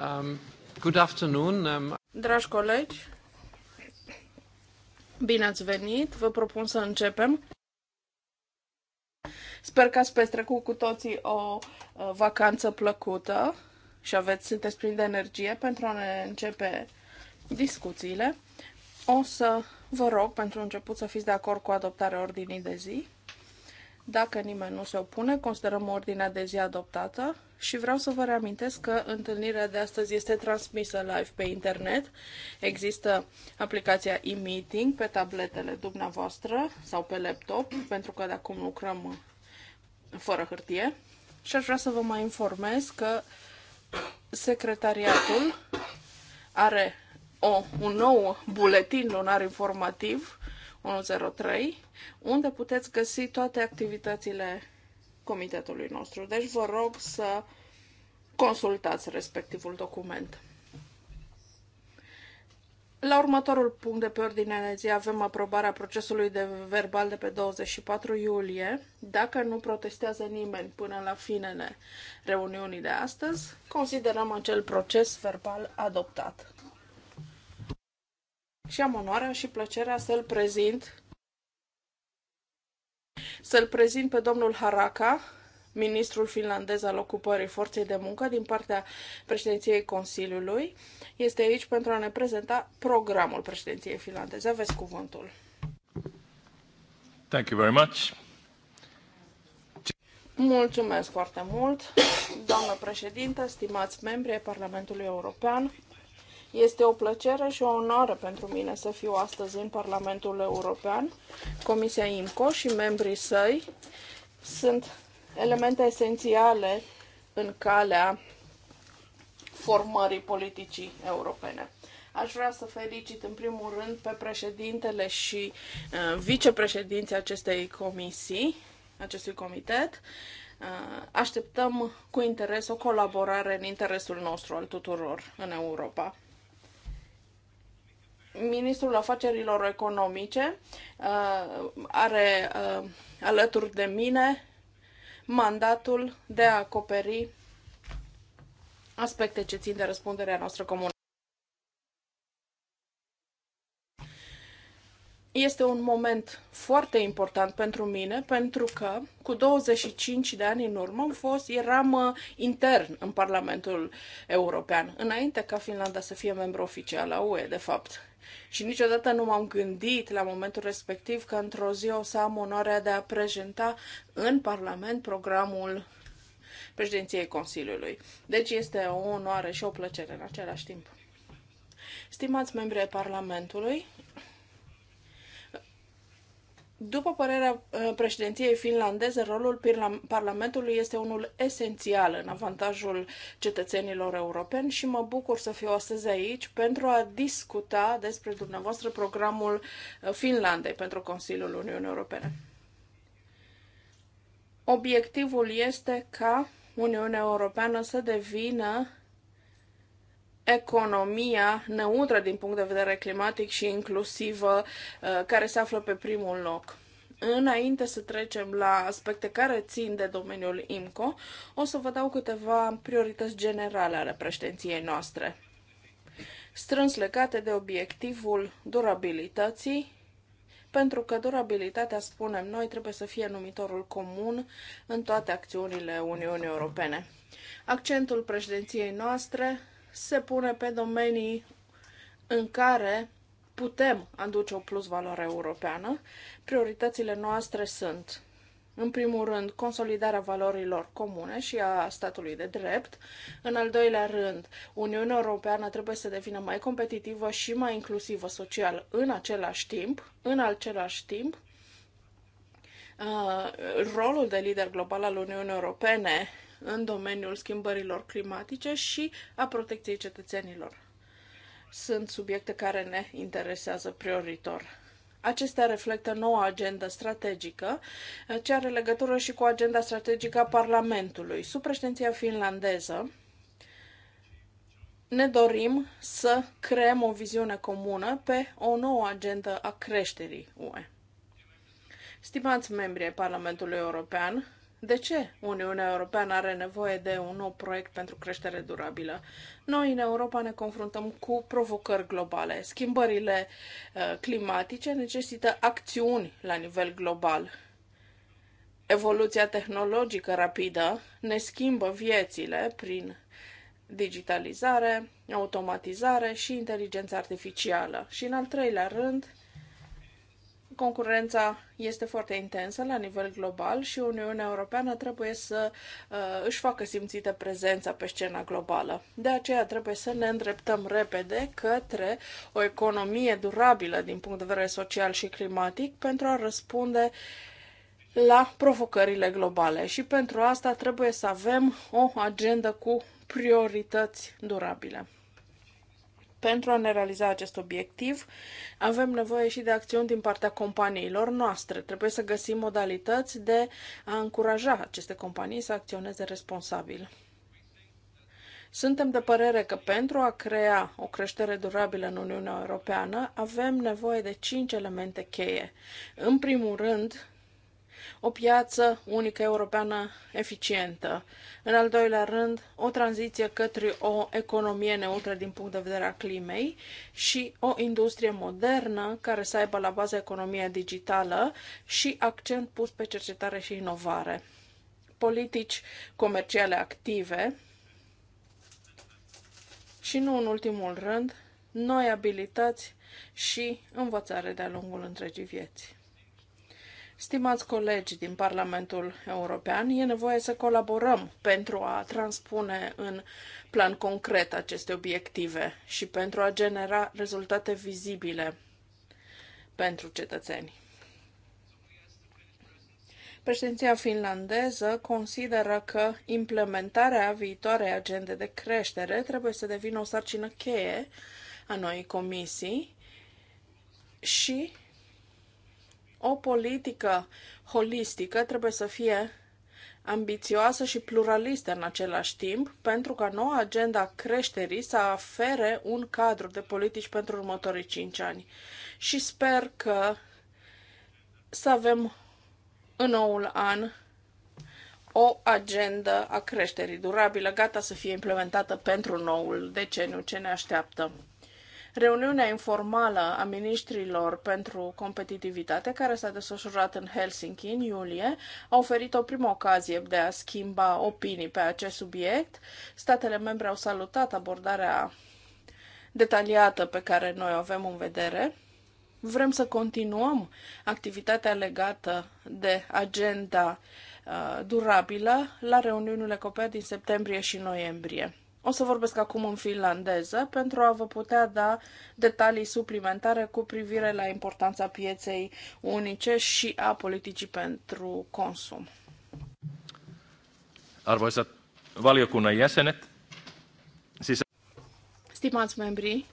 Um, good afternoon. Um... Dragi colegi, bine ați venit. Vă propun să începem. Sper că ați petrecut cu toții o uh, vacanță plăcută și aveți, sunteți plini de energie pentru a ne începe discuțiile. O să vă rog pentru început să fiți de acord cu adoptarea ordinii de zi. Dacă nimeni nu se opune, considerăm ordinea de zi adoptată și vreau să vă reamintesc că întâlnirea de astăzi este transmisă live pe internet. Există aplicația e-meeting pe tabletele dumneavoastră sau pe laptop, pentru că de acum lucrăm fără hârtie. Și aș vrea să vă mai informez că secretariatul are o, un nou buletin lunar informativ 103, unde puteți găsi toate activitățile comitetului nostru. Deci vă rog să consultați respectivul document. La următorul punct de pe ordine de zi avem aprobarea procesului de verbal de pe 24 iulie. Dacă nu protestează nimeni până la finele reuniunii de astăzi, considerăm acel proces verbal adoptat și am onoarea și plăcerea să-l prezint să-l prezint pe domnul Haraka, ministrul finlandez al ocupării forței de muncă din partea președinției Consiliului. Este aici pentru a ne prezenta programul președinției finlandeze. Aveți cuvântul. Thank you very much. Mulțumesc foarte mult, doamnă președintă, stimați membri ai Parlamentului European. Este o plăcere și o onoare pentru mine să fiu astăzi în Parlamentul European. Comisia IMCO și membrii săi sunt elemente esențiale în calea formării politicii europene. Aș vrea să felicit în primul rând pe președintele și uh, vicepreședinții acestei comisii, acestui comitet. Uh, așteptăm cu interes o colaborare în interesul nostru al tuturor în Europa ministrul afacerilor economice uh, are uh, alături de mine mandatul de a acoperi aspecte ce țin de răspunderea noastră comună. Este un moment foarte important pentru mine, pentru că cu 25 de ani în urmă am fost, eram uh, intern în Parlamentul European, înainte ca Finlanda să fie membru oficial a UE, de fapt. Și niciodată nu m-am gândit la momentul respectiv că într-o zi o să am onoarea de a prezenta în Parlament programul președinției Consiliului. Deci este o onoare și o plăcere în același timp. Stimați membri ai Parlamentului, după părerea uh, președinției finlandeze, rolul Parlamentului este unul esențial în avantajul cetățenilor europeni și mă bucur să fiu astăzi aici pentru a discuta despre dumneavoastră programul uh, Finlandei pentru Consiliul Uniunii Europene. Obiectivul este ca Uniunea Europeană să devină economia neutră din punct de vedere climatic și inclusivă, uh, care se află pe primul loc. Înainte să trecem la aspecte care țin de domeniul IMCO, o să vă dau câteva priorități generale ale președinției noastre, strâns legate de obiectivul durabilității, pentru că durabilitatea, spunem noi, trebuie să fie numitorul comun în toate acțiunile Uniunii Europene. Accentul președinției noastre se pune pe domenii în care putem aduce o plus valoare europeană. Prioritățile noastre sunt în primul rând, consolidarea valorilor comune și a statului de drept. În al doilea rând, Uniunea Europeană trebuie să devină mai competitivă și mai inclusivă social în același timp. În același timp, uh, rolul de lider global al Uniunii Europene în domeniul schimbărilor climatice și a protecției cetățenilor. Sunt subiecte care ne interesează prioritor. Acestea reflectă noua agendă strategică, ce are legătură și cu agenda strategică a Parlamentului. Sub președinția finlandeză, ne dorim să creăm o viziune comună pe o nouă agendă a creșterii UE. Stimați membri ai Parlamentului European, de ce Uniunea Europeană are nevoie de un nou proiect pentru creștere durabilă? Noi în Europa ne confruntăm cu provocări globale. Schimbările uh, climatice necesită acțiuni la nivel global. Evoluția tehnologică rapidă ne schimbă viețile prin digitalizare, automatizare și inteligență artificială. Și în al treilea rând, Concurența este foarte intensă la nivel global și Uniunea Europeană trebuie să uh, își facă simțită prezența pe scena globală. De aceea trebuie să ne îndreptăm repede către o economie durabilă din punct de vedere social și climatic pentru a răspunde la provocările globale și pentru asta trebuie să avem o agendă cu priorități durabile. Pentru a ne realiza acest obiectiv, avem nevoie și de acțiuni din partea companiilor noastre. Trebuie să găsim modalități de a încuraja aceste companii să acționeze responsabil. Suntem de părere că pentru a crea o creștere durabilă în Uniunea Europeană avem nevoie de cinci elemente cheie. În primul rând, o piață unică europeană eficientă. În al doilea rând, o tranziție către o economie neutră din punct de vedere a climei și o industrie modernă care să aibă la bază economia digitală și accent pus pe cercetare și inovare. Politici comerciale active și nu în ultimul rând, noi abilități și învățare de-a lungul întregii vieți. Stimați colegi din Parlamentul European, e nevoie să colaborăm pentru a transpune în plan concret aceste obiective și pentru a genera rezultate vizibile pentru cetățeni. Președinția finlandeză consideră că implementarea viitoarei agende de creștere trebuie să devină o sarcină cheie a noii comisii și o politică holistică trebuie să fie ambițioasă și pluralistă în același timp, pentru ca noua agenda creșterii să afere un cadru de politici pentru următorii 5 ani. Și sper că să avem în noul an o agendă a creșterii durabilă, gata să fie implementată pentru noul deceniu ce ne așteaptă. Reuniunea informală a ministrilor pentru competitivitate, care s-a desfășurat în Helsinki în iulie, a oferit o primă ocazie de a schimba opinii pe acest subiect. Statele membre au salutat abordarea detaliată pe care noi o avem în vedere. Vrem să continuăm activitatea legată de agenda uh, durabilă la reuniunile COPEA din septembrie și noiembrie. O să vorbesc acum în finlandeză pentru a vă putea da detalii suplimentare cu privire la importanța pieței unice și a politicii pentru consum. Arvoisat valiokunnan jäsenet, sisä... Stimați membrii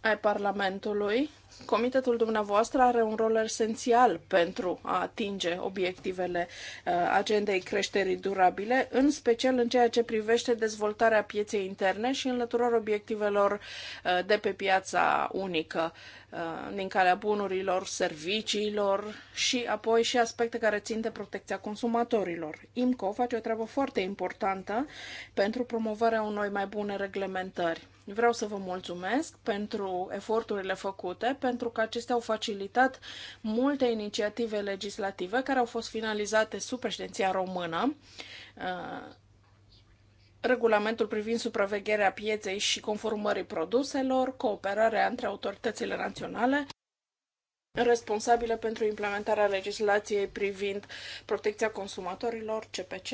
ai Parlamentului, Comitetul dumneavoastră are un rol esențial pentru a atinge obiectivele uh, agendei creșterii durabile, în special în ceea ce privește dezvoltarea pieței interne și înlăturarea obiectivelor uh, de pe piața unică uh, din calea bunurilor, serviciilor și apoi și aspecte care țin de protecția consumatorilor. IMCO face o treabă foarte importantă pentru promovarea unor mai bune reglementări Vreau să vă mulțumesc pentru eforturile făcute, pentru că acestea au facilitat multe inițiative legislative care au fost finalizate sub președinția română. Uh, regulamentul privind supravegherea pieței și conformării produselor, cooperarea între autoritățile naționale, responsabile pentru implementarea legislației privind protecția consumatorilor, CPC,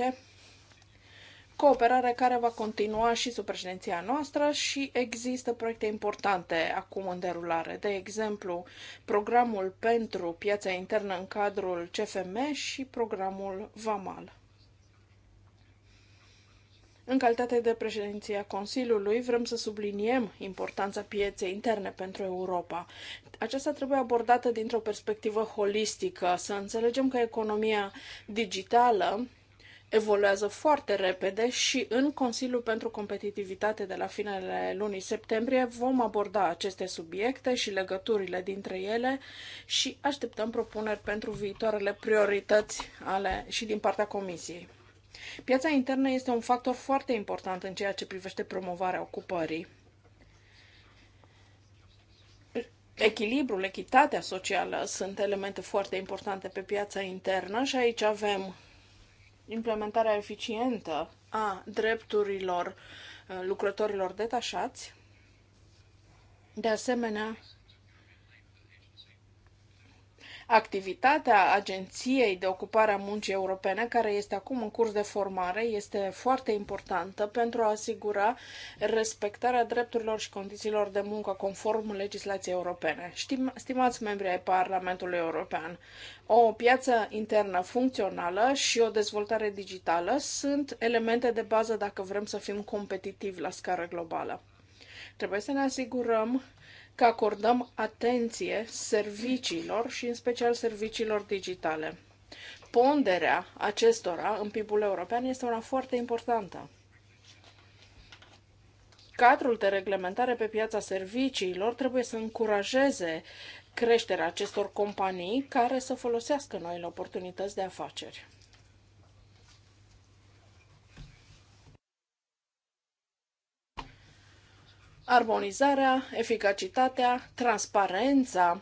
cooperare care va continua și sub președinția noastră și există proiecte importante acum în derulare. De exemplu, programul pentru piața internă în cadrul CFM și programul VAMAL. În calitate de președinția Consiliului, vrem să subliniem importanța pieței interne pentru Europa. Aceasta trebuie abordată dintr-o perspectivă holistică, să înțelegem că economia digitală evoluează foarte repede și în Consiliul pentru Competitivitate de la finele lunii septembrie vom aborda aceste subiecte și legăturile dintre ele și așteptăm propuneri pentru viitoarele priorități ale și din partea Comisiei. Piața internă este un factor foarte important în ceea ce privește promovarea ocupării. Echilibrul, echitatea socială sunt elemente foarte importante pe piața internă și aici avem implementarea eficientă a drepturilor uh, lucrătorilor detașați. De asemenea, Activitatea Agenției de Ocupare a Muncii Europene, care este acum în curs de formare, este foarte importantă pentru a asigura respectarea drepturilor și condițiilor de muncă conform legislației europene. Știm, stimați membri ai Parlamentului European, o piață internă funcțională și o dezvoltare digitală sunt elemente de bază dacă vrem să fim competitivi la scară globală. Trebuie să ne asigurăm că acordăm atenție serviciilor și în special serviciilor digitale. Ponderea acestora în PIB-ul european este una foarte importantă. Cadrul de reglementare pe piața serviciilor trebuie să încurajeze creșterea acestor companii care să folosească noile oportunități de afaceri. armonizarea, eficacitatea, transparența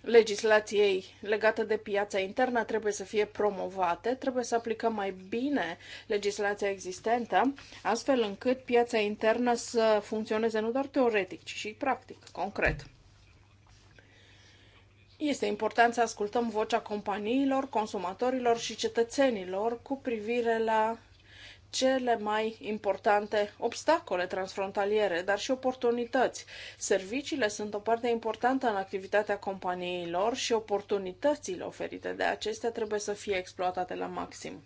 legislației legată de piața internă trebuie să fie promovate, trebuie să aplicăm mai bine legislația existentă, astfel încât piața internă să funcționeze nu doar teoretic, ci și practic, concret. Este important să ascultăm vocea companiilor, consumatorilor și cetățenilor cu privire la cele mai importante obstacole transfrontaliere, dar și oportunități. Serviciile sunt o parte importantă în activitatea companiilor și oportunitățile oferite de acestea trebuie să fie exploatate la maxim.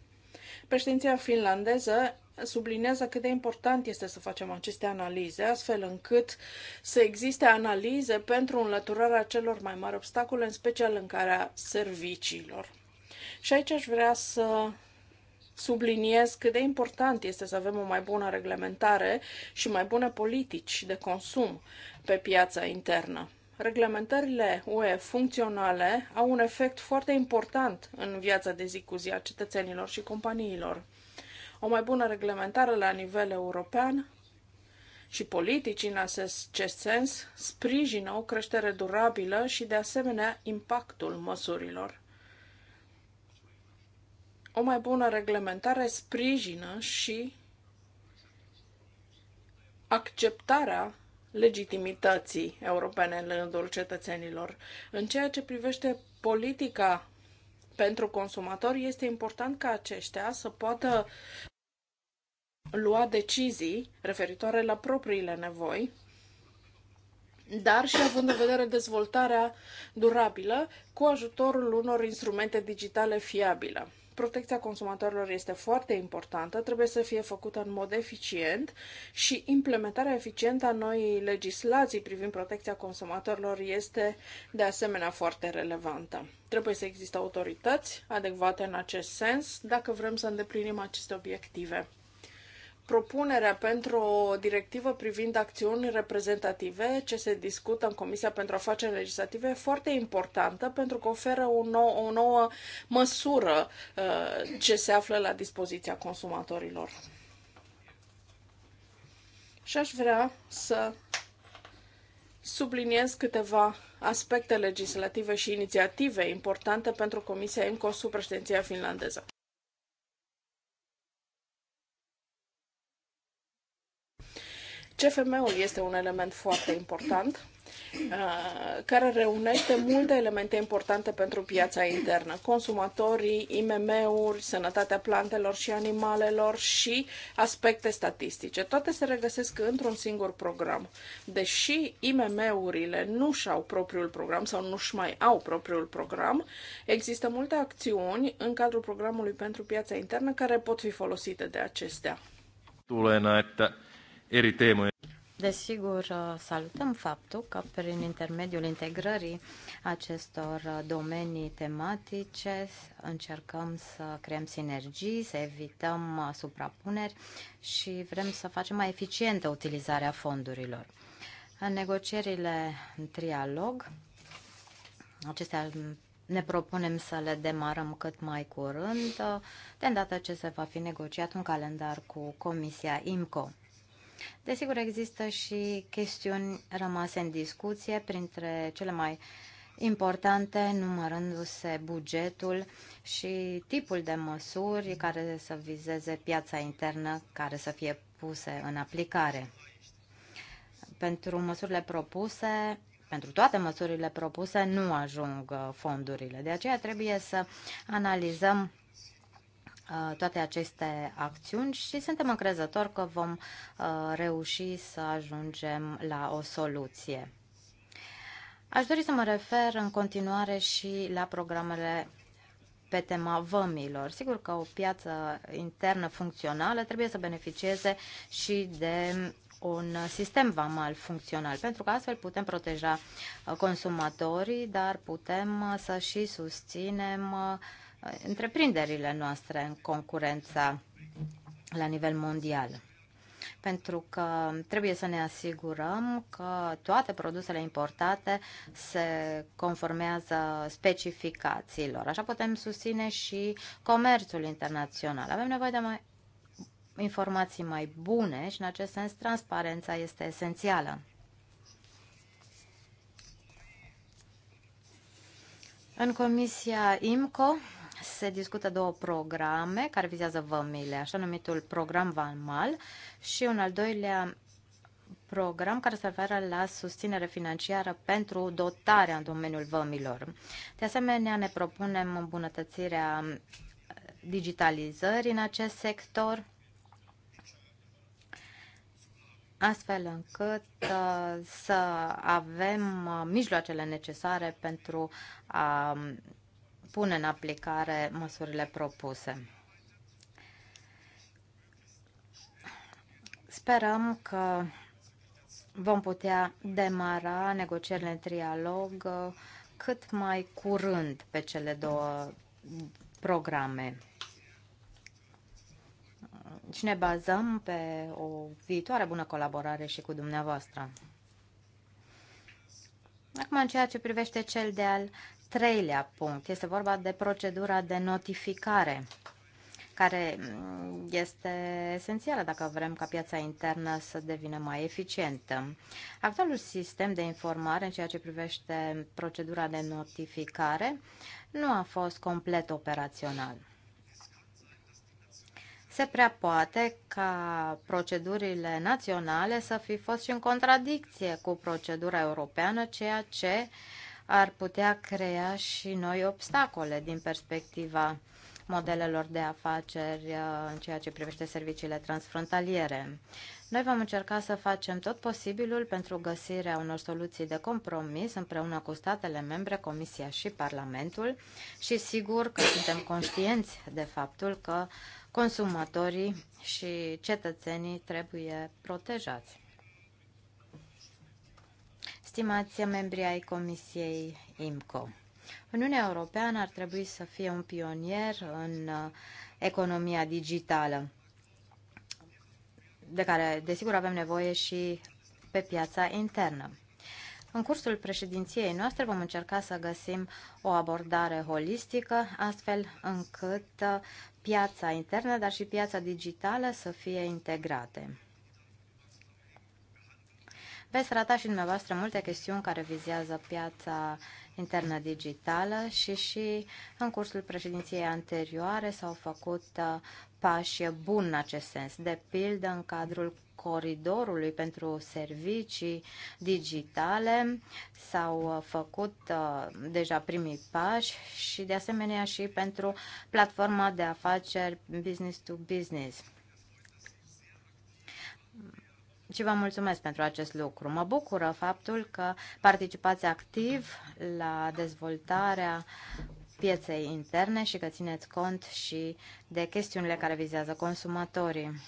Președinția finlandeză sublinează cât de important este să facem aceste analize, astfel încât să existe analize pentru înlăturarea celor mai mari obstacole, în special în care a serviciilor. Și aici aș vrea să subliniez cât de important este să avem o mai bună reglementare și mai bune politici de consum pe piața internă. Reglementările UE funcționale au un efect foarte important în viața de zi cu zi a cetățenilor și companiilor. O mai bună reglementare la nivel european și politici în acest sens sprijină o creștere durabilă și, de asemenea, impactul măsurilor. O mai bună reglementare sprijină și acceptarea legitimității europene în rândul cetățenilor. În ceea ce privește politica pentru consumatori, este important ca aceștia să poată lua decizii referitoare la propriile nevoi, dar și având în vedere dezvoltarea durabilă cu ajutorul unor instrumente digitale fiabile protecția consumatorilor este foarte importantă, trebuie să fie făcută în mod eficient și implementarea eficientă a noii legislații privind protecția consumatorilor este de asemenea foarte relevantă. Trebuie să existe autorități adecvate în acest sens dacă vrem să îndeplinim aceste obiective propunerea pentru o directivă privind acțiuni reprezentative ce se discută în Comisia pentru Afaceri Legislative e foarte importantă pentru că oferă o nouă, o nouă măsură uh, ce se află la dispoziția consumatorilor. Și aș vrea să subliniez câteva aspecte legislative și inițiative importante pentru Comisia IMCO sub președinția finlandeză. CFM-ul este un element foarte important uh, care reunește multe elemente importante pentru piața internă. Consumatorii, IMM-uri, sănătatea plantelor și animalelor și aspecte statistice. Toate se regăsesc într-un singur program. Deși IMM-urile nu și-au propriul program sau nu-și mai au propriul program, există multe acțiuni în cadrul programului pentru piața internă care pot fi folosite de acestea. Tulena, että eri Desigur, salutăm faptul că prin intermediul integrării acestor domenii tematice încercăm să creăm sinergii, să evităm suprapuneri și vrem să facem mai eficientă utilizarea fondurilor. În negocierile în trialog, acestea ne propunem să le demarăm cât mai curând, de îndată ce se va fi negociat un calendar cu Comisia IMCO. Desigur, există și chestiuni rămase în discuție, printre cele mai importante, numărându-se bugetul și tipul de măsuri care să vizeze piața internă, care să fie puse în aplicare. Pentru măsurile propuse, pentru toate măsurile propuse, nu ajung uh, fondurile. De aceea trebuie să analizăm Uh, toate aceste acțiuni și suntem încrezători că vom uh, reuși să ajungem la o soluție. Aș dori să mă refer în continuare și la programele pe tema vămilor. Sigur că o piață internă funcțională trebuie să beneficieze și de un sistem vamal funcțional, pentru că astfel putem proteja uh, consumatorii, dar putem să și susținem uh, întreprinderile noastre în concurența la nivel mondial. Pentru că trebuie să ne asigurăm că toate produsele importate se conformează specificațiilor. Așa putem susține și comerțul internațional. Avem nevoie de mai informații mai bune și în acest sens transparența este esențială. În comisia IMCO se discută două programe care vizează vămile, așa numitul program VAMAL și un al doilea program care se referă la susținere financiară pentru dotarea în domeniul vămilor. De asemenea, ne propunem îmbunătățirea digitalizării în acest sector, astfel încât uh, să avem uh, mijloacele necesare pentru a pune în aplicare măsurile propuse. Sperăm că vom putea demara negocierile în trialog uh, cât mai curând pe cele două programe. Și ne bazăm pe o viitoare bună colaborare și cu dumneavoastră. Acum, în ceea ce privește cel de-al treilea punct. Este vorba de procedura de notificare, care mm, este esențială dacă vrem ca piața internă să devină mai eficientă. Actualul sistem de informare în ceea ce privește procedura de notificare nu a fost complet operațional. Se prea poate ca procedurile naționale să fi fost și în contradicție cu procedura europeană, ceea ce uh, ar putea crea și noi obstacole din perspectiva modelelor de afaceri uh, în ceea ce privește serviciile transfrontaliere. Noi vom încerca să facem tot posibilul pentru găsirea unor soluții de compromis împreună cu statele membre, Comisia și Parlamentul și sigur că suntem conștienți de faptul că consumatorii și cetățenii trebuie protejați. Stimați membri ai Comisiei IMCO, Uniunea Europeană ar trebui să fie un pionier în uh, economia digitală, de care, desigur, avem nevoie și pe piața internă. În cursul președinției noastre vom încerca să găsim o abordare holistică, astfel încât uh, piața internă, dar și piața digitală să fie integrate. Veți rata și dumneavoastră multe chestiuni care vizează piața internă digitală și și în cursul președinției anterioare s-au făcut uh, pași buni în acest sens. De pildă, în cadrul coridorului pentru servicii digitale s-au uh, făcut uh, deja primii pași și de asemenea și pentru platforma de afaceri business to business și vă mulțumesc pentru acest lucru. Mă bucură faptul că participați activ la dezvoltarea pieței interne și că țineți cont și de chestiunile care vizează consumatorii.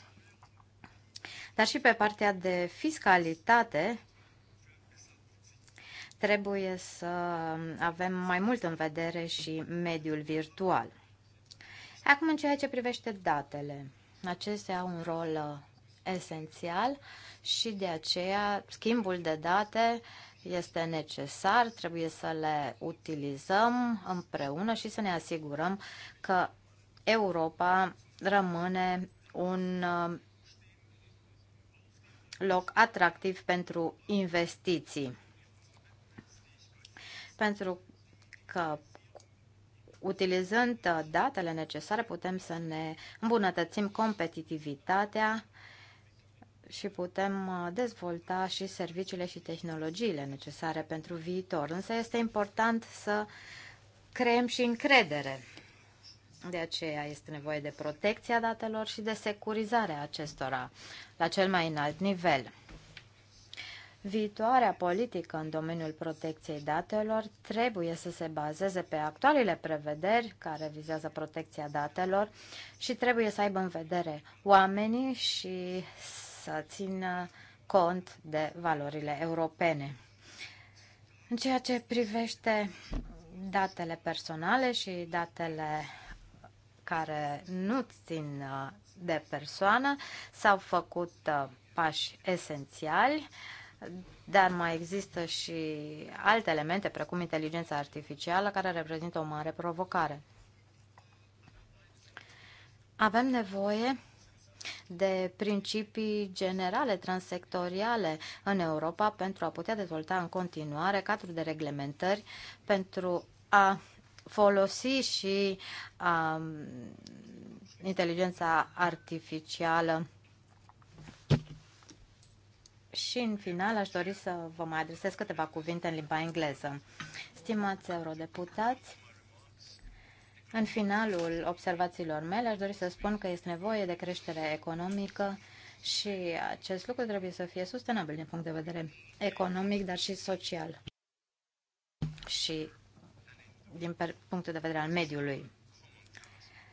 Dar și pe partea de fiscalitate trebuie să avem mai mult în vedere și mediul virtual. Acum, în ceea ce privește datele, acestea au un rol uh, esențial și de aceea schimbul de date este necesar, trebuie să le utilizăm împreună și să ne asigurăm că Europa rămâne un uh, loc atractiv pentru investiții. Pentru că utilizând uh, datele necesare putem să ne îmbunătățim competitivitatea și putem uh, dezvolta și serviciile și tehnologiile necesare pentru viitor. Însă este important să creăm și încredere. De aceea este nevoie de protecția datelor și de securizarea acestora la cel mai înalt nivel. Viitoarea politică în domeniul protecției datelor trebuie să se bazeze pe actualele prevederi care vizează protecția datelor și trebuie să aibă în vedere oamenii și să țină cont de valorile europene. În ceea ce privește datele personale și datele care nu țin uh, de persoană, s-au făcut uh, pași esențiali, dar mai există și alte elemente, precum inteligența artificială, care reprezintă o mare provocare. Avem nevoie de principii generale transsectoriale în Europa pentru a putea dezvolta în continuare cadrul de reglementări pentru a folosi și a, um, inteligența artificială. Și în final aș dori să vă mai adresez câteva cuvinte în limba engleză. Stimați eurodeputați, în finalul observațiilor mele, aș dori să spun că este nevoie de creștere economică și acest lucru trebuie să fie sustenabil din punct de vedere economic, dar și social și din punctul de vedere al mediului.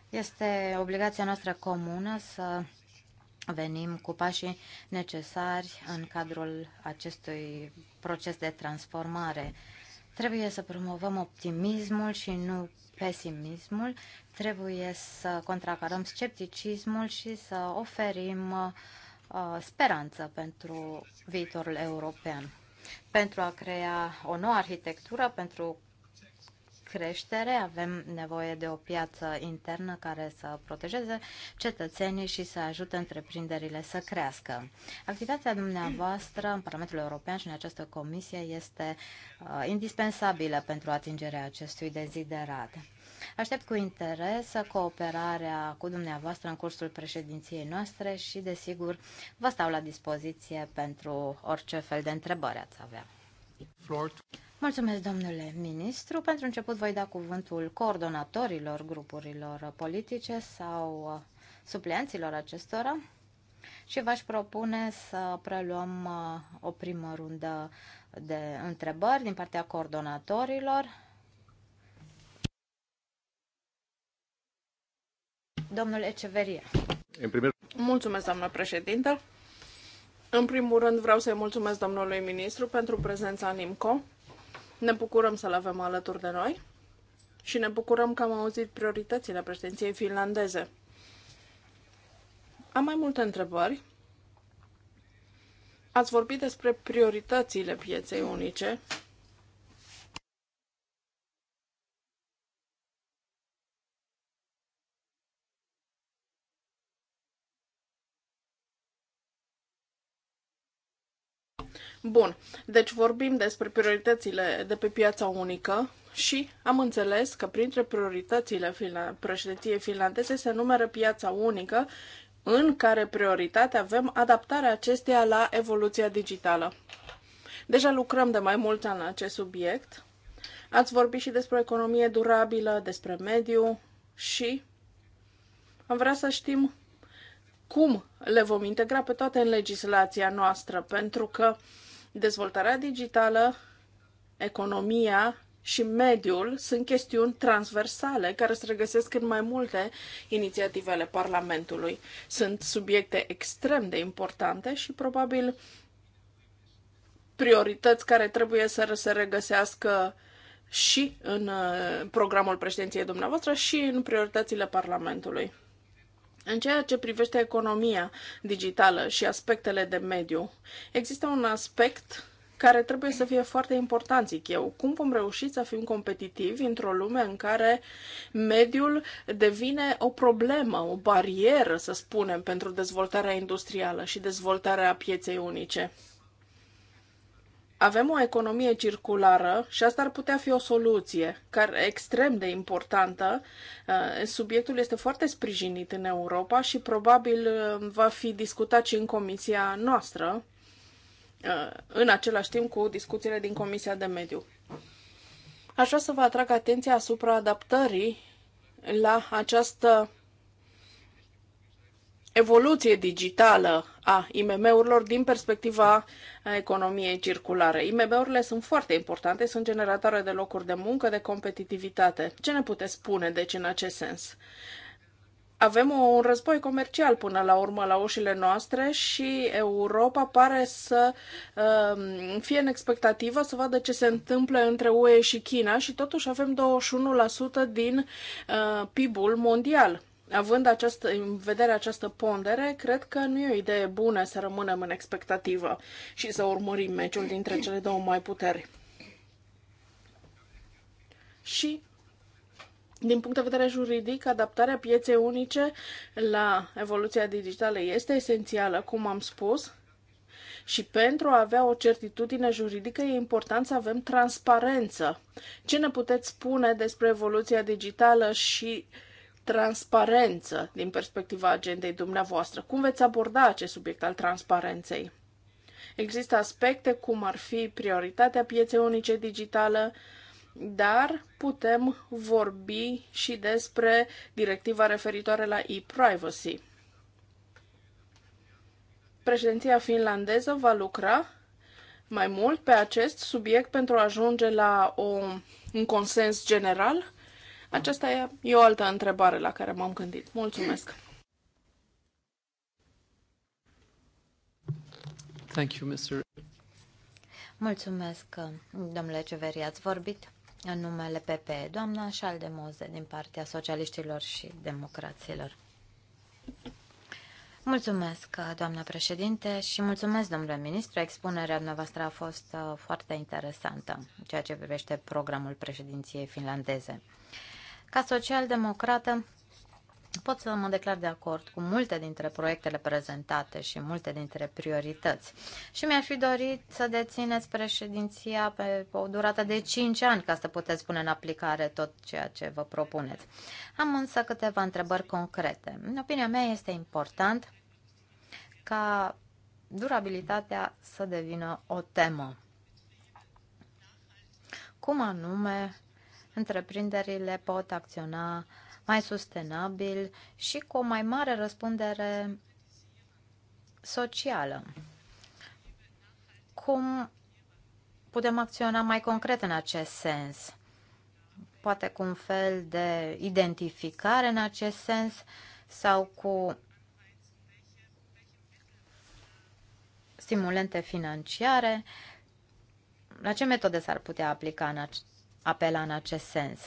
Este obligația noastră comună să venim cu pașii necesari în cadrul acestui proces de transformare. Trebuie să promovăm optimismul și nu pesimismul, trebuie să contracarăm scepticismul și să oferim uh, speranță pentru viitorul european. Pentru a crea o nouă arhitectură pentru creștere, avem nevoie de o piață internă care să protejeze cetățenii și să ajute întreprinderile să crească. Activitatea dumneavoastră în Parlamentul European și în această comisie este uh, indispensabilă pentru atingerea acestui deziderat. Aștept cu interes cooperarea cu dumneavoastră în cursul președinției noastre și, desigur, vă stau la dispoziție pentru orice fel de întrebări ați avea. Mulțumesc, domnule ministru. Pentru început voi da cuvântul coordonatorilor grupurilor politice sau uh, suplianților acestora și v-aș propune să preluăm uh, o primă rundă de întrebări din partea coordonatorilor. Domnule Eceveria. În primul... Mulțumesc, doamnă președintă. În primul rând vreau să-i mulțumesc domnului ministru pentru prezența în IMCO ne bucurăm să-l avem alături de noi și ne bucurăm că am auzit prioritățile președinției finlandeze. Am mai multe întrebări. Ați vorbit despre prioritățile pieței unice Bun, deci vorbim despre prioritățile de pe piața unică și am înțeles că printre prioritățile finla- președinției finlandeze se numără piața unică, în care prioritate avem adaptarea acesteia la evoluția digitală. Deja lucrăm de mai mult ani la acest subiect. Ați vorbit și despre economie durabilă, despre mediu și am vrea să știm cum le vom integra pe toate în legislația noastră, pentru că Dezvoltarea digitală, economia și mediul sunt chestiuni transversale care se regăsesc în mai multe inițiative ale Parlamentului. Sunt subiecte extrem de importante și probabil priorități care trebuie să se regăsească și în uh, programul președinției dumneavoastră și în prioritățile Parlamentului. În ceea ce privește economia digitală și aspectele de mediu, există un aspect care trebuie să fie foarte important, zic eu. Cum vom reuși să fim competitivi într-o lume în care mediul devine o problemă, o barieră, să spunem, pentru dezvoltarea industrială și dezvoltarea pieței unice? avem o economie circulară și asta ar putea fi o soluție care extrem de importantă. Uh, subiectul este foarte sprijinit în Europa și probabil uh, va fi discutat și în comisia noastră, uh, în același timp cu discuțiile din Comisia de Mediu. Aș vrea să vă atrag atenția asupra adaptării la această evoluție digitală a IMM-urilor din perspectiva economiei circulare. IMM-urile sunt foarte importante, sunt generatoare de locuri de muncă, de competitivitate. Ce ne puteți spune, deci, în acest sens? avem un război comercial până la urmă la ușile noastre și Europa pare să um, fie în expectativă să vadă ce se întâmplă între UE și China și totuși avem 21% din uh, PIB-ul mondial. Având această, în vedere această pondere, cred că nu e o idee bună să rămânem în expectativă și să urmărim meciul dintre cele două mai puteri. Și din punct de vedere juridic, adaptarea pieței unice la evoluția digitală este esențială, cum am spus, și pentru a avea o certitudine juridică e important să avem transparență. Ce ne puteți spune despre evoluția digitală și uh, transparență din perspectiva agendei dumneavoastră. Cum veți aborda acest subiect al transparenței? Există aspecte cum ar fi prioritatea pieței unice digitale, dar putem vorbi și despre directiva referitoare la e-privacy. Președinția finlandeză va lucra mai mult pe acest subiect pentru a ajunge la o, un consens general aceasta e, e o altă întrebare la care m-am gândit. Mulțumesc! Thank you, Mr. Mulțumesc, domnule Ceveri, ați vorbit în numele PP, doamna Moze, din partea socialiștilor și democraților. Mulțumesc, doamna președinte, și mulțumesc, domnule ministru. Expunerea noastră a fost uh, foarte interesantă, ceea ce privește programul președinției finlandeze. Ca social pot să mă declar de acord cu multe dintre proiectele prezentate și multe dintre priorități. Și mi-aș fi dorit să dețineți președinția pe o durată de 5 ani ca să puteți pune în aplicare tot ceea ce vă propuneți. Am însă câteva întrebări concrete. În opinia mea este important ca durabilitatea să devină o temă. Cum anume întreprinderile pot acționa mai sustenabil și cu o mai mare răspundere socială. Cum putem acționa mai concret în acest sens? Poate cu un fel de identificare în acest sens sau cu stimulente financiare. La ce metode s-ar putea aplica în acest apela în acest sens.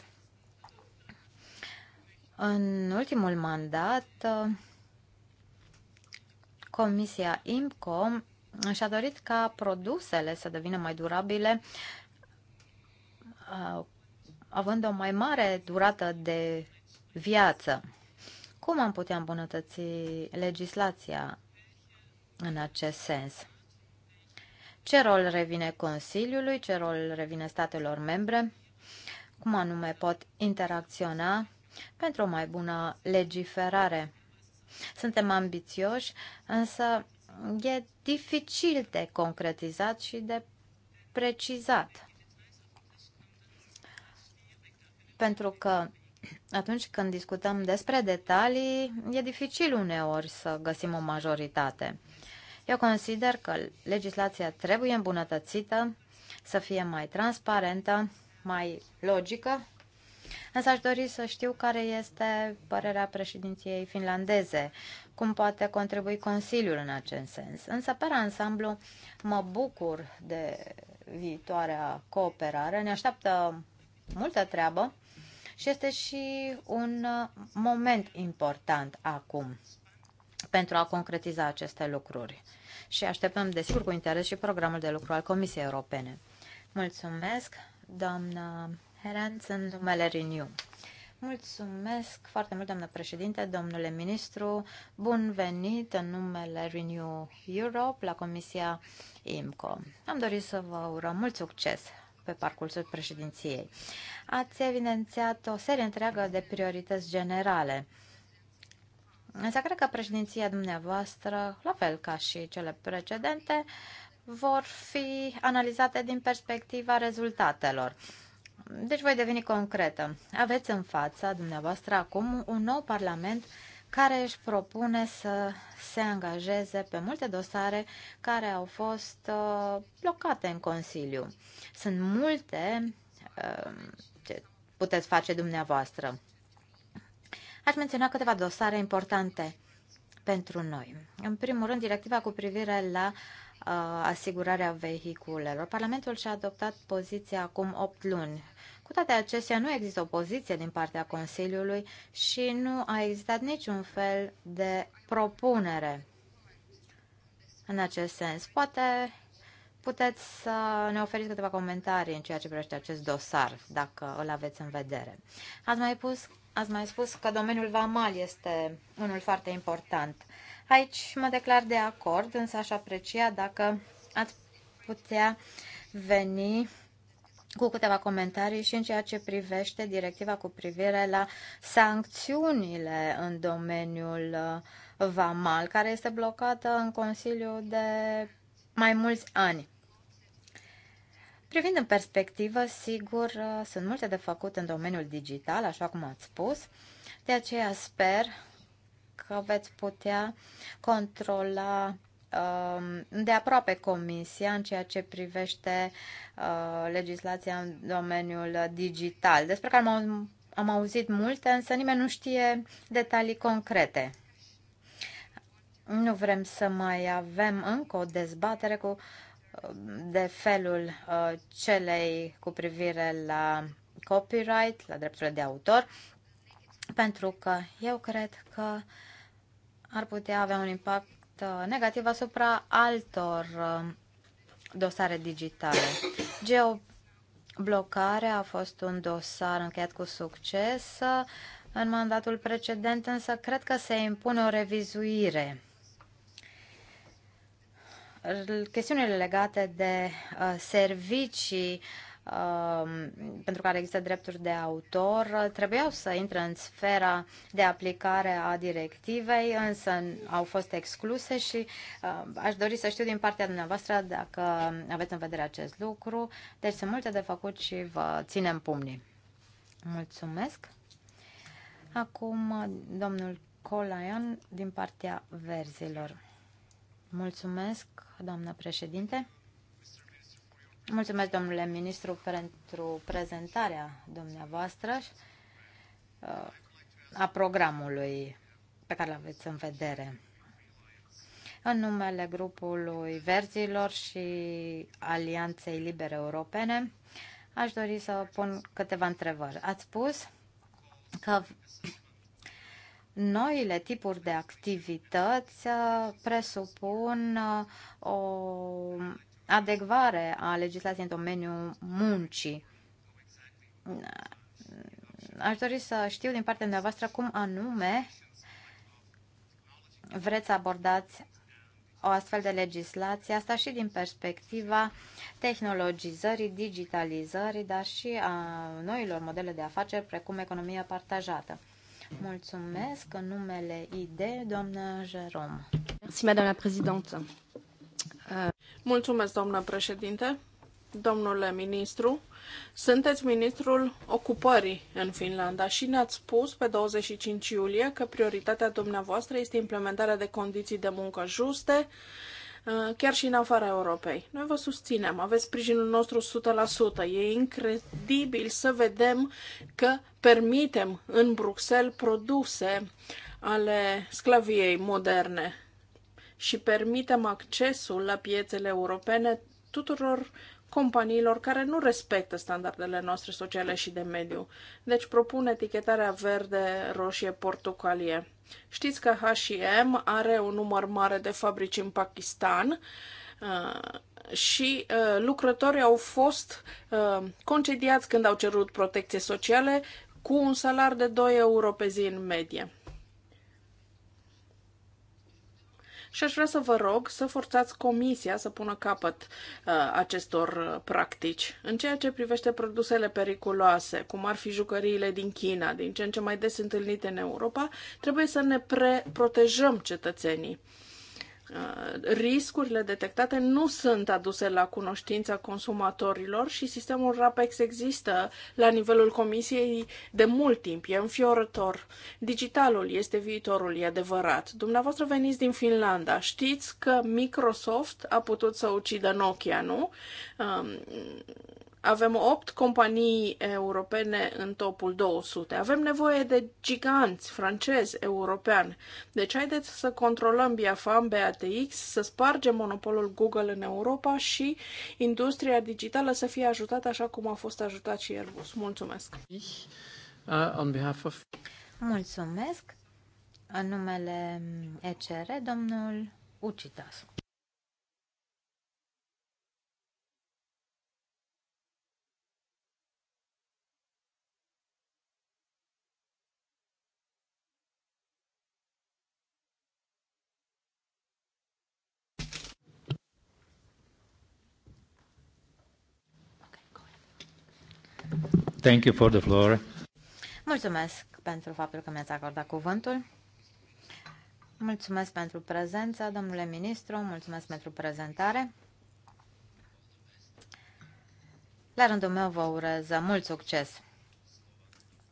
În ultimul mandat, Comisia IMCO și-a dorit ca produsele să devină mai durabile, uh, având o mai mare durată de viață. Cum am putea îmbunătăți legislația în acest sens? Ce rol revine Consiliului? Ce rol revine statelor membre? cum anume pot interacționa pentru o mai bună legiferare. Suntem ambițioși, însă e dificil de concretizat și de precizat. Pentru că atunci când discutăm despre detalii, e dificil uneori să găsim o majoritate. Eu consider că legislația trebuie îmbunătățită, să fie mai transparentă mai logică, însă aș dori să știu care este părerea președinției finlandeze, cum poate contribui Consiliul în acest sens. Însă, pe ansamblu, mă bucur de viitoarea cooperare. Ne așteaptă multă treabă și este și un moment important acum pentru a concretiza aceste lucruri. Și așteptăm, desigur, cu interes și programul de lucru al Comisiei Europene. Mulțumesc! doamna Heranț, în numele Renew. Mulțumesc foarte mult, doamnă președinte, domnule ministru. Bun venit în numele Renew Europe la Comisia IMCO. Am dorit să vă urăm mult succes pe parcursul președinției. Ați evidențiat o serie întreagă de priorități generale. Însă cred că președinția dumneavoastră, la fel ca și cele precedente, vor fi analizate din perspectiva rezultatelor. Deci voi deveni concretă. Aveți în fața dumneavoastră acum un nou Parlament care își propune să se angajeze pe multe dosare care au fost uh, blocate în Consiliu. Sunt multe uh, ce puteți face dumneavoastră. Aș menționa câteva dosare importante pentru noi. În primul rând, directiva cu privire la uh, Uh, asigurarea vehiculelor. Parlamentul și-a adoptat poziția acum 8 luni. Cu toate acestea, nu există o opoziție din partea Consiliului și nu a existat niciun fel de propunere în acest sens. Poate puteți să ne oferiți câteva comentarii în ceea ce privește acest dosar, dacă îl aveți în vedere. Ați mai, pus, ați mai spus că domeniul VAMAL este unul foarte important. Aici mă declar de acord, însă aș aprecia dacă ați putea veni cu câteva comentarii și în ceea ce privește directiva cu privire la sancțiunile în domeniul uh, VAMAL, care este blocată în Consiliu de mai mulți ani. Privind în perspectivă, sigur, uh, sunt multe de făcut în domeniul digital, așa cum ați spus, de aceea sper că veți putea controla um, de aproape Comisia în ceea ce privește uh, legislația în domeniul digital, despre care am, auzit multe, însă nimeni nu știe detalii concrete. Nu vrem să mai avem încă o dezbatere cu, de felul uh, celei cu privire la copyright, la drepturile de autor pentru că eu cred că ar putea avea un impact uh, negativ asupra altor uh, dosare digitale. Geoblocarea a fost un dosar încheiat cu succes uh, în mandatul precedent, însă cred că se impune o revizuire. Chestiunile legate de servicii Um, pentru care există drepturi de autor trebuiau să intre în sfera de aplicare a directivei, însă au fost excluse și um, aș dori să știu din partea dumneavoastră dacă aveți în vedere acest lucru. Deci sunt multe de făcut și vă ținem pumnii. Mulțumesc! Acum domnul Colaian din partea verzilor. Mulțumesc, doamnă președinte! Mulțumesc, domnule ministru, pentru prezentarea dumneavoastră uh, a programului pe care l aveți în vedere. În numele grupului Verzilor și Alianței Libere Europene, aș dori să pun câteva întrebări. Ați spus că noile tipuri de activități uh, presupun uh, o adecvare a legislației în domeniul muncii. Aș dori să știu din partea dumneavoastră cum anume vreți să abordați o astfel de legislație, asta și din perspectiva tehnologizării, digitalizării, dar și a noilor modele de afaceri, precum economia partajată. Mulțumesc în numele ID, doamnă Jerome. Mulțumesc, doamna președintă. Mulțumesc, doamnă președinte. Domnule ministru, sunteți ministrul ocupării în Finlanda și ne-ați spus pe 25 iulie că prioritatea dumneavoastră este implementarea de condiții de muncă juste, uh, chiar și în afara Europei. Noi vă susținem, aveți sprijinul nostru 100%. E incredibil să vedem că permitem în Bruxelles produse ale sclaviei moderne și permitem accesul la piețele europene tuturor companiilor care nu respectă standardele noastre sociale și de mediu. Deci propun etichetarea verde, roșie, portocalie. Știți că H&M are un număr mare de fabrici în Pakistan uh, și uh, lucrătorii au fost uh, concediați când au cerut protecție sociale cu un salar de 2 euro pe zi în medie. și aș vrea să vă rog să forțați comisia să pună capăt uh, acestor uh, practici. În ceea ce privește produsele periculoase, cum ar fi jucăriile din China, din ce în ce mai des întâlnite în Europa, trebuie să ne preprotejăm cetățenii. Uh, riscurile detectate nu sunt aduse la cunoștința consumatorilor și sistemul RAPEX există la nivelul comisiei de mult timp, e înfiorător. Digitalul este viitorul, e adevărat. Dumneavoastră veniți din Finlanda, știți că Microsoft a putut să ucidă Nokia, nu? Um, avem 8 companii europene în topul 200. Avem nevoie de giganți francezi, europeani. Deci haideți să controlăm Biafam, BATX, să spargem monopolul Google în Europa și industria digitală să fie ajutată așa cum a fost ajutat și Airbus. Mulțumesc! Uh, Mulțumesc! În numele ECR, domnul Ucitas. Thank you for the floor. Mulțumesc pentru faptul că mi-ați acordat cuvântul. Mulțumesc pentru prezența, domnule ministru, mulțumesc pentru prezentare. La rândul meu vă urez mult succes.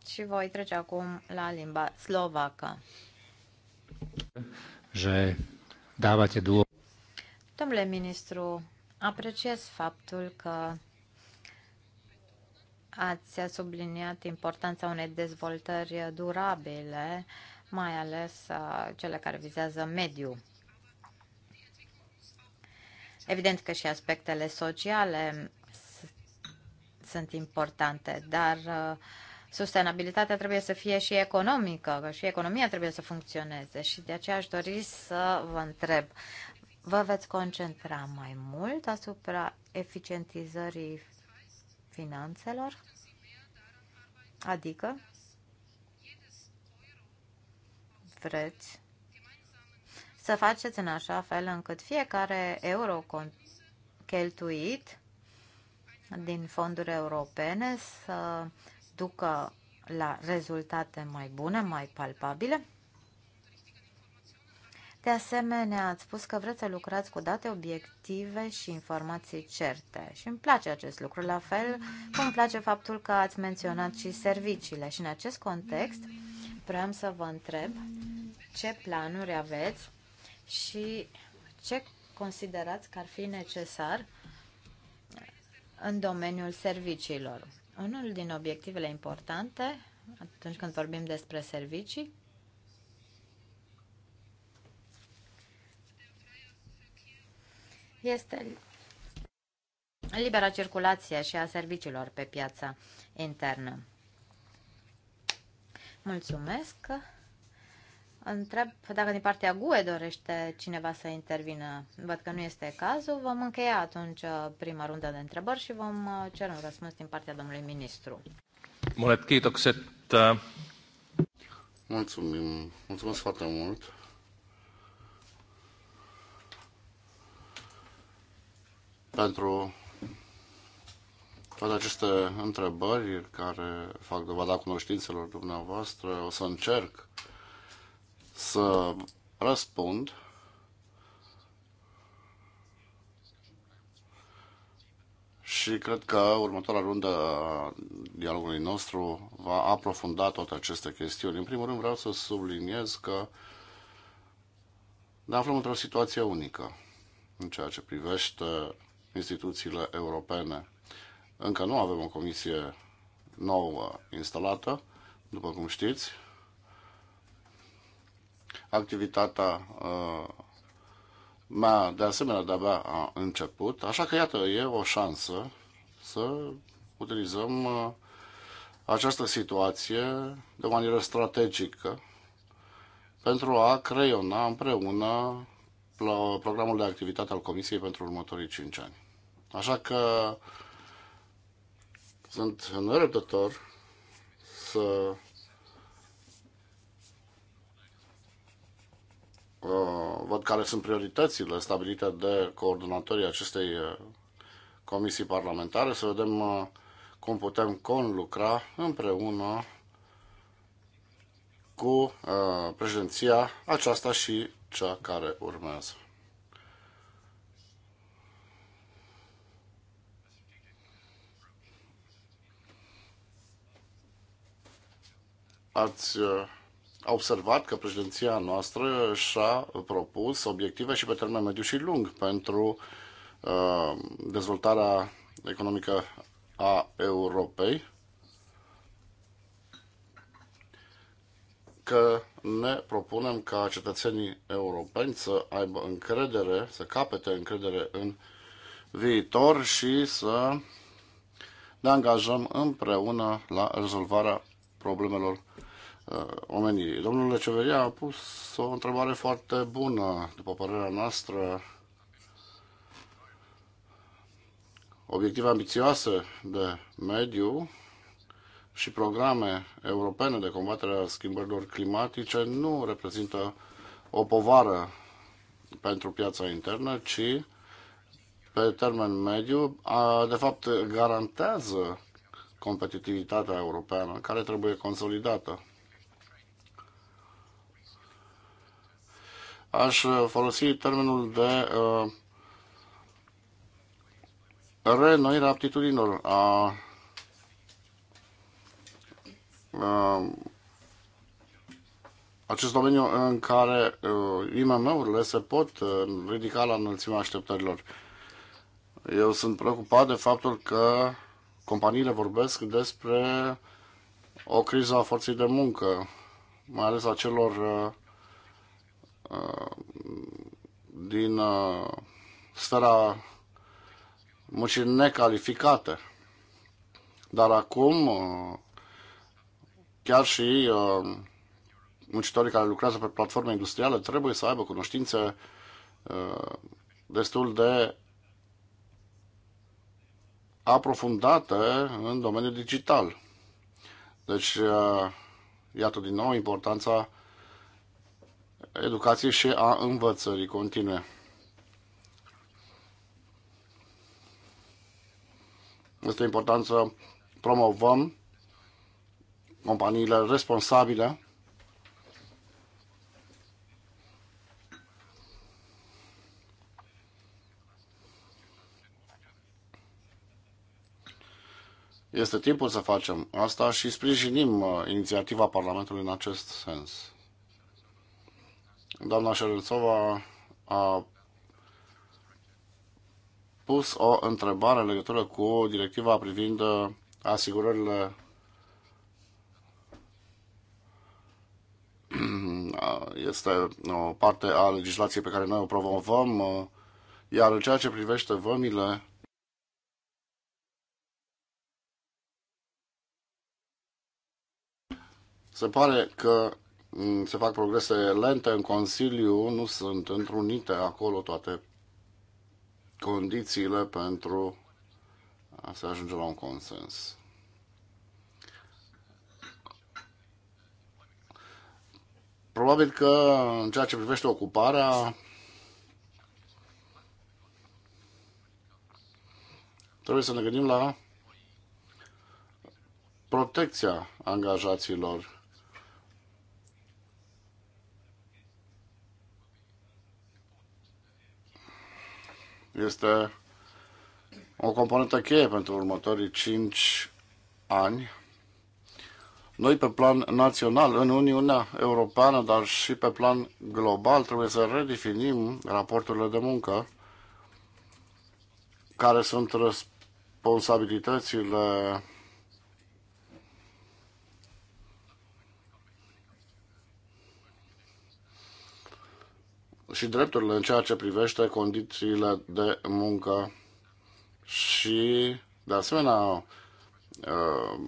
Și voi trece acum la limba slovacă. Domnule ministru, apreciez faptul că ați subliniat importanța unei dezvoltări durabile, mai ales uh, cele care vizează mediul. Evident că și aspectele sociale sunt importante, dar uh, sustenabilitatea trebuie să fie și economică, că și economia trebuie să funcționeze și de aceea aș dori să vă întreb, vă veți concentra mai mult asupra eficientizării finanțelor, adică vreți să faceți în așa fel încât fiecare euro cheltuit din fonduri europene să ducă la rezultate mai bune, mai palpabile. De asemenea, ați spus că vreți să lucrați cu date obiective și informații certe și îmi place acest lucru, la fel cum îmi place faptul că ați menționat și serviciile. Și în acest context vreau să vă întreb ce planuri aveți și ce considerați că ar fi necesar în domeniul serviciilor. Unul din obiectivele importante atunci când vorbim despre servicii este libera circulație și a serviciilor pe piața internă. Mulțumesc! Întreb dacă din partea GUE dorește cineva să intervină. Văd că nu este cazul. Vom încheia atunci uh, prima rundă de întrebări și vom uh, cere un răspuns din partea domnului ministru. Uh, Mulțumim. Mulțumesc foarte mult pentru toate aceste întrebări care fac dovada cunoștințelor dumneavoastră. O să încerc să răspund. Și cred că următoarea rundă a dialogului nostru va aprofunda toate aceste chestiuni. În primul rând vreau să subliniez că ne aflăm într-o situație unică în ceea ce privește instituțiile europene. Încă nu avem o comisie nouă instalată, după cum știți. Activitatea uh, mea, de asemenea, de-abia a început, așa că, iată, e o șansă să utilizăm uh, această situație de manieră strategică pentru a creiona împreună programul de activitate al Comisiei pentru următorii 5 ani. Așa că sunt nerăbdător să uh, văd care sunt prioritățile stabilite de coordonatorii acestei uh, comisii parlamentare, să vedem uh, cum putem conlucra împreună cu președinția aceasta și cea care urmează. ați uh, observat că președinția noastră și-a propus obiective și pe termen mediu și lung pentru uh, dezvoltarea economică a Europei, că ne propunem ca cetățenii europeni să aibă încredere, să capete încredere în viitor și să ne angajăm împreună la rezolvarea problemelor uh, omenii. Domnul Leceveria a pus o întrebare foarte bună, după părerea noastră, obiective ambițioase de mediu și programe europene de combatere a schimbărilor climatice nu reprezintă o povară pentru piața internă, ci pe termen mediu, a, de fapt, garantează competitivitatea europeană, care trebuie consolidată. Aș folosi termenul de uh, reînnoirea aptitudinilor a uh, acest domeniu în care uh, IMM-urile se pot uh, ridica la înălțimea așteptărilor. Eu sunt preocupat de faptul că companiile vorbesc despre o criză a forței de muncă, mai ales a celor uh, uh, din uh, sfera muncii necalificate. Dar acum, chiar și muncitorii care lucrează pe platforme industriale trebuie să aibă cunoștințe destul de aprofundată în domeniul digital. Deci, uh, iată din nou importanța educației și a învățării continue. Este important să promovăm companiile responsabile Este timpul să facem asta și sprijinim uh, inițiativa Parlamentului în acest sens. Doamna Șerențova a pus o întrebare în legătură cu directiva privind uh, asigurările este o parte a legislației pe care noi o promovăm, uh, iar în ceea ce privește vămile, Se pare că mm, se fac progrese lente în Consiliu, nu sunt întrunite acolo toate condițiile pentru a se ajunge la un consens. Probabil că în ceea ce privește ocuparea, trebuie să ne gândim la protecția angajaților este o componentă cheie pentru următorii 5 ani. Noi, pe plan național, în Uniunea Europeană, dar și pe plan global, trebuie să redefinim raporturile de muncă care sunt responsabilitățile și drepturile în ceea ce privește condițiile de muncă și, de asemenea, uh,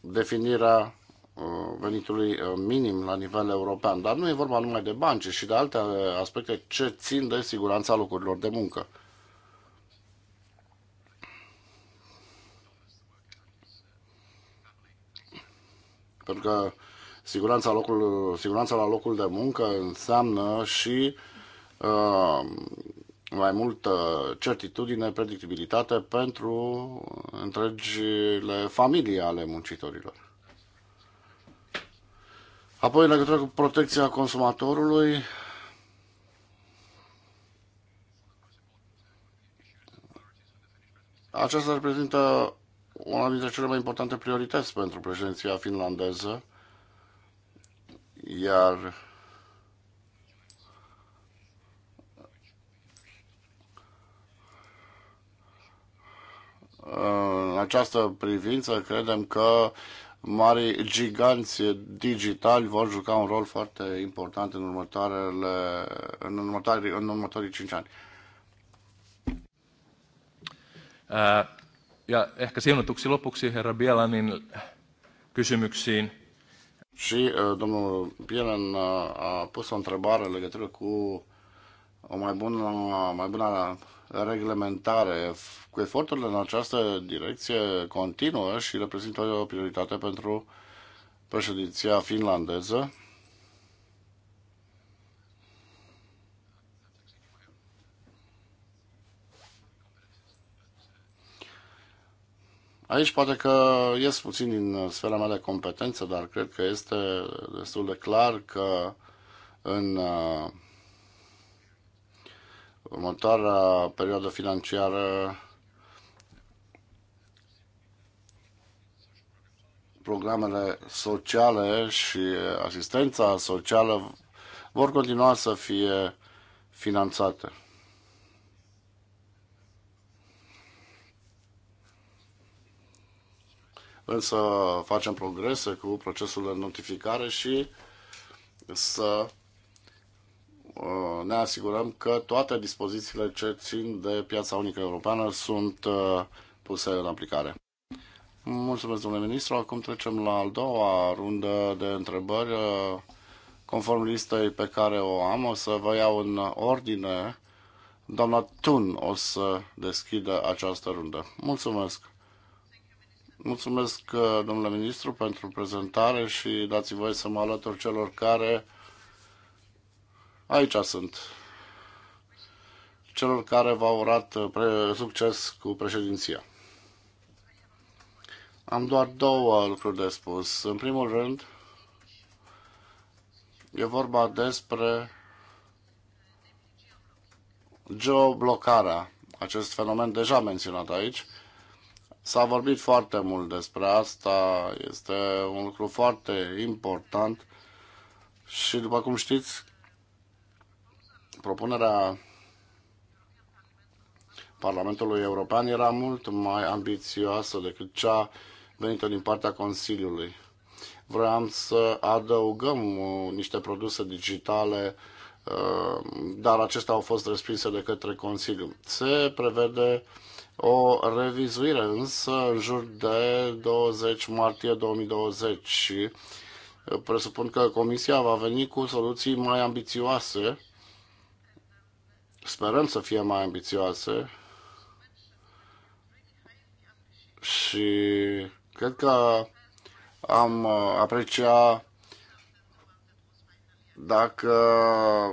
definirea uh, venitului uh, minim la nivel european. Dar nu e vorba numai de bani, ci și de alte aspecte ce țin de siguranța locurilor de muncă. Pentru că Siguranța, locul, siguranța la locul de muncă înseamnă și uh, mai multă certitudine, predictibilitate pentru întregile familii ale muncitorilor. Apoi, în legătură cu protecția consumatorului, aceasta reprezintă una dintre cele mai importante priorități pentru președinția finlandeză iar în această privință credem că mari giganți digitali vor juca un rol foarte important în următoarele în, următoare, în următorii 5 ani. Ja ehkä siunatuksi lopuksi herra Bielanin kysymyksiin. Și uh, domnul Pielen uh, a pus o întrebare în legătură cu o mai bună, mai bună reglementare. Cu eforturile în această direcție continuă și reprezintă o prioritate pentru președinția finlandeză. Aici poate că ies puțin din uh, sfera mea de competență, dar cred că este destul de clar că în uh, următoarea perioadă financiară programele sociale și asistența socială vor continua să fie finanțate. să facem progrese cu procesul de notificare și să uh, ne asigurăm că toate dispozițiile ce țin de piața unică europeană sunt uh, puse în aplicare. Mulțumesc, domnule ministru. Acum trecem la al doua rundă de întrebări. Uh, conform listei pe care o am, o să vă iau în ordine. Doamna Tun o să deschidă această rundă. Mulțumesc! Mulțumesc, uh, domnule ministru, pentru prezentare și dați voi să mă alătur celor care aici sunt, celor care v-au urat uh, succes cu președinția. Am doar două lucruri de spus. În primul rând, e vorba despre geoblocarea, acest fenomen deja menționat aici, S-a vorbit foarte mult despre asta, este un lucru foarte important și, după cum știți, propunerea Parlamentului European era mult mai ambițioasă decât cea venită din partea Consiliului. Vreau să adăugăm niște produse digitale, uh, dar acestea au fost respinse de către Consiliu. Se prevede uh, o revizuire însă în jur de 20 martie 2020 și uh, presupun că Comisia va veni cu soluții mai ambițioase, sperăm să fie mai ambițioase și cred că am uh, apreciat dacă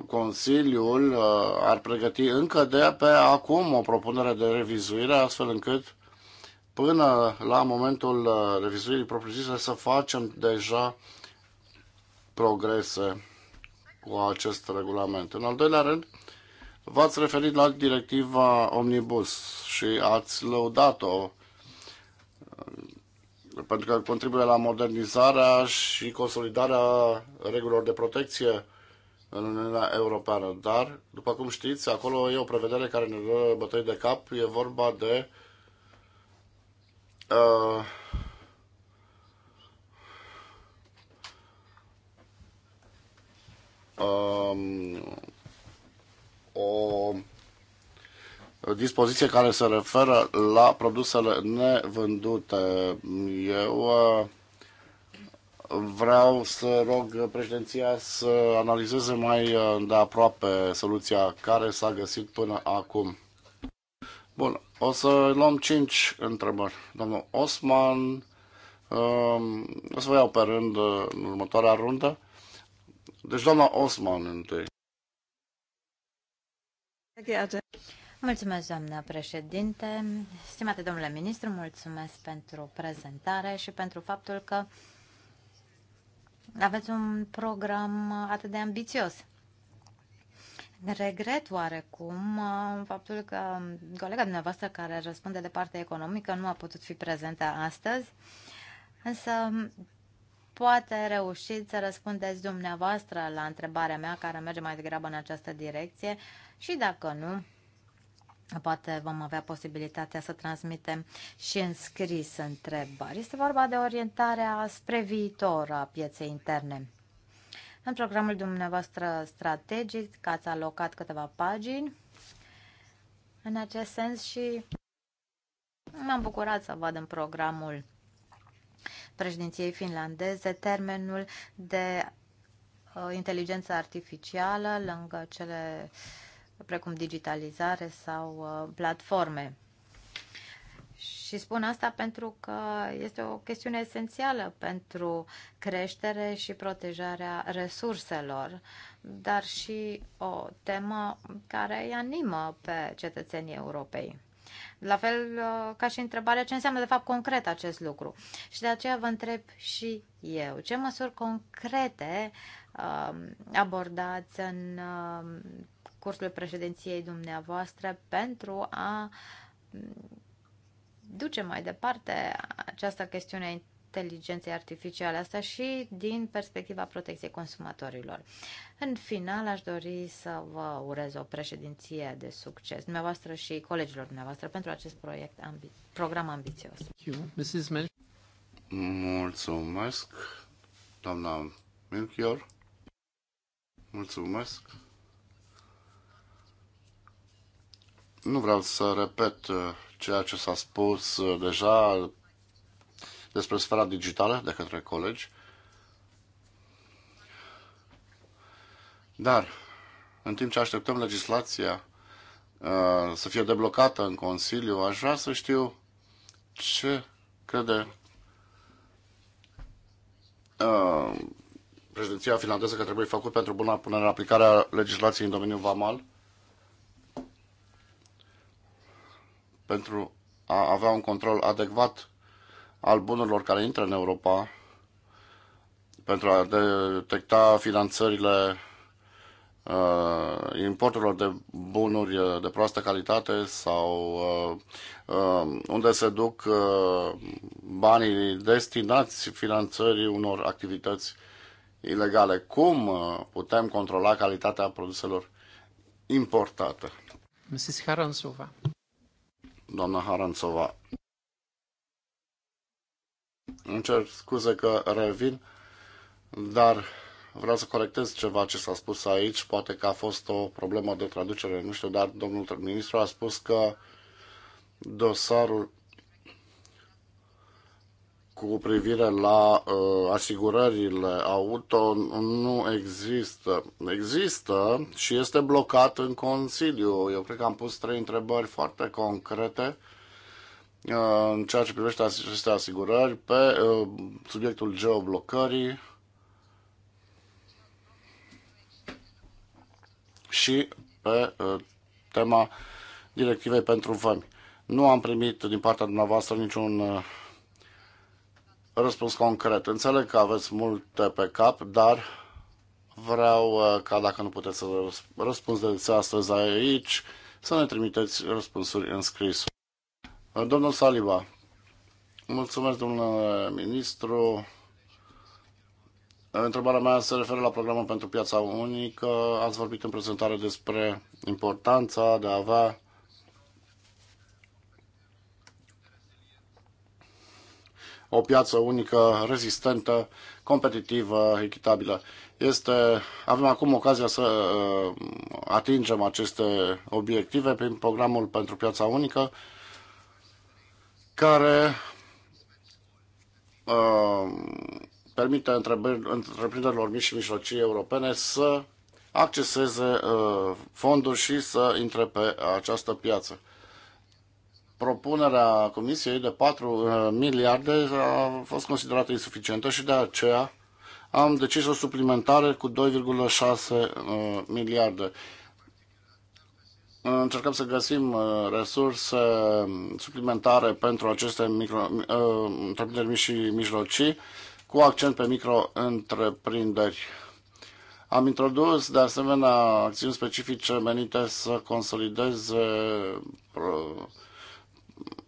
Consiliul uh, ar pregăti încă de pe acum o propunere de revizuire, astfel încât până la momentul uh, revizuirii propriu-zise să facem deja progrese cu acest regulament. În al doilea rând, v-ați referit la directiva Omnibus și ați lăudat-o pentru că contribuie la modernizarea și consolidarea regulilor de protecție în Uniunea Europeană. Dar, după cum știți, acolo e o prevedere care ne dă bătăi de cap. E vorba de uh, um, o dispoziție care se referă la produsele nevândute. Eu uh, vreau să rog președinția să analizeze mai uh, de aproape soluția care s-a găsit până acum. Bun, o să luăm 5 întrebări. Domnul Osman, um, o să vă iau pe rând uh, în următoarea rundă. Deci doamna Osman întâi. Mulțumesc, doamnă președinte. Stimate domnule ministru, mulțumesc pentru prezentare și pentru faptul că aveți un program atât de ambițios. Regret oarecum uh, faptul că colega dumneavoastră care răspunde de partea economică nu a putut fi prezentă astăzi, însă poate reușiți să răspundeți dumneavoastră la întrebarea mea care merge mai degrabă în această direcție și dacă nu, Poate vom avea posibilitatea să transmitem și în scris întrebări. Este vorba de orientarea spre viitor a pieței interne. În programul dumneavoastră strategic ați alocat câteva pagini în acest sens și m-am bucurat să văd în programul președinției finlandeze termenul de uh, inteligență artificială lângă cele uh, precum digitalizare sau uh, platforme. Și spun asta pentru că este o chestiune esențială pentru creștere și protejarea resurselor, dar și o temă care îi animă pe cetățenii Europei. La fel uh, ca și întrebarea ce înseamnă de fapt concret acest lucru. Și de aceea vă întreb și eu, ce măsuri concrete uh, abordați în cursul președinției dumneavoastră pentru a duce mai departe această chestiune a inteligenței artificiale, asta și din perspectiva protecției consumatorilor. În final, aș dori să vă urez o președinție de succes dumneavoastră și colegilor dumneavoastră pentru acest proiect ambi- program ambițios. Mulțumesc, doamna Melchior. Mulțumesc. Nu vreau să repet uh, ceea ce s-a spus uh, deja despre sfera digitală de către colegi, dar în timp ce așteptăm legislația uh, să fie deblocată în Consiliu, aș vrea să știu ce crede președinția finlandeză că trebuie făcut pentru buna punere în aplicare a legislației în domeniul VAMAL. pentru a avea un control adecvat al bunurilor care intră în Europa, pentru a detecta finanțările uh, importurilor de bunuri uh, de proastă calitate sau uh, uh, unde se duc uh, banii destinați finanțării unor activități ilegale. Cum uh, putem controla calitatea produselor importate? Mrs. Haransova doamna Haranțova. Îmi cer scuze că revin, dar vreau să corectez ceva ce s-a spus aici. Poate că a fost o problemă de traducere, nu știu, dar domnul ministru a spus că dosarul cu privire la uh, asigurările auto nu există. Există și este blocat în Consiliu. Eu cred că am pus trei întrebări foarte concrete uh, în ceea ce privește aceste asigurări pe uh, subiectul geoblocării și pe uh, tema directivei pentru vămi. Nu am primit din partea dumneavoastră niciun uh, răspuns concret. Înțeleg că aveți multe pe cap, dar vreau uh, ca dacă nu puteți să răspundeți astăzi aici, să ne trimiteți răspunsuri în scris. Uh, domnul Saliba, mulțumesc domnule ministru. Întrebarea mea se referă la programul pentru piața unică. Ați vorbit în prezentare despre importanța de a avea o piață unică, rezistentă, competitivă, echitabilă. Este, avem acum ocazia să uh, atingem aceste obiective prin programul pentru piața unică, care uh, permite întreprinderilor mici și mijlocii europene să acceseze uh, fonduri și să intre pe această piață propunerea Comisiei de 4 uh, miliarde a fost considerată insuficientă și de aceea am decis o suplimentare cu 2,6 uh, miliarde. Încercăm să găsim uh, resurse um, suplimentare pentru aceste micro, întreprinderi mici și mijlocii, cu accent pe micro-întreprinderi. Am introdus, de asemenea, acțiuni specifice menite să consolideze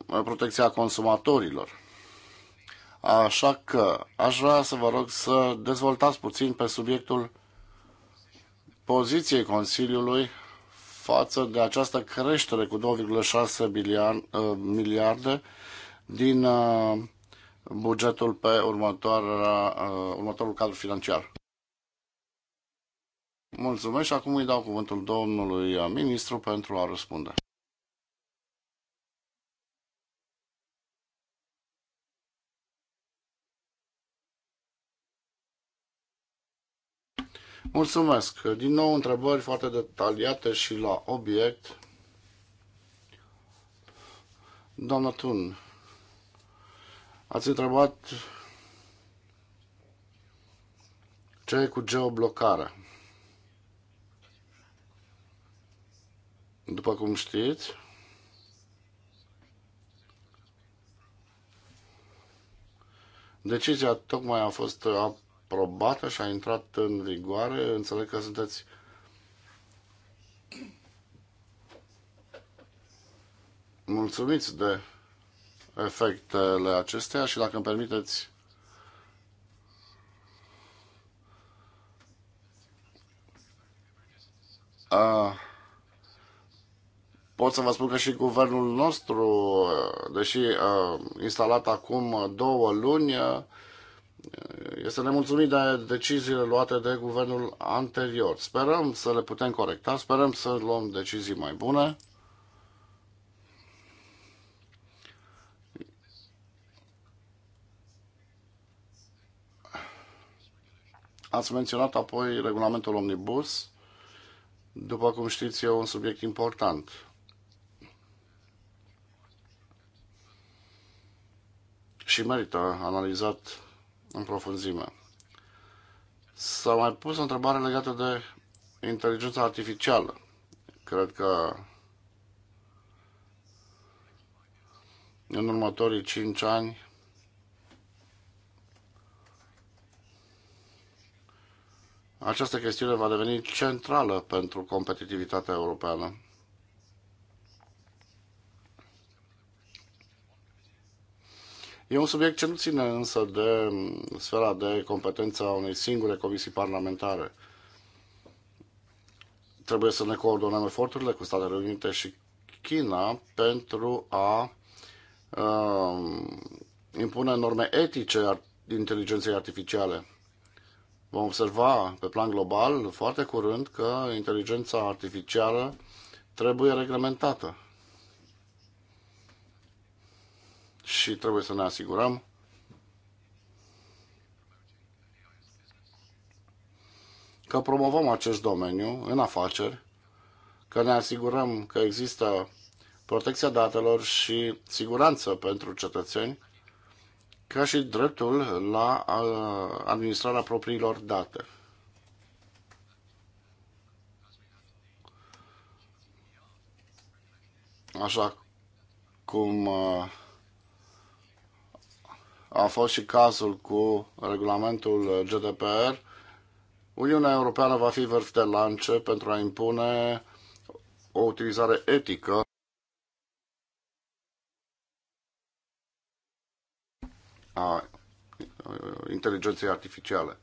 protecția consumatorilor. Așa că aș vrea să vă rog să dezvoltați puțin pe subiectul poziției Consiliului față de această creștere cu 2,6 uh, miliarde din uh, bugetul pe uh, următorul cadru financiar. Mulțumesc și acum îi dau cuvântul domnului ministru pentru a răspunde. Mulțumesc! Din nou întrebări foarte detaliate și la obiect. Doamna Tun, ați întrebat ce e cu geoblocarea. După cum știți, decizia tocmai a fost aprobată și a intrat în vigoare. Înțeleg că sunteți mulțumiți de efectele acestea și dacă îmi permiteți a, pot să vă spun că și guvernul nostru, deși a, instalat acum două luni, este nemulțumit de deciziile luate de guvernul anterior. Sperăm să le putem corecta, sperăm să luăm decizii mai bune. Ați menționat apoi regulamentul Omnibus. După cum știți, e un subiect important. Și merită analizat în profunzime. S-a mai pus o întrebare legată de inteligența artificială. Cred că în următorii 5 ani această chestiune va deveni centrală pentru competitivitatea europeană. E un subiect ce nu ține însă de mm, sfera de competență a unei singure comisii parlamentare. Trebuie să ne coordonăm eforturile cu Statele Unite și China pentru a uh, impune norme etice inteligenței artificiale. Vom observa pe plan global foarte curând că inteligența artificială trebuie reglementată. și trebuie să ne asigurăm că promovăm acest domeniu în afaceri, că ne asigurăm că există protecția datelor și siguranță pentru cetățeni, ca și dreptul la administrarea propriilor date. Așa cum uh, a fost și cazul cu regulamentul GDPR, Uniunea Europeană va fi vârf de lance pentru a impune o utilizare etică a inteligenței artificiale.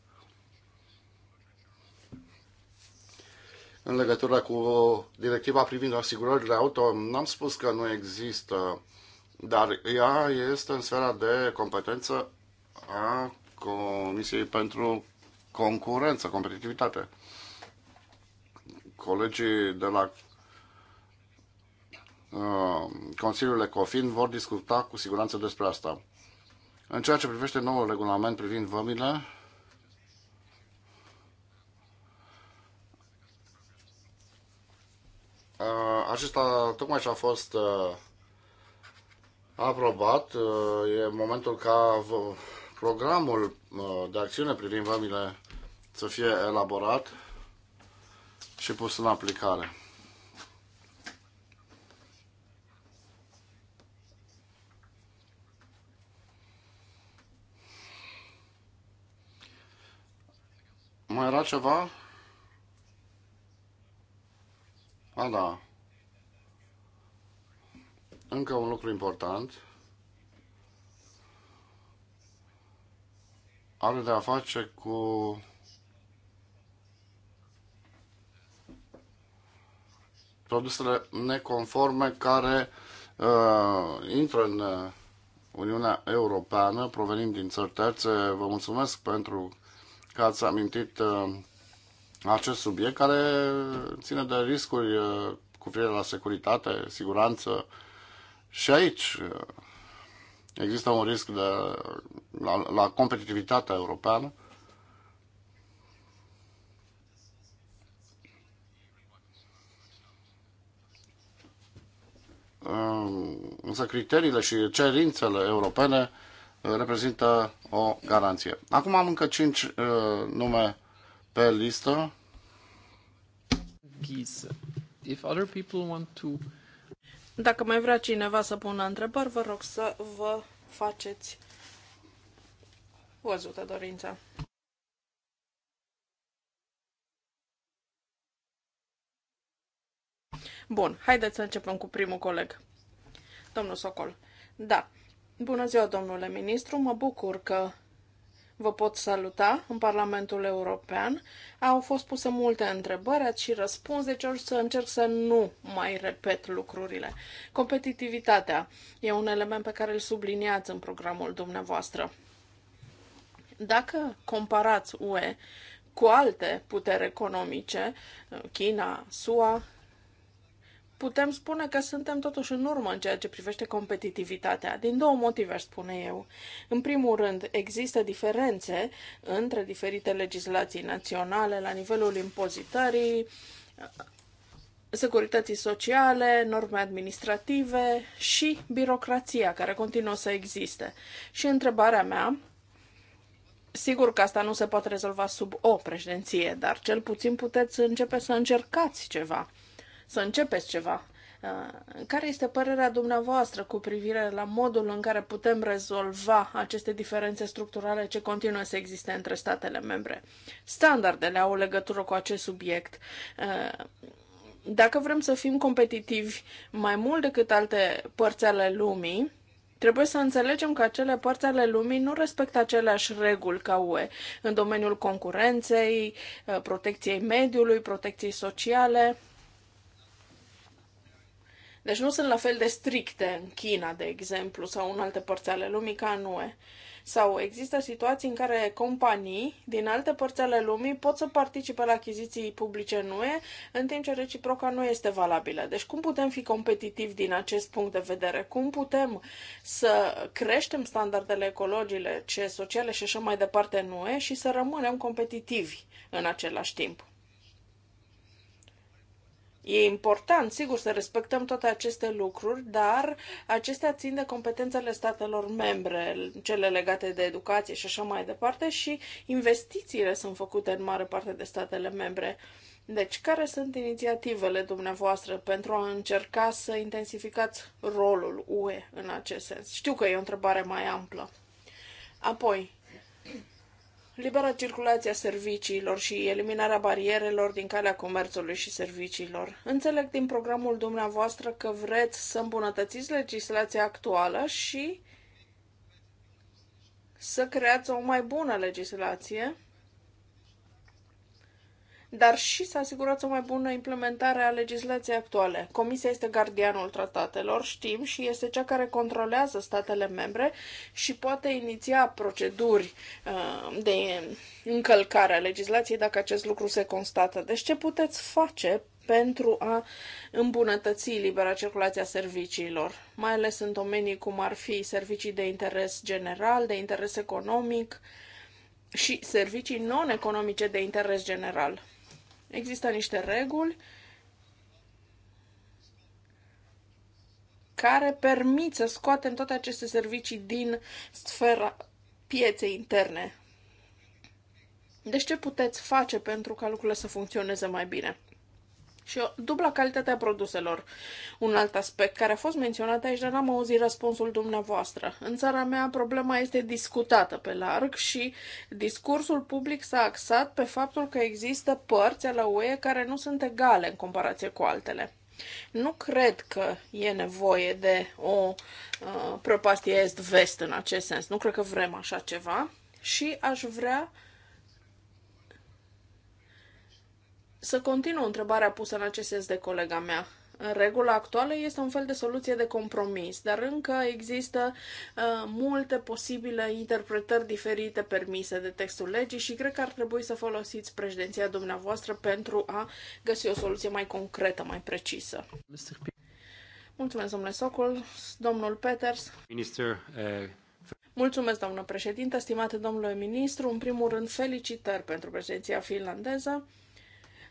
În legătură cu directiva privind asigurările auto, n-am spus că nu există uh, dar ea este în sfera de competență a Comisiei pentru Concurență, Competitivitate. Colegii de la uh, Consiliul Ecofin vor discuta cu siguranță despre asta. În ceea ce privește noul regulament privind vămile, uh, acesta tocmai și-a fost uh, aprobat. Uh, e momentul ca programul uh, de acțiune privind vămile să fie elaborat și pus în aplicare. Mai era ceva? A, da. Încă un lucru important are de a face cu produsele neconforme care uh, intră în uh, Uniunea Europeană, provenim din țări terțe. Vă mulțumesc pentru că ați amintit uh, acest subiect care ține de riscuri uh, cu privire la securitate, siguranță, și aici uh, există un risc de, la, la competitivitatea europeană. Uh, însă criteriile și cerințele europene uh, reprezintă o garanție. Acum am încă 5 uh, nume pe listă. If other people want to dacă mai vrea cineva să pună întrebări, vă rog să vă faceți văzută dorința. Bun, haideți să începem cu primul coleg. Domnul Socol. Da. Bună ziua, domnule ministru. Mă bucur că vă pot saluta în Parlamentul European. Au fost puse multe întrebări, ați și răspuns, deci o să încerc să nu mai repet lucrurile. Competitivitatea e un element pe care îl subliniați în programul dumneavoastră. Dacă comparați UE cu alte puteri economice, China, SUA, putem spune că suntem totuși în urmă în ceea ce privește competitivitatea, din două motive, aș spune eu. În primul rând, există diferențe între diferite legislații naționale la nivelul impozitării, securității sociale, norme administrative și birocrația care continuă să existe. Și întrebarea mea, sigur că asta nu se poate rezolva sub o președinție, dar cel puțin puteți începe să încercați ceva să începeți ceva. Uh, care este părerea dumneavoastră cu privire la modul în care putem rezolva aceste diferențe structurale ce continuă să existe între statele membre? Standardele au legătură cu acest subiect uh, dacă vrem să fim competitivi mai mult decât alte părți ale lumii, trebuie să înțelegem că acele părți ale lumii nu respectă aceleași reguli ca UE în domeniul concurenței, uh, protecției mediului, protecției sociale. Deci nu sunt la fel de stricte în China, de exemplu, sau în alte părți ale lumii ca în UE. Sau există situații în care companii din alte părți ale lumii pot să participe la achiziții publice în UE, în timp ce reciproca nu este valabilă. Deci cum putem fi competitivi din acest punct de vedere? Cum putem să creștem standardele ecologice, sociale și așa mai departe în UE și să rămânem competitivi în același timp? E important, sigur, să respectăm toate aceste lucruri, dar acestea țin de competențele statelor membre, cele legate de educație și așa mai departe, și investițiile sunt făcute în mare parte de statele membre. Deci, care sunt inițiativele dumneavoastră pentru a încerca să intensificați rolul UE în acest sens? Știu că e o întrebare mai amplă. Apoi, libera circulație a serviciilor și eliminarea barierelor din calea comerțului și serviciilor. Înțeleg din programul dumneavoastră că vreți să îmbunătățiți legislația actuală și să creați o mai bună legislație dar și să asigurați o mai bună implementare a legislației actuale. Comisia este gardianul tratatelor, știm, și este cea care controlează statele membre și poate iniția proceduri uh, de încălcare a legislației dacă acest lucru se constată. Deci ce puteți face pentru a îmbunătăți libera circulația serviciilor, mai ales în domenii cum ar fi servicii de interes general, de interes economic și servicii non-economice de interes general. Există niște reguli care permit să scoatem toate aceste servicii din sfera pieței interne. Deci ce puteți face pentru ca lucrurile să funcționeze mai bine? și o dubla calitate a produselor. Un alt aspect care a fost menționat aici, dar n-am auzit răspunsul dumneavoastră. În țara mea problema este discutată pe larg și discursul public s-a axat pe faptul că există părți ale UE care nu sunt egale în comparație cu altele. Nu cred că e nevoie de o uh, prăpastie est-vest în acest sens. Nu cred că vrem așa ceva și aș vrea uh, Să continu întrebarea pusă în acest sens de colega mea. În regula actuală este un fel de soluție de compromis, dar încă există uh, multe posibile interpretări diferite permise de textul legii și cred că ar trebui să folosiți președinția dumneavoastră pentru a găsi o soluție mai concretă, mai precisă. Mulțumesc, domnule Socol, domnul Peters. Minister, uh... Mulțumesc, doamnă președinte, stimate domnule ministru. În primul rând, felicitări pentru președinția finlandeză.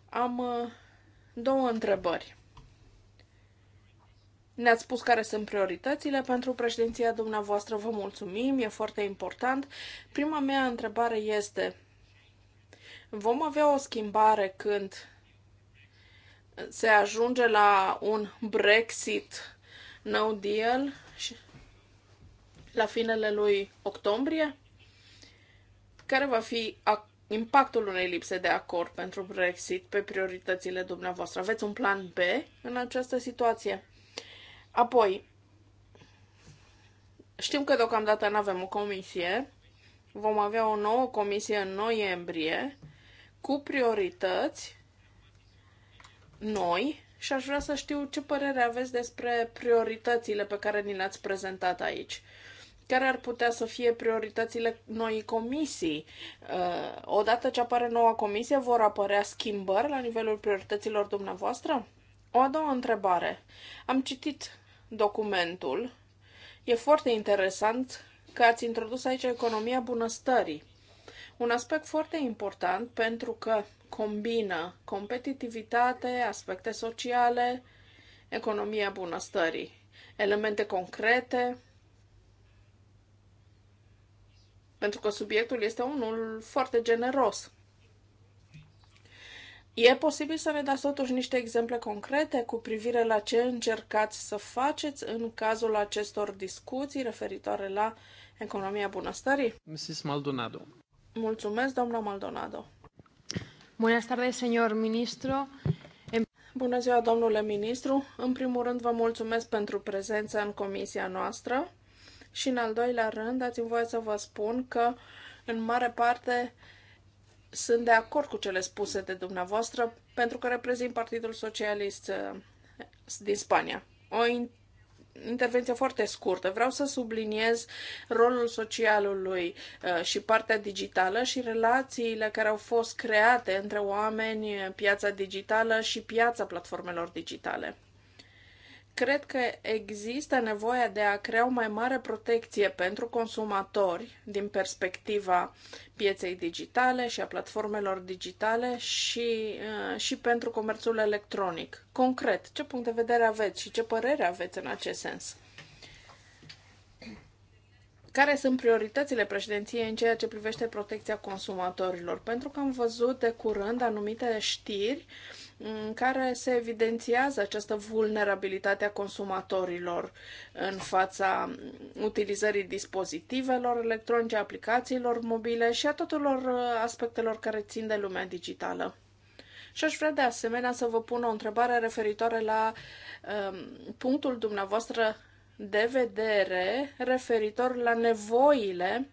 Am uh, două întrebări. Ne-ați spus care sunt prioritățile pentru președinția dumneavoastră. Vă mulțumim, e foarte important. Prima mea întrebare este, vom avea o schimbare când se ajunge la un Brexit no deal și la finele lui octombrie? Care va fi acum? impactul unei lipse de acord pentru Brexit pe prioritățile dumneavoastră? Aveți un plan B în această situație? Apoi, știm că deocamdată nu avem o comisie. Vom avea o nouă comisie în noiembrie cu priorități noi și aș vrea să știu ce părere aveți despre prioritățile pe care ni le-ați prezentat aici care ar putea să fie prioritățile noii comisii. Uh, odată ce apare noua comisie, vor apărea schimbări la nivelul priorităților dumneavoastră? O a doua întrebare. Am citit documentul. E foarte interesant că ați introdus aici economia bunăstării. Un aspect foarte important pentru că combină competitivitate, aspecte sociale, economia bunăstării, elemente concrete pentru că subiectul este unul foarte generos. E posibil să ne dați totuși niște exemple concrete cu privire la ce încercați să faceți în cazul acestor discuții referitoare la economia bunăstării? Mrs. Maldonado. Mulțumesc, doamna Maldonado. Bună tardes, señor ministru. Bună ziua, domnule ministru. În primul rând, vă mulțumesc pentru prezența în comisia noastră. Și în al doilea rând, dați-mi voie să vă spun că în mare parte sunt de acord cu cele spuse de dumneavoastră pentru că reprezint Partidul Socialist eh, din Spania. O intervenție foarte scurtă. Vreau să subliniez rolul socialului eh, și partea digitală și relațiile care au fost create între oameni, piața digitală și piața platformelor digitale. Cred că există nevoia de a crea o mai mare protecție pentru consumatori din perspectiva pieței digitale și a platformelor digitale și, uh, și pentru comerțul electronic. Concret, ce punct de vedere aveți și ce părere aveți în acest sens? care sunt prioritățile președinției în ceea ce privește protecția consumatorilor. Pentru că am văzut de curând anumite știri în mm, care se evidențiază această vulnerabilitate a consumatorilor în fața utilizării dispozitivelor electronice, aplicațiilor mobile și a tuturor uh, aspectelor care țin de lumea digitală. Și aș vrea de asemenea să vă pun o întrebare referitoare la um, punctul dumneavoastră de vedere referitor la nevoile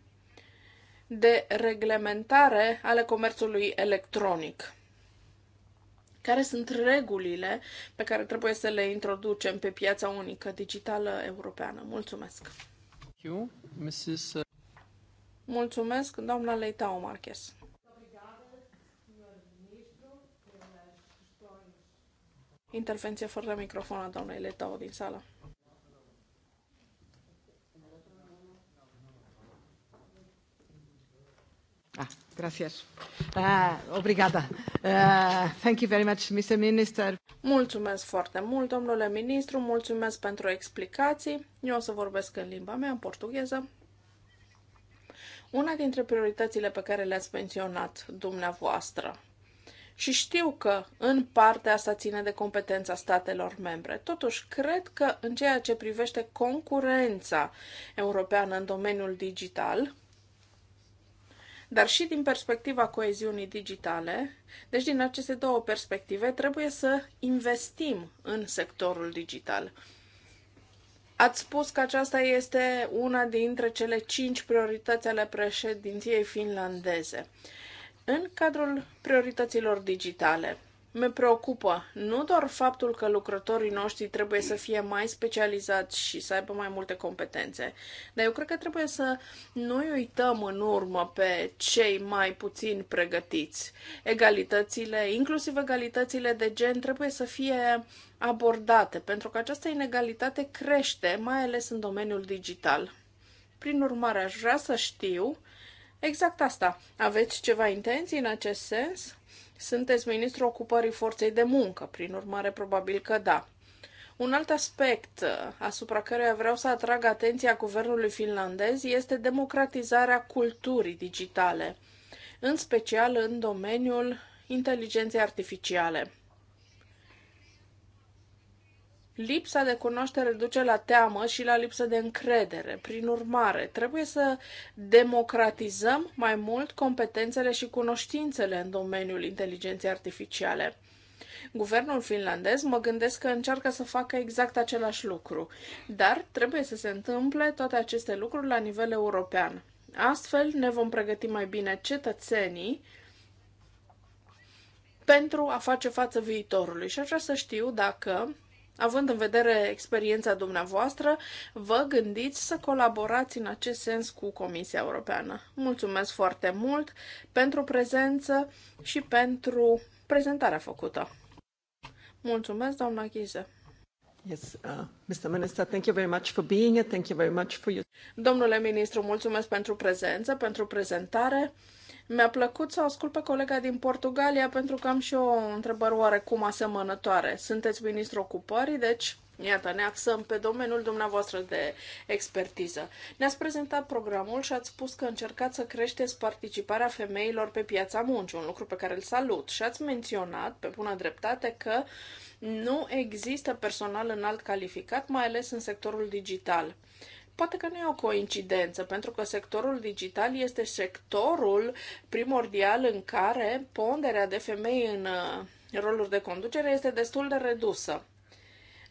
de reglementare ale comerțului electronic. Care sunt regulile pe care trebuie să le introducem pe piața unică digitală europeană? Mulțumesc! Mulțumesc, doamna Leitao Marques. Intervenție fără microfon a doamnei Leitao din sală. Ah, gracias. Uh, obrigada. Uh, thank you very much, Mr. Minister. Mulțumesc foarte mult, domnule ministru. Mulțumesc pentru explicații. Eu o să vorbesc în limba mea, în portugheză. Una dintre prioritățile pe care le-ați menționat dumneavoastră și știu că în parte asta ține de competența statelor membre. Totuși, cred că în ceea ce privește concurența europeană în domeniul digital, dar și din perspectiva coeziunii digitale. Deci, din aceste două perspective, trebuie să investim în sectorul digital. Ați spus că aceasta este una dintre cele cinci priorități ale președinției finlandeze. În cadrul priorităților digitale, Me preocupă nu doar faptul că lucrătorii noștri trebuie să fie mai specializați și să aibă mai multe competențe, dar eu cred că trebuie să nu uităm în urmă pe cei mai puțin pregătiți. Egalitățile, inclusiv egalitățile de gen, trebuie să fie abordate, pentru că această inegalitate crește, mai ales în domeniul digital. Prin urmare, aș vrea să știu exact asta. Aveți ceva intenții în acest sens? Sunteți ministrul ocupării forței de muncă, prin urmare probabil că da. Un alt aspect uh, asupra căruia vreau să atrag atenția guvernului finlandez este democratizarea culturii digitale, în special în domeniul inteligenței artificiale. Lipsa de cunoaștere duce la teamă și la lipsă de încredere. Prin urmare, trebuie să democratizăm mai mult competențele și cunoștințele în domeniul inteligenței artificiale. Guvernul finlandez mă gândesc că încearcă să facă exact același lucru, dar trebuie să se întâmple toate aceste lucruri la nivel european. Astfel ne vom pregăti mai bine cetățenii pentru a face față viitorului și aș vrea să știu dacă Având în vedere experiența dumneavoastră, vă gândiți să colaborați în acest sens cu Comisia Europeană. Mulțumesc foarte mult pentru prezență și pentru prezentarea făcută. Mulțumesc, doamna Ghize. Yes, uh, Mr. Minister, thank you very much for being here. Thank you very much for you. Domnule ministru, mulțumesc pentru prezență, pentru prezentare. Mi-a plăcut să ascult pe colega din Portugalia pentru că am și eu o întrebări oarecum asemănătoare. Sunteți ministru ocupării, deci Iată, ne axăm pe domeniul dumneavoastră de expertiză. Ne-ați prezentat programul și ați spus că încercați să creșteți participarea femeilor pe piața muncii, un lucru pe care îl salut. Și ați menționat, pe bună dreptate, că nu există personal înalt calificat, mai ales în sectorul digital. Poate că nu e o coincidență, pentru că sectorul digital este sectorul primordial în care ponderea de femei în uh, roluri de conducere este destul de redusă.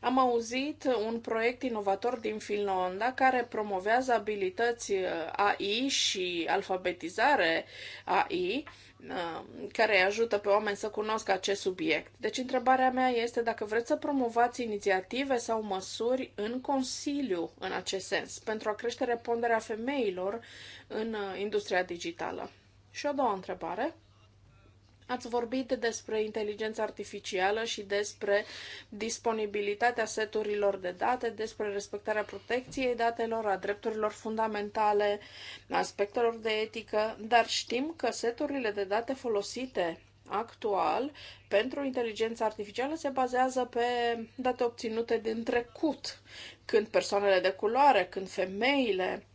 Am auzit un proiect inovator din Finlanda care promovează abilități uh, AI și alfabetizare AI uh, care îi ajută pe oameni să cunoască acest subiect. Deci întrebarea mea este dacă vreți să promovați inițiative sau măsuri în Consiliu în acest sens, pentru a crește reponderea femeilor în uh, industria digitală. Și o doua întrebare. Ați vorbit despre inteligența artificială și despre disponibilitatea seturilor de date, despre respectarea protecției datelor, a drepturilor fundamentale, aspectelor de etică, dar știm că seturile de date folosite actual pentru inteligența artificială se bazează pe date obținute din trecut, când persoanele de culoare, când femeile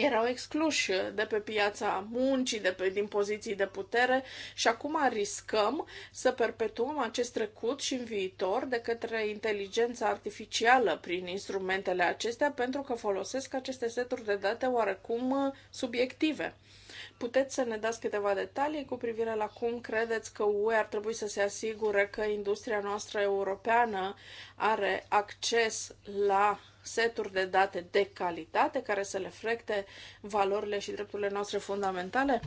erau excluși de pe piața muncii, de pe, din poziții de putere și acum riscăm să perpetuăm acest trecut și în viitor de către inteligența artificială prin instrumentele acestea pentru că folosesc aceste seturi de date oarecum uh, subiective. Puteți să ne dați câteva detalii cu privire la cum credeți că UE ar trebui să se asigure că industria noastră europeană are acces la seturi de date de calitate care să reflecte valorile și drepturile noastre fundamentale?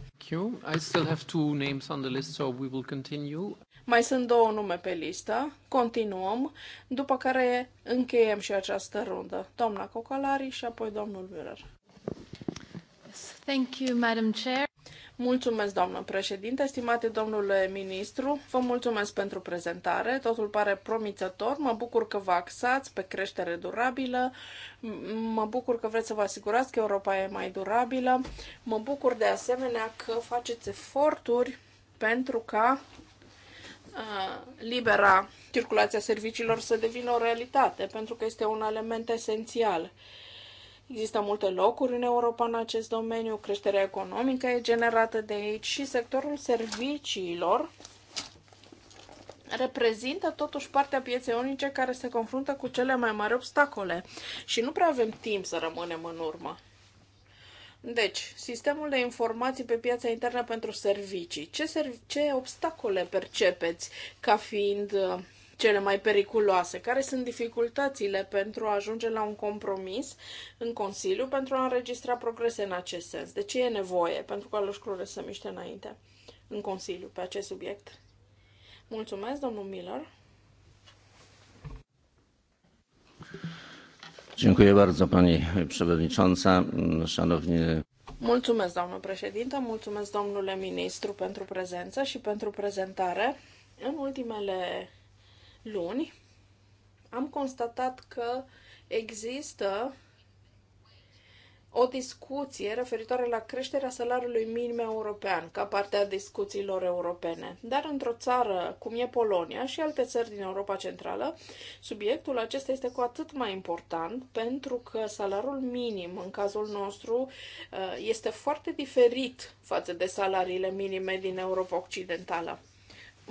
I still have two names on the list, so we will continue. Mai sunt două nume pe listă. Continuăm, după care încheiem și această rundă. Doamna Cocalari și apoi domnul Müller. Thank you, Madam Chair. Mulțumesc, doamnă președinte, stimate domnule ministru, vă mulțumesc pentru prezentare, totul pare promițător, mă bucur că vă axați pe creștere durabilă, mă bucur că vreți să vă asigurați că Europa e mai durabilă, mă bucur de asemenea că faceți eforturi pentru ca libera circulația serviciilor să devină o realitate, pentru că este un element esențial. Uh, Există multe locuri în Europa în acest domeniu, creșterea economică e generată de aici și sectorul serviciilor reprezintă totuși partea pieței unice care se confruntă cu cele mai mari obstacole și nu prea avem timp să rămânem în urmă. Deci, sistemul de informații pe piața internă pentru servicii. Ce, serv- ce obstacole percepeți ca fiind uh, cele mai periculoase, care sunt dificultățile pentru a ajunge la un compromis în Consiliu pentru a înregistra progrese în acest sens. De deci ce e nevoie pentru ca lucrurile să miște înainte în Consiliu pe acest subiect? Mulțumesc, domnul Miller. Dziękuję bardzo Pani Przewodnicząca. Szanowni Mulțumesc, doamnă președintă, mulțumesc, domnule ministru, pentru prezență și pentru prezentare. În ultimele luni, am constatat că există o discuție referitoare la creșterea salariului minim european ca parte a discuțiilor europene. Dar într-o țară cum e Polonia și alte țări din Europa Centrală, subiectul acesta este cu atât mai important pentru că salariul minim în cazul nostru uh, este foarte diferit față de salariile minime din Europa Occidentală.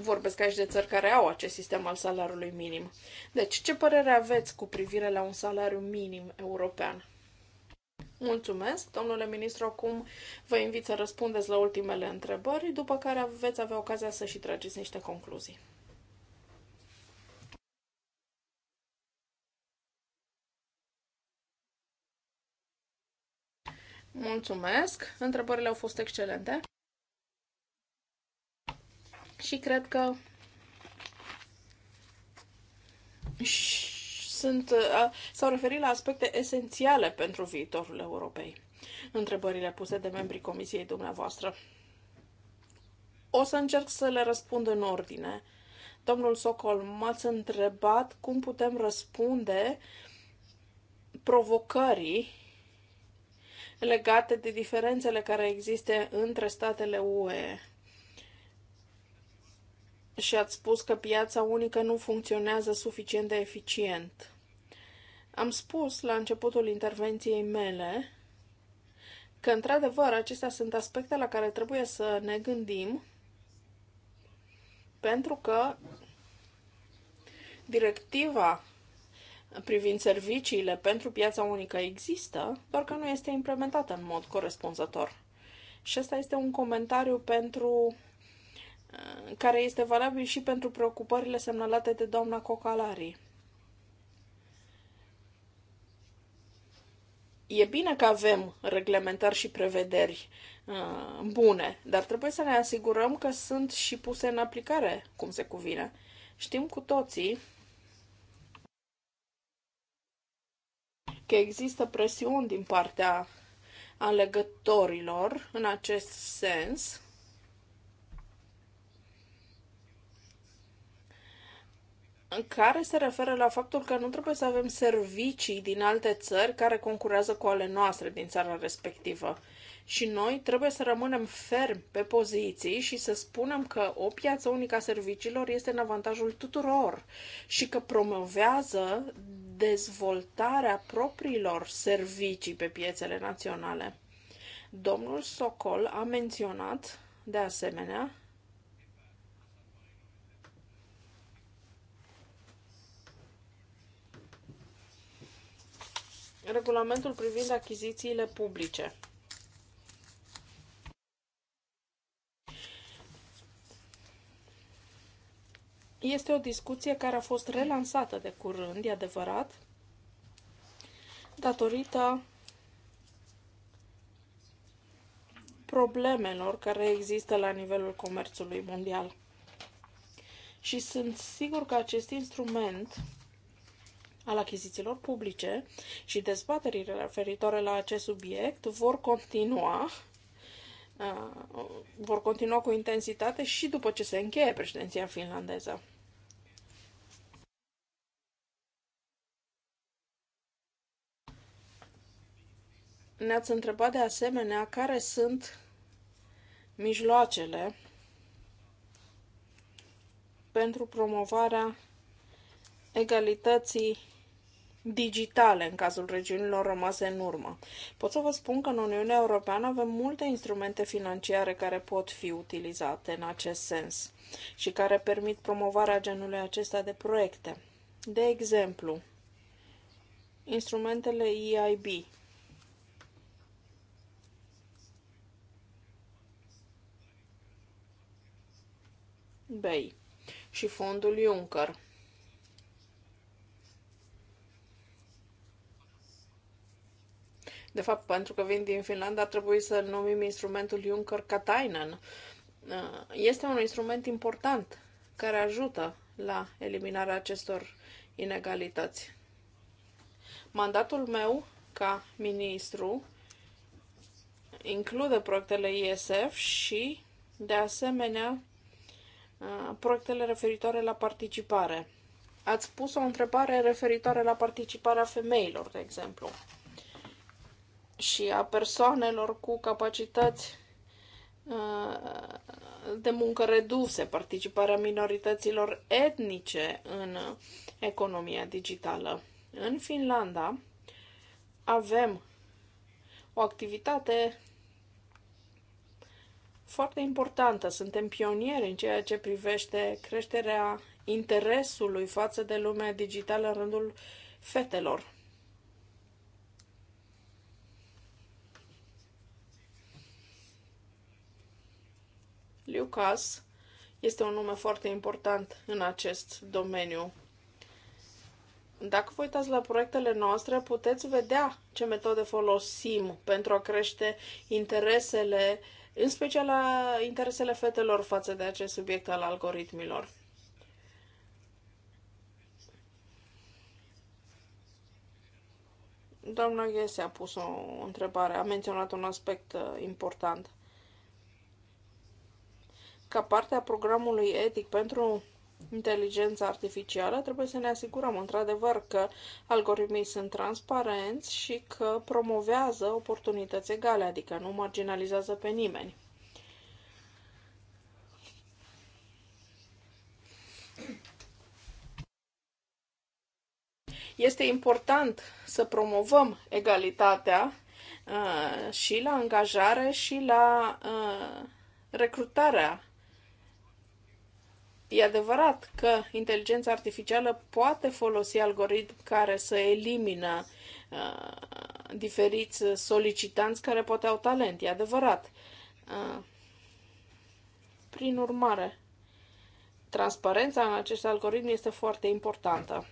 Vorbesc aici de țări care au acest sistem al salariului minim. Deci, ce părere aveți cu privire la un salariu minim european? Mulțumesc, domnule ministru. Acum vă invit să răspundeți la ultimele întrebări, după care veți avea ocazia să și trageți niște concluzii. Mulțumesc. Întrebările au fost excelente. Și cred că sunt, s-au referit la aspecte esențiale pentru viitorul Europei. Întrebările puse de membrii comisiei dumneavoastră. O să încerc să le răspund în ordine. Domnul Socol, m-ați întrebat cum putem răspunde provocării legate de diferențele care există între statele UE și ați spus că piața unică nu funcționează suficient de eficient. Am spus la începutul intervenției mele că, într-adevăr, acestea sunt aspecte la care trebuie să ne gândim pentru că directiva privind serviciile pentru piața unică există, doar că nu este implementată în mod corespunzător. Și asta este un comentariu pentru care este valabil și pentru preocupările semnalate de doamna Cocalari. E bine că avem reglementări și prevederi uh, bune, dar trebuie să ne asigurăm că sunt și puse în aplicare cum se cuvine. Știm cu toții că există presiuni din partea alegătorilor în acest sens care se referă la faptul că nu trebuie să avem servicii din alte țări care concurează cu ale noastre din țara respectivă. Și noi trebuie să rămânem ferm pe poziții și să spunem că o piață unică a serviciilor este în avantajul tuturor și că promovează dezvoltarea propriilor servicii pe piețele naționale. Domnul Socol a menționat, de asemenea, regulamentul privind achizițiile publice. Este o discuție care a fost relansată de curând, e adevărat, datorită problemelor care există la nivelul comerțului mondial. Și sunt sigur că acest instrument al achizițiilor publice și dezbaterile referitoare la acest subiect vor continua uh, vor continua cu intensitate și după ce se încheie președinția finlandeză. Ne-ați întrebat de asemenea care sunt mijloacele pentru promovarea egalității digitale în cazul regiunilor rămase în urmă. Pot să vă spun că în Uniunea Europeană avem multe instrumente financiare care pot fi utilizate în acest sens și care permit promovarea genului acesta de proiecte. De exemplu, instrumentele EIB, Bay și fondul Juncker. De fapt, pentru că vin din Finlanda, ar trebui să numim instrumentul Juncker Katainen. Uh, este un instrument important care ajută la eliminarea acestor inegalități. Mandatul meu ca ministru include proiectele ISF și, de asemenea, uh, proiectele referitoare la participare. Ați pus o întrebare referitoare la participarea femeilor, de exemplu și a persoanelor cu capacități uh, de muncă reduse, participarea minorităților etnice în economia digitală. În Finlanda avem o activitate foarte importantă. Suntem pionieri în ceea ce privește creșterea interesului față de lumea digitală în rândul fetelor. Lucas este un nume foarte important în acest domeniu. Dacă vă uitați la proiectele noastre, puteți vedea ce metode folosim pentru a crește interesele, în special la interesele fetelor față de acest subiect al algoritmilor. Doamna Ghese a pus o întrebare, a menționat un aspect uh, important. Ca parte a programului etic pentru inteligența artificială, trebuie să ne asigurăm într-adevăr că algoritmii sunt transparenți și că promovează oportunități egale, adică nu marginalizează pe nimeni. Este important să promovăm egalitatea uh, și la angajare și la uh, recrutarea E adevărat că inteligența artificială poate folosi algoritmi care să elimină uh, diferiți solicitanți care poate au talent, e adevărat. Uh, prin urmare, transparența în acest algoritm este foarte importantă.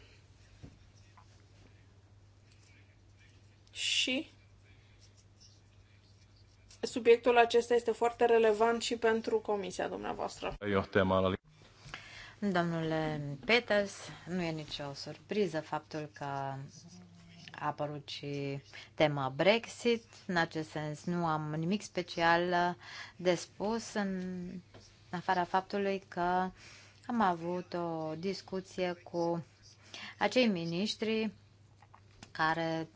Și subiectul acesta este foarte relevant și pentru comisia dumneavoastră. Eu la Domnule Peters, nu e nicio surpriză faptul că a apărut și tema Brexit. În acest sens nu am nimic special de spus, în afara faptului că am avut o discuție cu acei miniștri care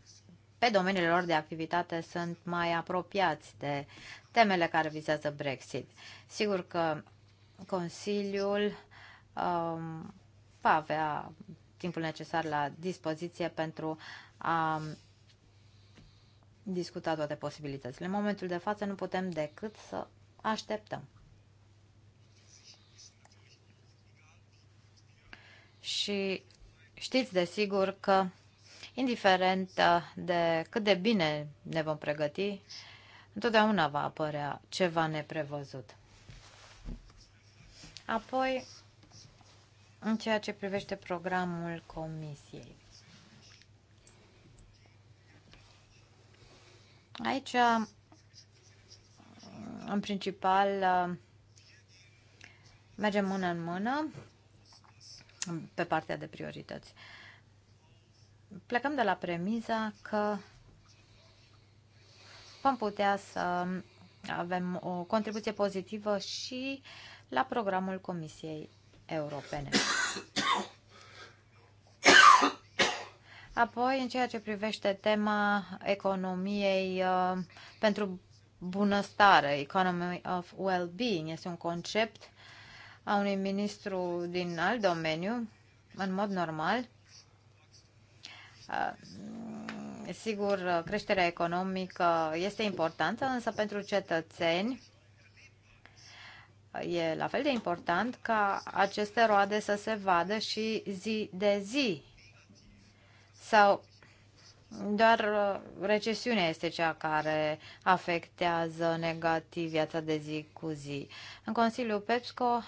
pe domeniile lor de activitate sunt mai apropiați de temele care vizează Brexit. Sigur că Consiliul um, va avea timpul necesar la dispoziție pentru a discuta toate posibilitățile. În momentul de față nu putem decât să așteptăm. Și știți de sigur că, indiferent uh, de cât de bine ne vom pregăti, întotdeauna va apărea ceva neprevăzut. Apoi, în ceea ce privește programul Comisiei. Aici, în principal, mergem mână în mână pe partea de priorități. Plecăm de la premiza că vom putea să avem o contribuție pozitivă și la programul Comisiei europene. Apoi, în ceea ce privește tema economiei uh, pentru bunăstare, economy of well-being, este un concept a unui ministru din alt domeniu, în mod normal. Uh, sigur, creșterea economică este importantă, însă pentru cetățeni e la fel de important ca aceste roade să se vadă și zi de zi. Sau doar uh, recesiunea este cea care afectează negativ viața de zi cu zi. În Consiliul PepsiCo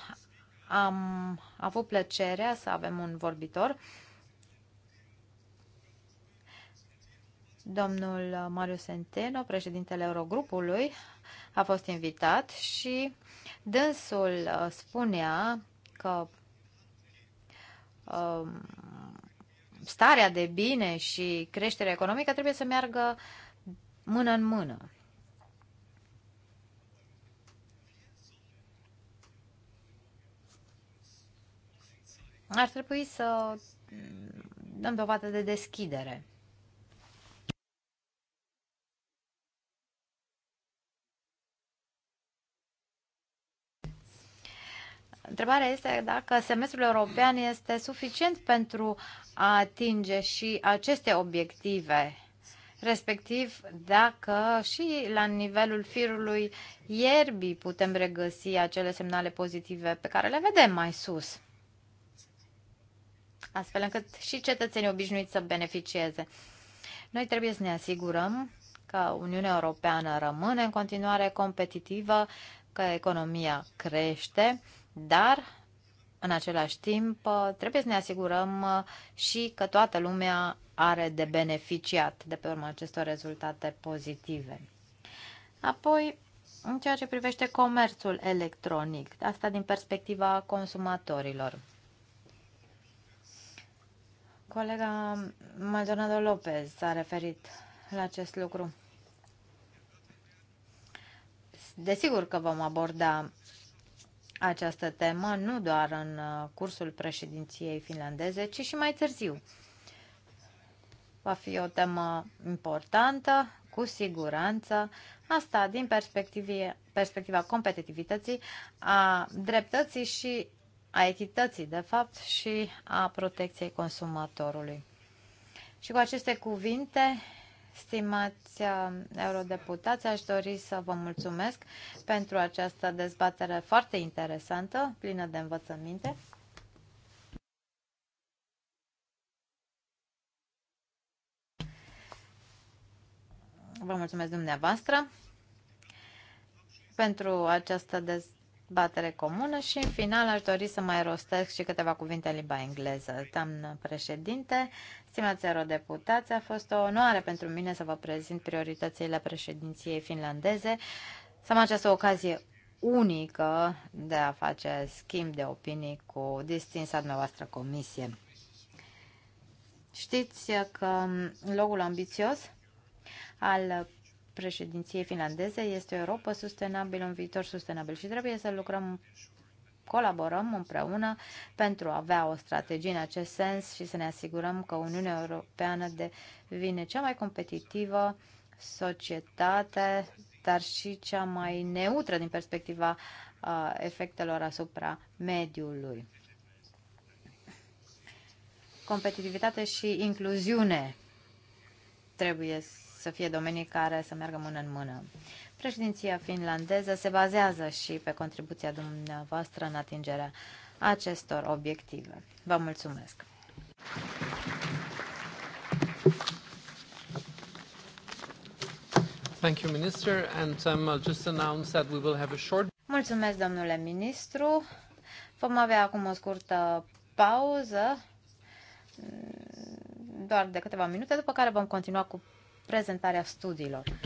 am avut plăcerea să avem un vorbitor, domnul Mario Centeno, președintele Eurogrupului, a fost invitat și Dânsul uh, spunea că um, starea de bine și creșterea economică trebuie să meargă mână în mână. Ar trebui să dăm dovadă de deschidere. Întrebarea este dacă semestrul european este suficient pentru a atinge și aceste obiective, respectiv dacă și la nivelul firului ierbii putem regăsi acele semnale pozitive pe care le vedem mai sus astfel încât și cetățenii obișnuiți să beneficieze. Noi trebuie să ne asigurăm că Uniunea Europeană rămâne în continuare competitivă, că economia crește dar în același timp trebuie să ne asigurăm uh, și că toată lumea are de beneficiat de pe urma acestor rezultate pozitive. Apoi, în ceea ce privește comerțul electronic, asta din perspectiva consumatorilor. Colega Maldonado Lopez s-a referit la acest lucru. Desigur că vom aborda această temă, nu doar în uh, cursul președinției finlandeze, ci și mai târziu. Va fi o temă importantă, cu siguranță, asta din perspectiva competitivității, a dreptății și a echității, de fapt, și a protecției consumatorului. Și cu aceste cuvinte Stimați uh, eurodeputați, aș dori să vă mulțumesc pentru această dezbatere foarte interesantă, plină de învățăminte. Vă mulțumesc dumneavoastră pentru această dezbatere dezbatere comună și în final aș dori să mai rostesc și câteva cuvinte în limba engleză. Doamnă președinte, stimați eurodeputați, a fost o onoare pentru mine să vă prezint prioritățile președinției finlandeze. Să am această ocazie unică de a face schimb de opinii cu distinsa dumneavoastră comisie. Știți că logul mm, locul ambițios al președinției finlandeze este o Europa sustenabilă, un viitor sustenabil și trebuie să lucrăm colaborăm împreună pentru a avea o strategie în acest sens și să ne asigurăm că Uniunea Europeană devine cea mai competitivă societate, dar și cea mai neutră din perspectiva uh, efectelor asupra mediului. Competitivitate și incluziune trebuie să fie domenii care să meargă mână în mână. Președinția finlandeză se bazează și pe contribuția dumneavoastră în atingerea acestor obiective. Vă mulțumesc! Thank you, Minister, and um, I'll just announce that we will have a short... Mulțumesc, domnule ministru. Vom avea acum o scurtă pauză, doar de câteva minute, după care vom continua cu prezentarea studiilor.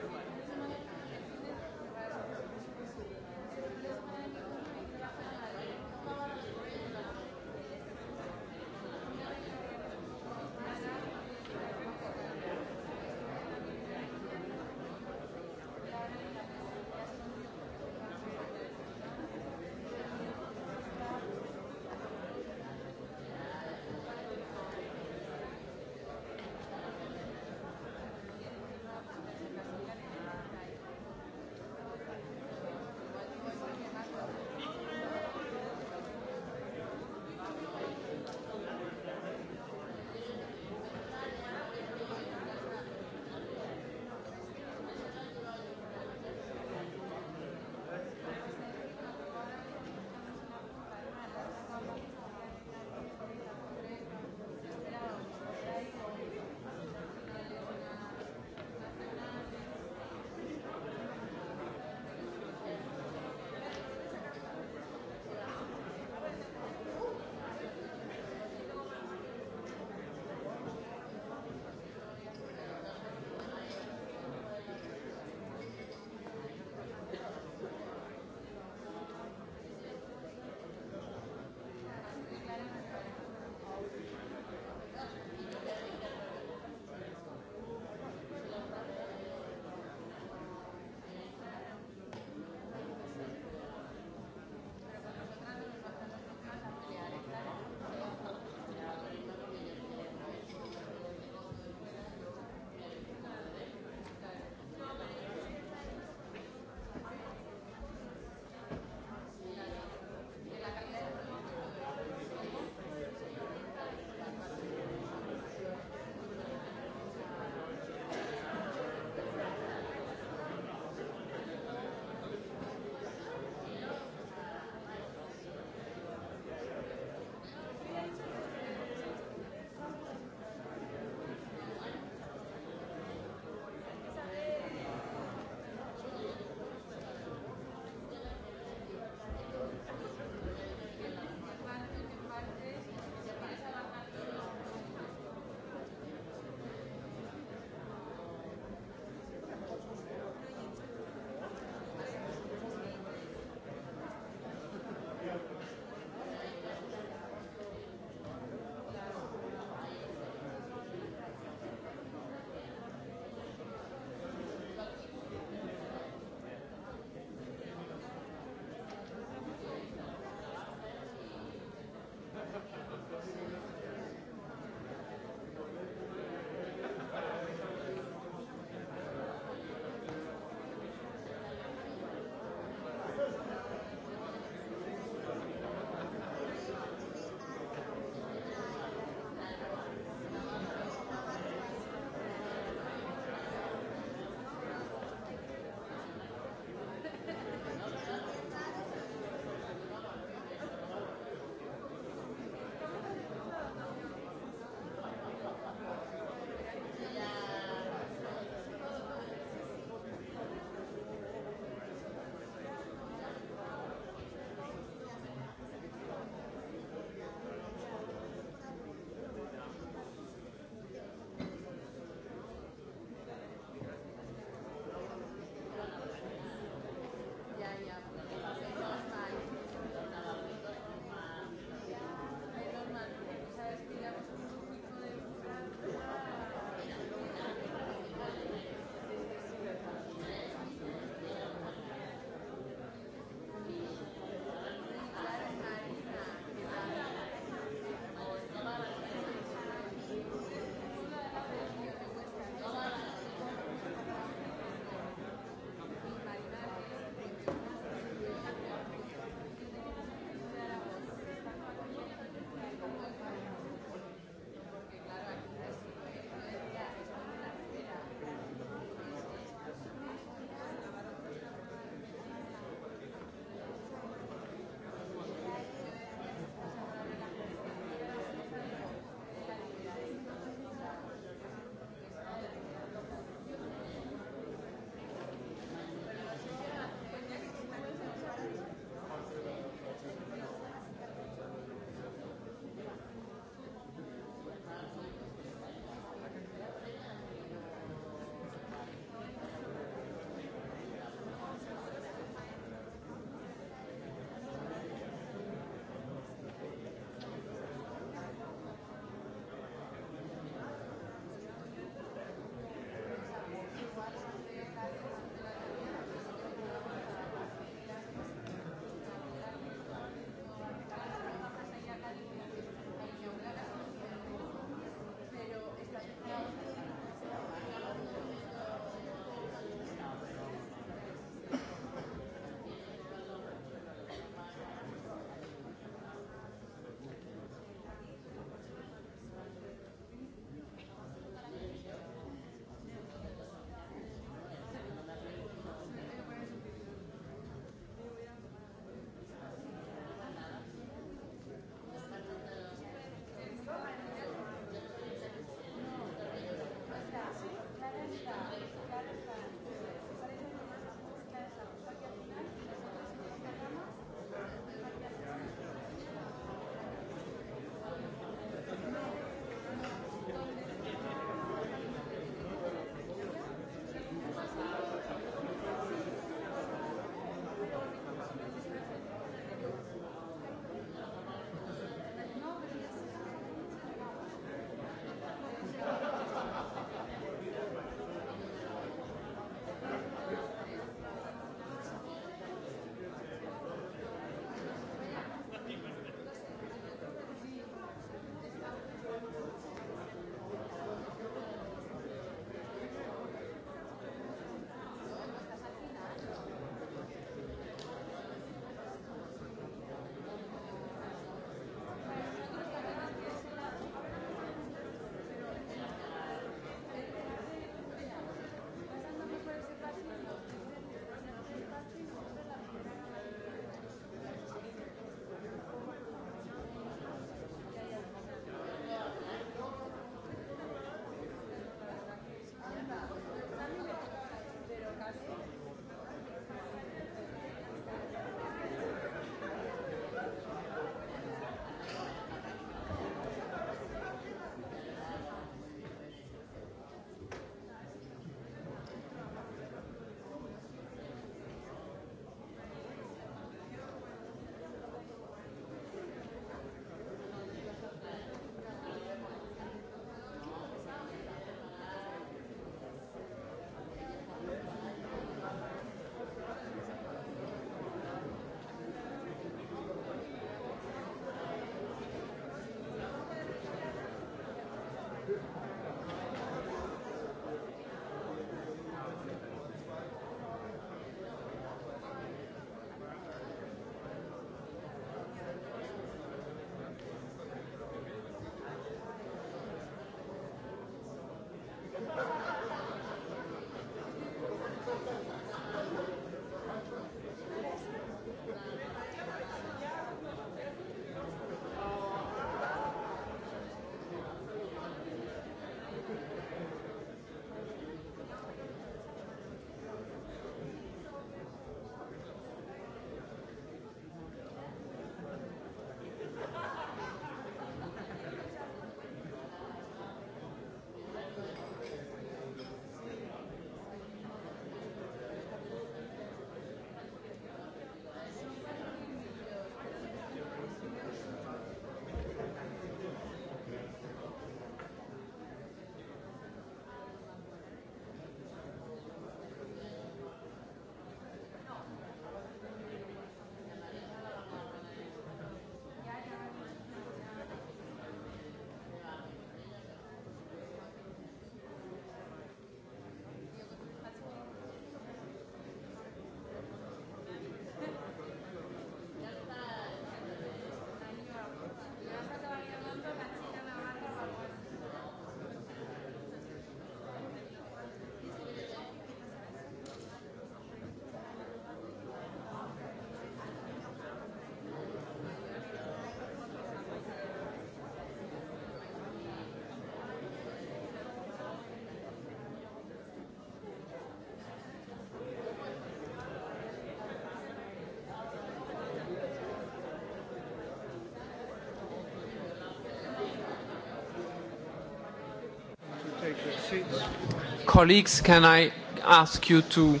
Colleagues, can I ask you to...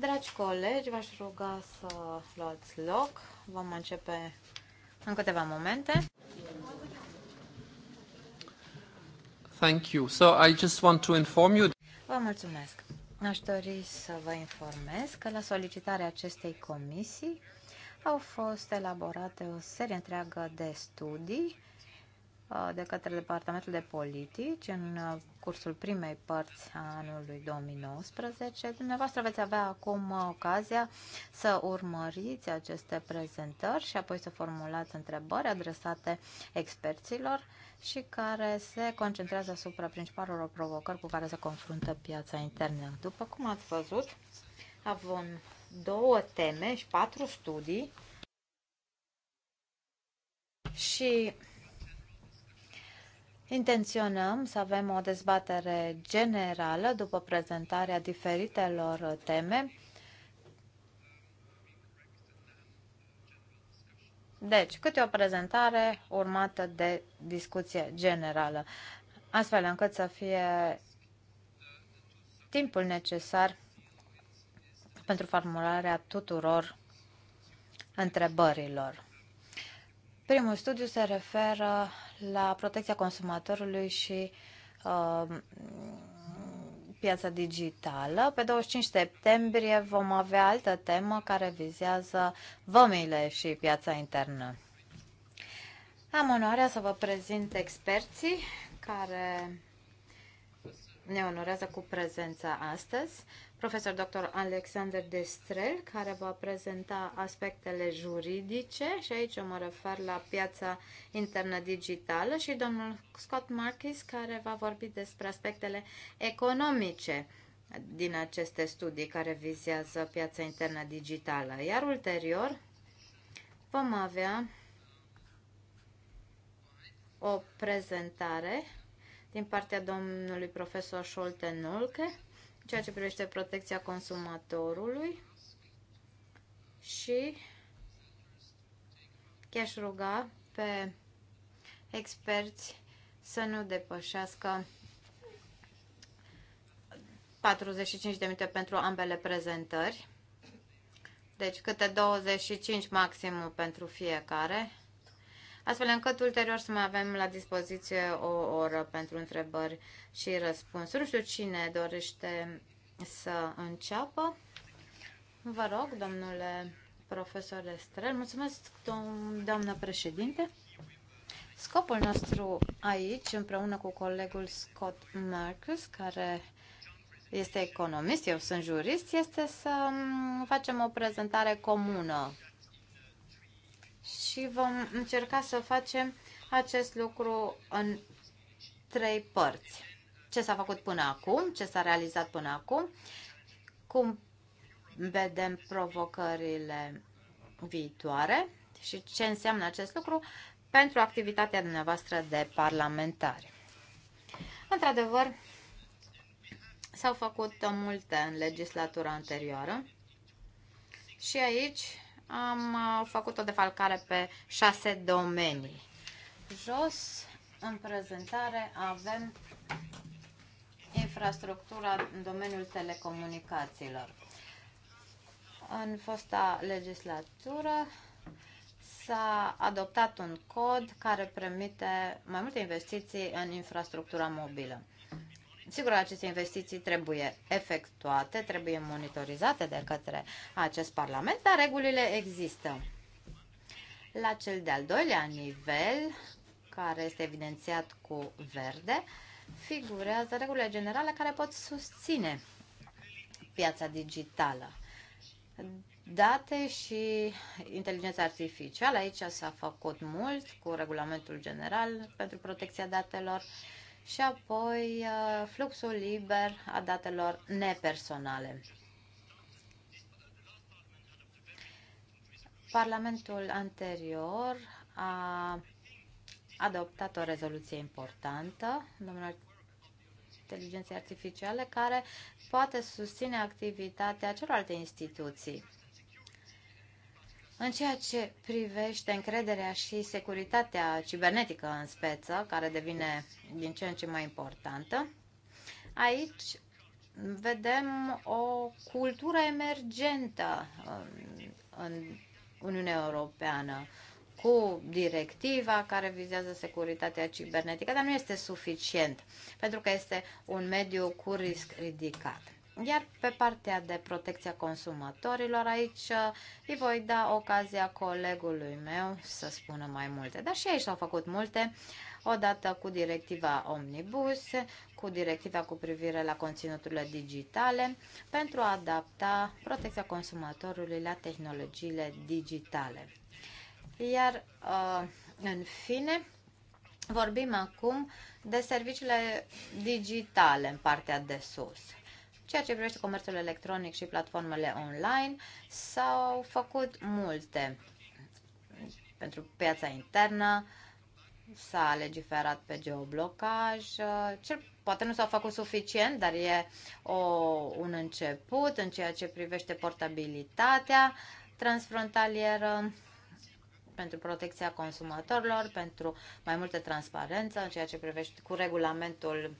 Dragi colegi, v-aș ruga să luați loc. Vom începe în câteva momente. Thank you. So I just want to inform you... Vă mulțumesc. Aș dori să vă informez că la solicitarea acestei comisii au fost elaborate o serie întreagă de studii Uh, de către Departamentul de Politici în uh, cursul primei părți a anului 2019. Dumneavoastră veți avea acum uh, ocazia să urmăriți aceste prezentări și apoi să formulați întrebări adresate experților și care se concentrează asupra principalelor provocări cu care se confruntă piața internă. După cum ați văzut, avem două teme și patru studii și Intenționăm să avem o dezbatere generală după prezentarea diferitelor teme. Deci, câte o prezentare urmată de discuție generală, astfel încât să fie timpul necesar pentru formularea tuturor întrebărilor. Primul studiu se referă la protecția consumatorului și uh, piața digitală. Pe 25 septembrie vom avea altă temă care vizează vămile și piața internă. Am onoarea să vă prezint experții care ne onorează cu prezența astăzi profesor dr. Alexander Destrel, care va prezenta aspectele juridice și aici mă refer la piața internă digitală și domnul Scott Marquis care va vorbi despre aspectele economice din aceste studii care vizează piața internă digitală. Iar ulterior vom avea o prezentare din partea domnului profesor Scholten Nulke, ceea ce privește protecția consumatorului și chiar ruga pe experți să nu depășească 45 de minute pentru ambele prezentări. Deci câte 25 maximum pentru fiecare astfel încât ulterior să mai avem la dispoziție o oră pentru întrebări și răspunsuri. Nu știu cine dorește să înceapă. Vă rog, domnule profesor Estrel. Mulțumesc, doamnă președinte. Scopul nostru aici, împreună cu colegul Scott Marcus, care este economist, eu sunt jurist, este să mm, facem o prezentare comună și vom încerca să facem acest lucru în trei părți. Ce s-a făcut până acum, ce s-a realizat până acum, cum vedem provocările viitoare și ce înseamnă acest lucru pentru activitatea dumneavoastră de parlamentari. Într-adevăr, s-au făcut multe în legislatura anterioară și aici am uh, făcut o defalcare pe șase domenii. Jos, în prezentare, avem infrastructura în domeniul telecomunicațiilor. În fosta legislatură s-a adoptat un cod care permite mai multe investiții în infrastructura mobilă. Sigur, aceste investiții trebuie efectuate, trebuie monitorizate de către acest Parlament, dar regulile există. La cel de-al doilea nivel, care este evidențiat cu verde, figurează regulile generale care pot susține piața digitală. Date și inteligența artificială, aici s-a făcut mult cu regulamentul general pentru protecția datelor și apoi uh, fluxul liber a datelor nepersonale. Parlamentul anterior a adoptat o rezoluție importantă, domnul inteligenței artificiale, care poate susține activitatea celorlalte instituții în ceea ce privește încrederea și securitatea cibernetică în speță, care devine din ce în ce mai importantă, aici vedem o cultură emergentă um, în Uniunea Europeană cu directiva care vizează securitatea cibernetică, dar nu este suficient pentru că este un mediu cu risc ridicat. Iar pe partea de protecția consumatorilor, aici uh, îi voi da ocazia colegului meu să spună mai multe. Dar și aici s-au făcut multe, odată cu directiva Omnibus, cu directiva cu privire la conținuturile digitale, pentru a adapta protecția consumatorului la tehnologiile digitale. Iar, uh, în fine, vorbim acum de serviciile digitale în partea de sus. Ceea ce privește comerțul electronic și platformele online, s-au făcut multe pentru piața internă, s-a legiferat pe geoblocaj, cel, poate nu s-a făcut suficient, dar e o, un început în ceea ce privește portabilitatea transfrontalieră pentru protecția consumatorilor, pentru mai multă transparență în ceea ce privește cu regulamentul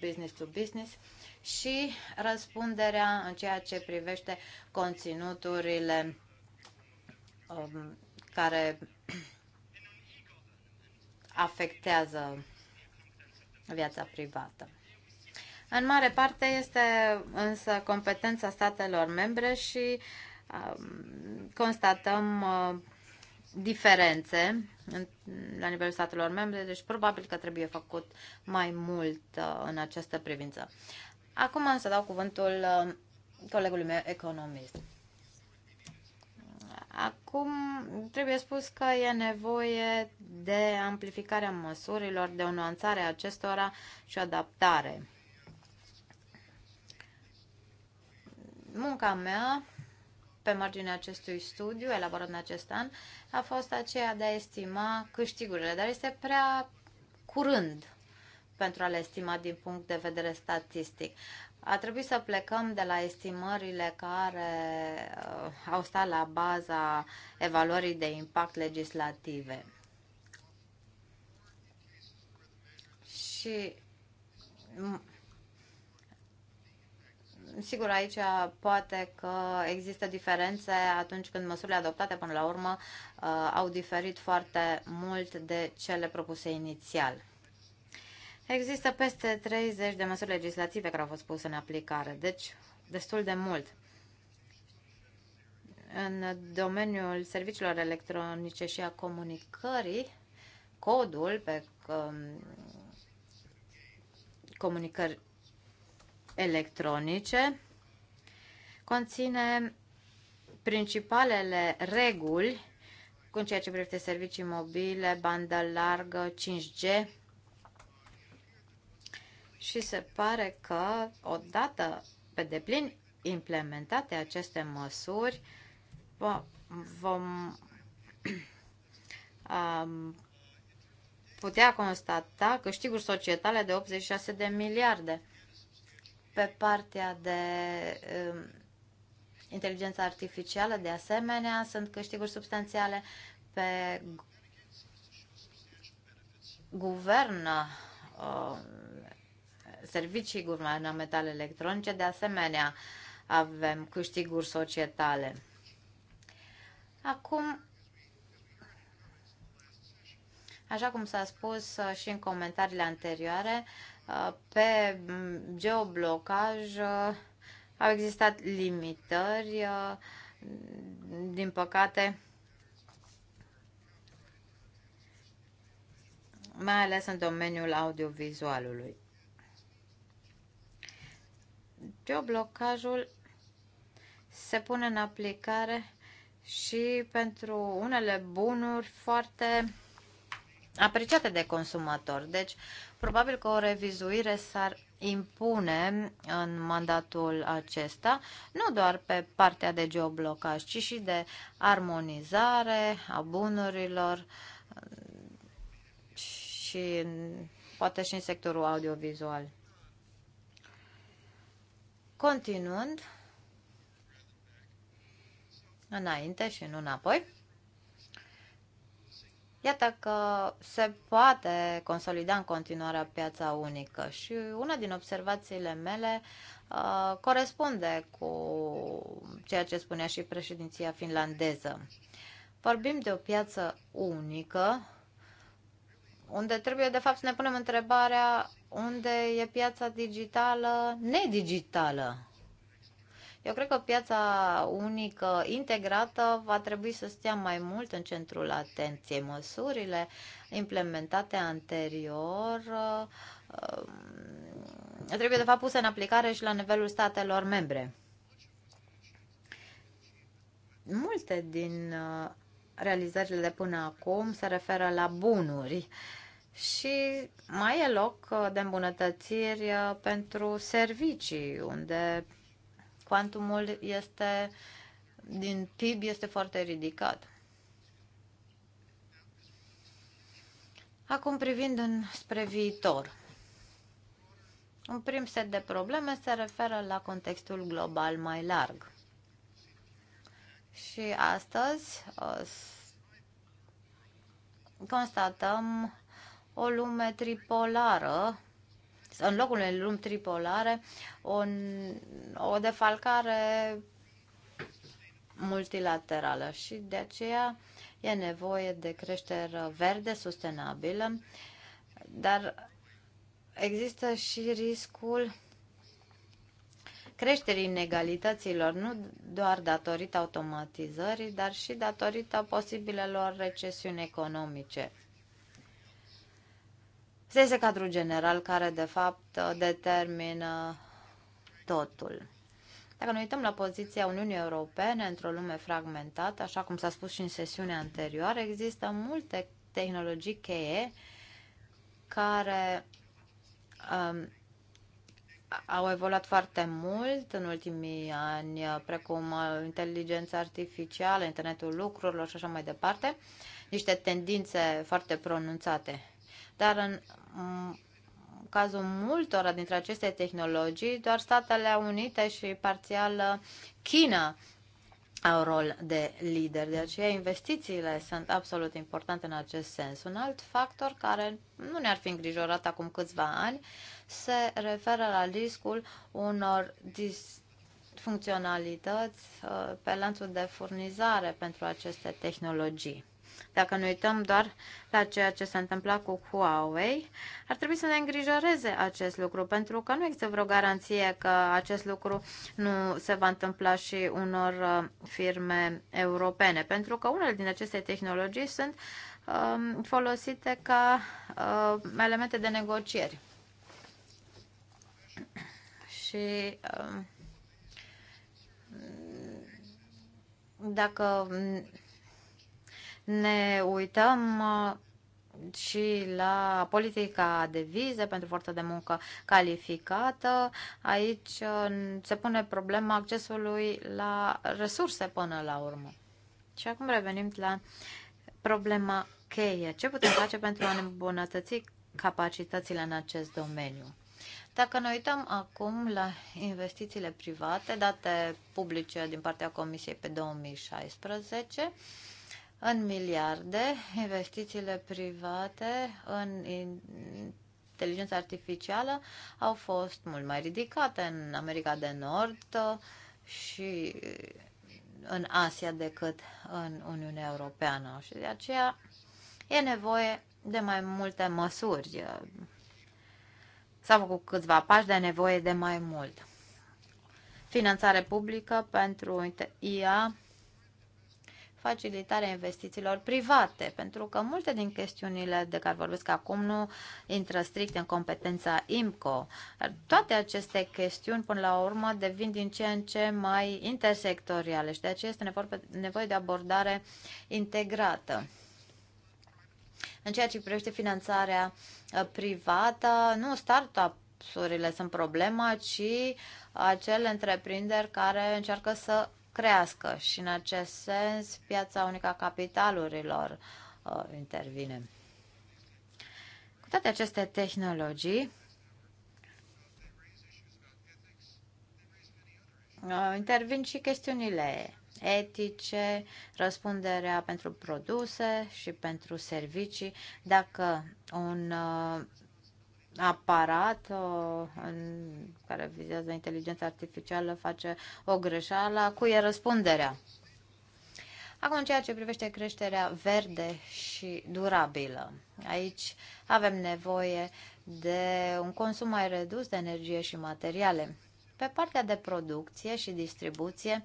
business to business și răspunderea în ceea ce privește conținuturile um, care afectează viața privată. În mare parte este însă competența statelor membre și um, constatăm uh, diferențe în, la nivelul statelor membre, deci probabil că trebuie făcut mai mult uh, în această privință. Acum am să dau cuvântul uh, colegului meu economist. Acum trebuie spus că e nevoie de amplificarea măsurilor, de o nuanțare a acestora și adaptare. Munca mea pe marginea acestui studiu elaborat în acest an a fost aceea de a estima câștigurile, dar este prea curând pentru a le estima din punct de vedere statistic. A trebuit să plecăm de la estimările care uh, au stat la baza evaluării de impact legislative. Și sigur, aici poate că există diferențe atunci când măsurile adoptate până la urmă uh, au diferit foarte mult de cele propuse inițial. Există peste 30 de măsuri legislative care au fost puse în aplicare, deci destul de mult. În domeniul serviciilor electronice și a comunicării, codul pe um, comunicări electronice conține principalele reguli cu ceea ce privește servicii mobile, bandă largă, 5G și se pare că odată pe deplin implementate aceste măsuri vom um, putea constata câștiguri societale de 86 de miliarde. Pe partea de uh, um, inteligență artificială, de asemenea, sunt câștiguri substanțiale. Pe guvern, uh, servicii guvernamentale electronice, de asemenea, avem câștiguri societale. Acum, Așa cum s-a spus și în comentariile anterioare, pe geoblocaj au existat limitări. Din păcate, mai ales în domeniul audiovizualului. Geoblocajul se pune în aplicare și pentru unele bunuri foarte apreciate de consumatori. Deci, Probabil că o revizuire s-ar impune în mandatul acesta, nu doar pe partea de geoblocaj, ci și de armonizare a bunurilor și poate și în sectorul audiovizual. Continuând, înainte și nu înapoi, Iată că se poate consolida în continuare piața unică și una din observațiile mele uh, corespunde cu ceea ce spunea și președinția finlandeză. Vorbim de o piață unică unde trebuie de fapt să ne punem întrebarea unde e piața digitală nedigitală eu cred că piața unică integrată va trebui să stea mai mult în centrul atenției. Măsurile implementate anterior uh, trebuie de fapt puse în aplicare și la nivelul statelor membre. Multe din uh, realizările de până acum se referă la bunuri și mai e loc uh, de îmbunătățiri pentru servicii, unde cuantumul este din PIB este foarte ridicat. Acum privind în, spre viitor. Un prim set de probleme se referă la contextul global mai larg. Și astăzi ă, constatăm o lume tripolară în locul unei lumi tripolare, un, o defalcare multilaterală și de aceea e nevoie de creștere verde, sustenabilă, dar există și riscul creșterii inegalităților, nu doar datorită automatizării, dar și datorită posibilelor recesiuni economice. Se este cadrul general care, de fapt, determină totul. Dacă ne uităm la poziția Uniunii Europene într-o lume fragmentată, așa cum s-a spus și în sesiunea anterioară, există multe tehnologii cheie care um, au evoluat foarte mult în ultimii ani, precum uh, inteligența artificială, internetul lucrurilor și așa mai departe, niște tendințe foarte pronunțate. Dar în cazul multora dintre aceste tehnologii, doar Statele Unite și parțial uh, China au rol de lider. De aceea investițiile sunt absolut importante în acest sens. Un alt factor care nu ne-ar fi îngrijorat acum câțiva ani se referă la riscul unor disfuncționalități uh, pe lanțul de furnizare pentru aceste tehnologii. Dacă ne uităm doar la ceea ce s-a întâmplat cu Huawei, ar trebui să ne îngrijoreze acest lucru, pentru că nu există vreo garanție că acest lucru nu se va întâmpla și unor uh, firme europene, pentru că unele din aceste tehnologii sunt um, folosite ca uh, elemente de negocieri. Și uh, dacă mm, ne uităm uh, și la politica de vize pentru forță de muncă calificată. Aici uh, se pune problema accesului la resurse până la urmă. Și acum revenim la problema cheie. Ce putem face pentru a ne îmbunătăți capacitățile în acest domeniu? Dacă ne uităm acum la investițiile private, date publice din partea Comisiei pe 2016, în miliarde investițiile private în inteligența artificială au fost mult mai ridicate în America de Nord uh, și în Asia decât în Uniunea Europeană și de aceea e nevoie de mai multe măsuri. S-au făcut câțiva pași, dar nevoie de mai mult. Finanțare publică pentru IA facilitarea investițiilor private, pentru că multe din chestiunile de care vorbesc acum nu intră strict în competența IMCO. toate aceste chestiuni, până la urmă, devin din ce în ce mai intersectoriale și de aceea este nevoie de abordare integrată. În ceea ce privește finanțarea ă, privată, nu startup urile sunt problema, ci acele întreprinderi care încearcă să crească și în acest sens piața unică a capitalurilor uh, intervine. Cu toate aceste tehnologii, uh, intervin și chestiunile etice, răspunderea pentru produse și pentru servicii. Dacă un uh, aparat uh, în care vizează inteligența artificială face o greșeală, cu e răspunderea? Acum, în ceea ce privește creșterea verde și durabilă, aici avem nevoie de un consum mai redus de energie și materiale. Pe partea de producție și distribuție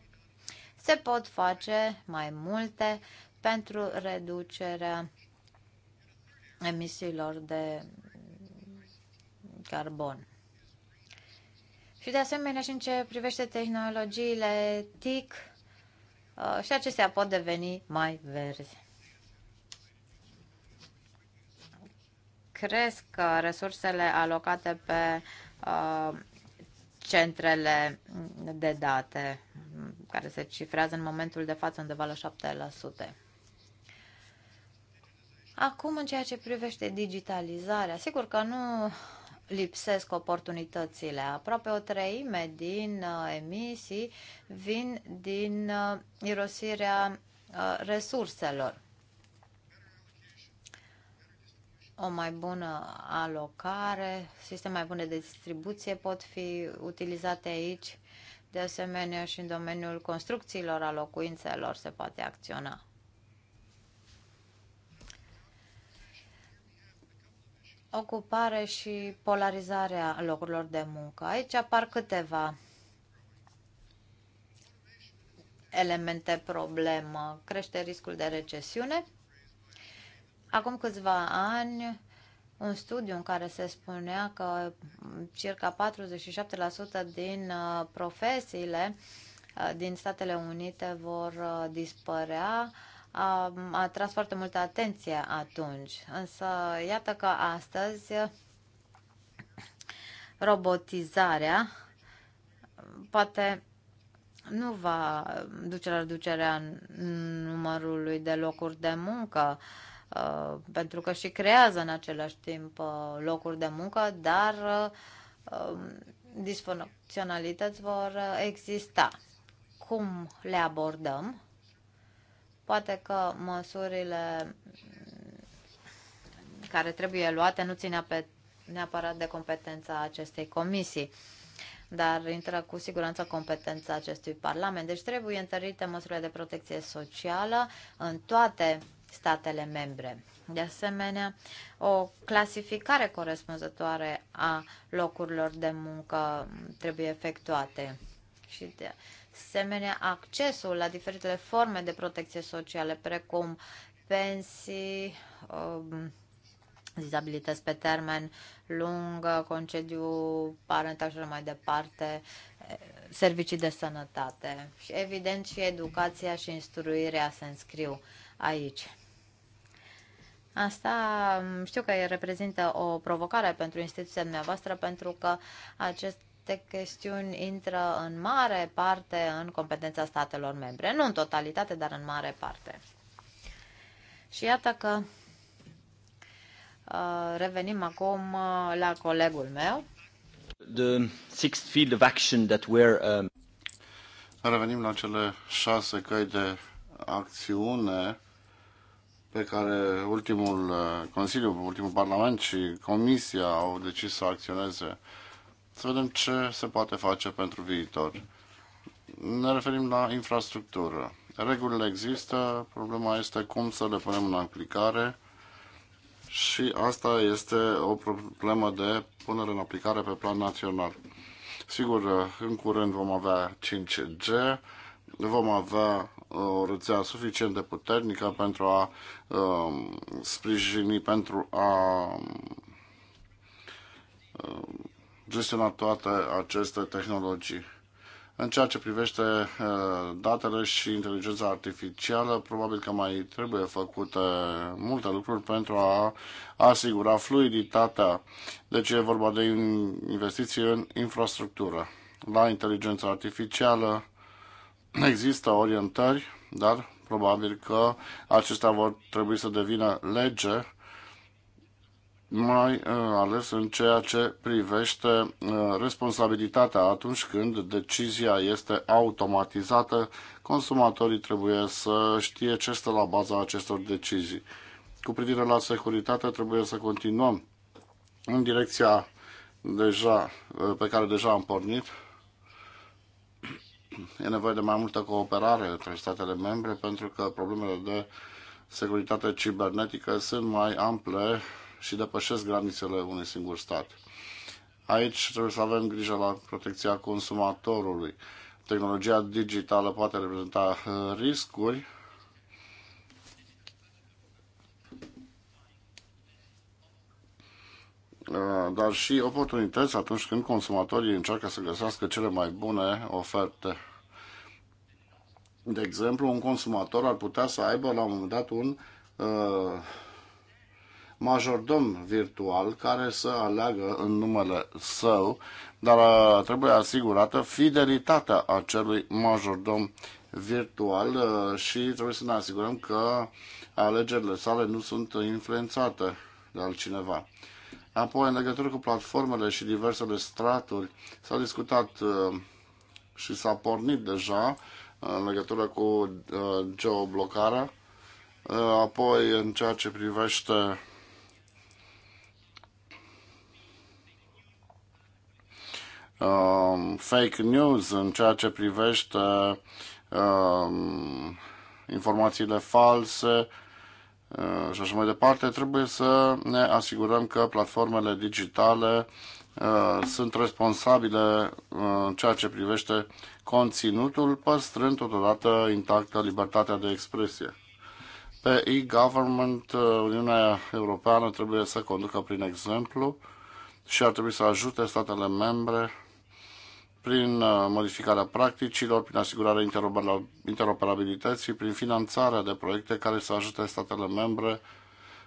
se pot face mai multe pentru reducerea emisiilor de carbon. Și de asemenea și în ce privește tehnologiile TIC, uh, și acestea pot deveni mai verzi. Cresc uh, resursele alocate pe uh, centrele de date, care se cifrează în momentul de față undeva la 7%. Acum, în ceea ce privește digitalizarea, sigur că nu lipsesc oportunitățile. Aproape o treime din uh, emisii vin din uh, irosirea uh, resurselor. O mai bună alocare, sisteme mai bune de distribuție pot fi utilizate aici. De asemenea, și în domeniul construcțiilor a locuințelor se poate acționa. ocupare și polarizarea locurilor de muncă. Aici apar câteva elemente problemă. Crește riscul de recesiune. Acum câțiva ani, un studiu în care se spunea că circa 47% din uh, profesiile uh, din Statele Unite vor uh, dispărea a atras foarte multă atenție atunci. Însă, iată că astăzi robotizarea poate nu va duce la reducerea numărului de locuri de muncă, uh, pentru că și creează în același timp uh, locuri de muncă, dar uh, disfuncționalități vor exista. Cum le abordăm? Poate că măsurile care trebuie luate nu ține pe neapărat de competența acestei comisii, dar intră cu siguranță competența acestui Parlament. Deci trebuie întărite măsurile de protecție socială în toate statele membre. De asemenea, o clasificare corespunzătoare a locurilor de muncă trebuie efectuate. Și de, asemenea accesul la diferitele forme de protecție sociale, precum pensii, um, dizabilități pe termen lung, concediu parental și mai departe, servicii de sănătate. Și evident și educația și instruirea se înscriu aici. Asta știu că reprezintă o provocare pentru instituția dumneavoastră pentru că acest aceste chestiuni intră în mare parte în competența statelor membre. Nu în totalitate, dar în mare parte. Și iată că uh, revenim acum uh, la colegul meu. The sixth field of action that we're, um... Revenim la cele șase căi de acțiune pe care ultimul uh, Consiliu, ultimul Parlament și Comisia au decis să acționeze să vedem ce se poate face pentru viitor. Ne referim la infrastructură. Regulile există, problema este cum să le punem în aplicare și asta este o problemă de punere în aplicare pe plan național. Sigur, în curând vom avea 5G, vom avea uh, o rețea suficient de puternică pentru a um, sprijini, pentru a um, gestiona toate aceste tehnologii. În ceea ce privește uh, datele și inteligența artificială, probabil că mai trebuie făcute multe lucruri pentru a asigura fluiditatea. Deci e vorba de investiții în infrastructură. La inteligența artificială există orientări, dar probabil că acestea vor trebui să devină lege mai uh, ales în ceea ce privește uh, responsabilitatea atunci când decizia este automatizată, consumatorii trebuie să știe ce stă la baza acestor decizii. Cu privire la securitate, trebuie să continuăm în direcția deja, uh, pe care deja am pornit. E nevoie de mai multă cooperare între statele membre pentru că problemele de securitate cibernetică sunt mai ample și depășesc granițele unui singur stat. Aici trebuie să avem grijă la protecția consumatorului. Tehnologia digitală poate reprezenta uh, riscuri. Uh, dar și oportunități atunci când consumatorii încearcă să găsească cele mai bune oferte. De exemplu, un consumator ar putea să aibă la un moment dat un uh, majordom virtual care să aleagă în numele său, dar uh, trebuie asigurată fidelitatea acelui majordom virtual uh, și trebuie să ne asigurăm că alegerile sale nu sunt influențate de altcineva. Apoi, în legătură cu platformele și diversele straturi, s-a discutat uh, și s-a pornit deja în legătură cu geoblocarea. Apoi, în ceea ce privește uh, fake news în ceea ce privește uh, informațiile false uh, și așa mai departe, trebuie să ne asigurăm că platformele digitale uh, sunt responsabile uh, în ceea ce privește conținutul, păstrând totodată intactă libertatea de expresie. Pe e-government, uh, Uniunea Europeană trebuie să conducă prin exemplu și ar trebui să ajute statele membre prin uh, modificarea practicilor, prin asigurarea interoperabilității, prin finanțarea de proiecte care să ajute statele membre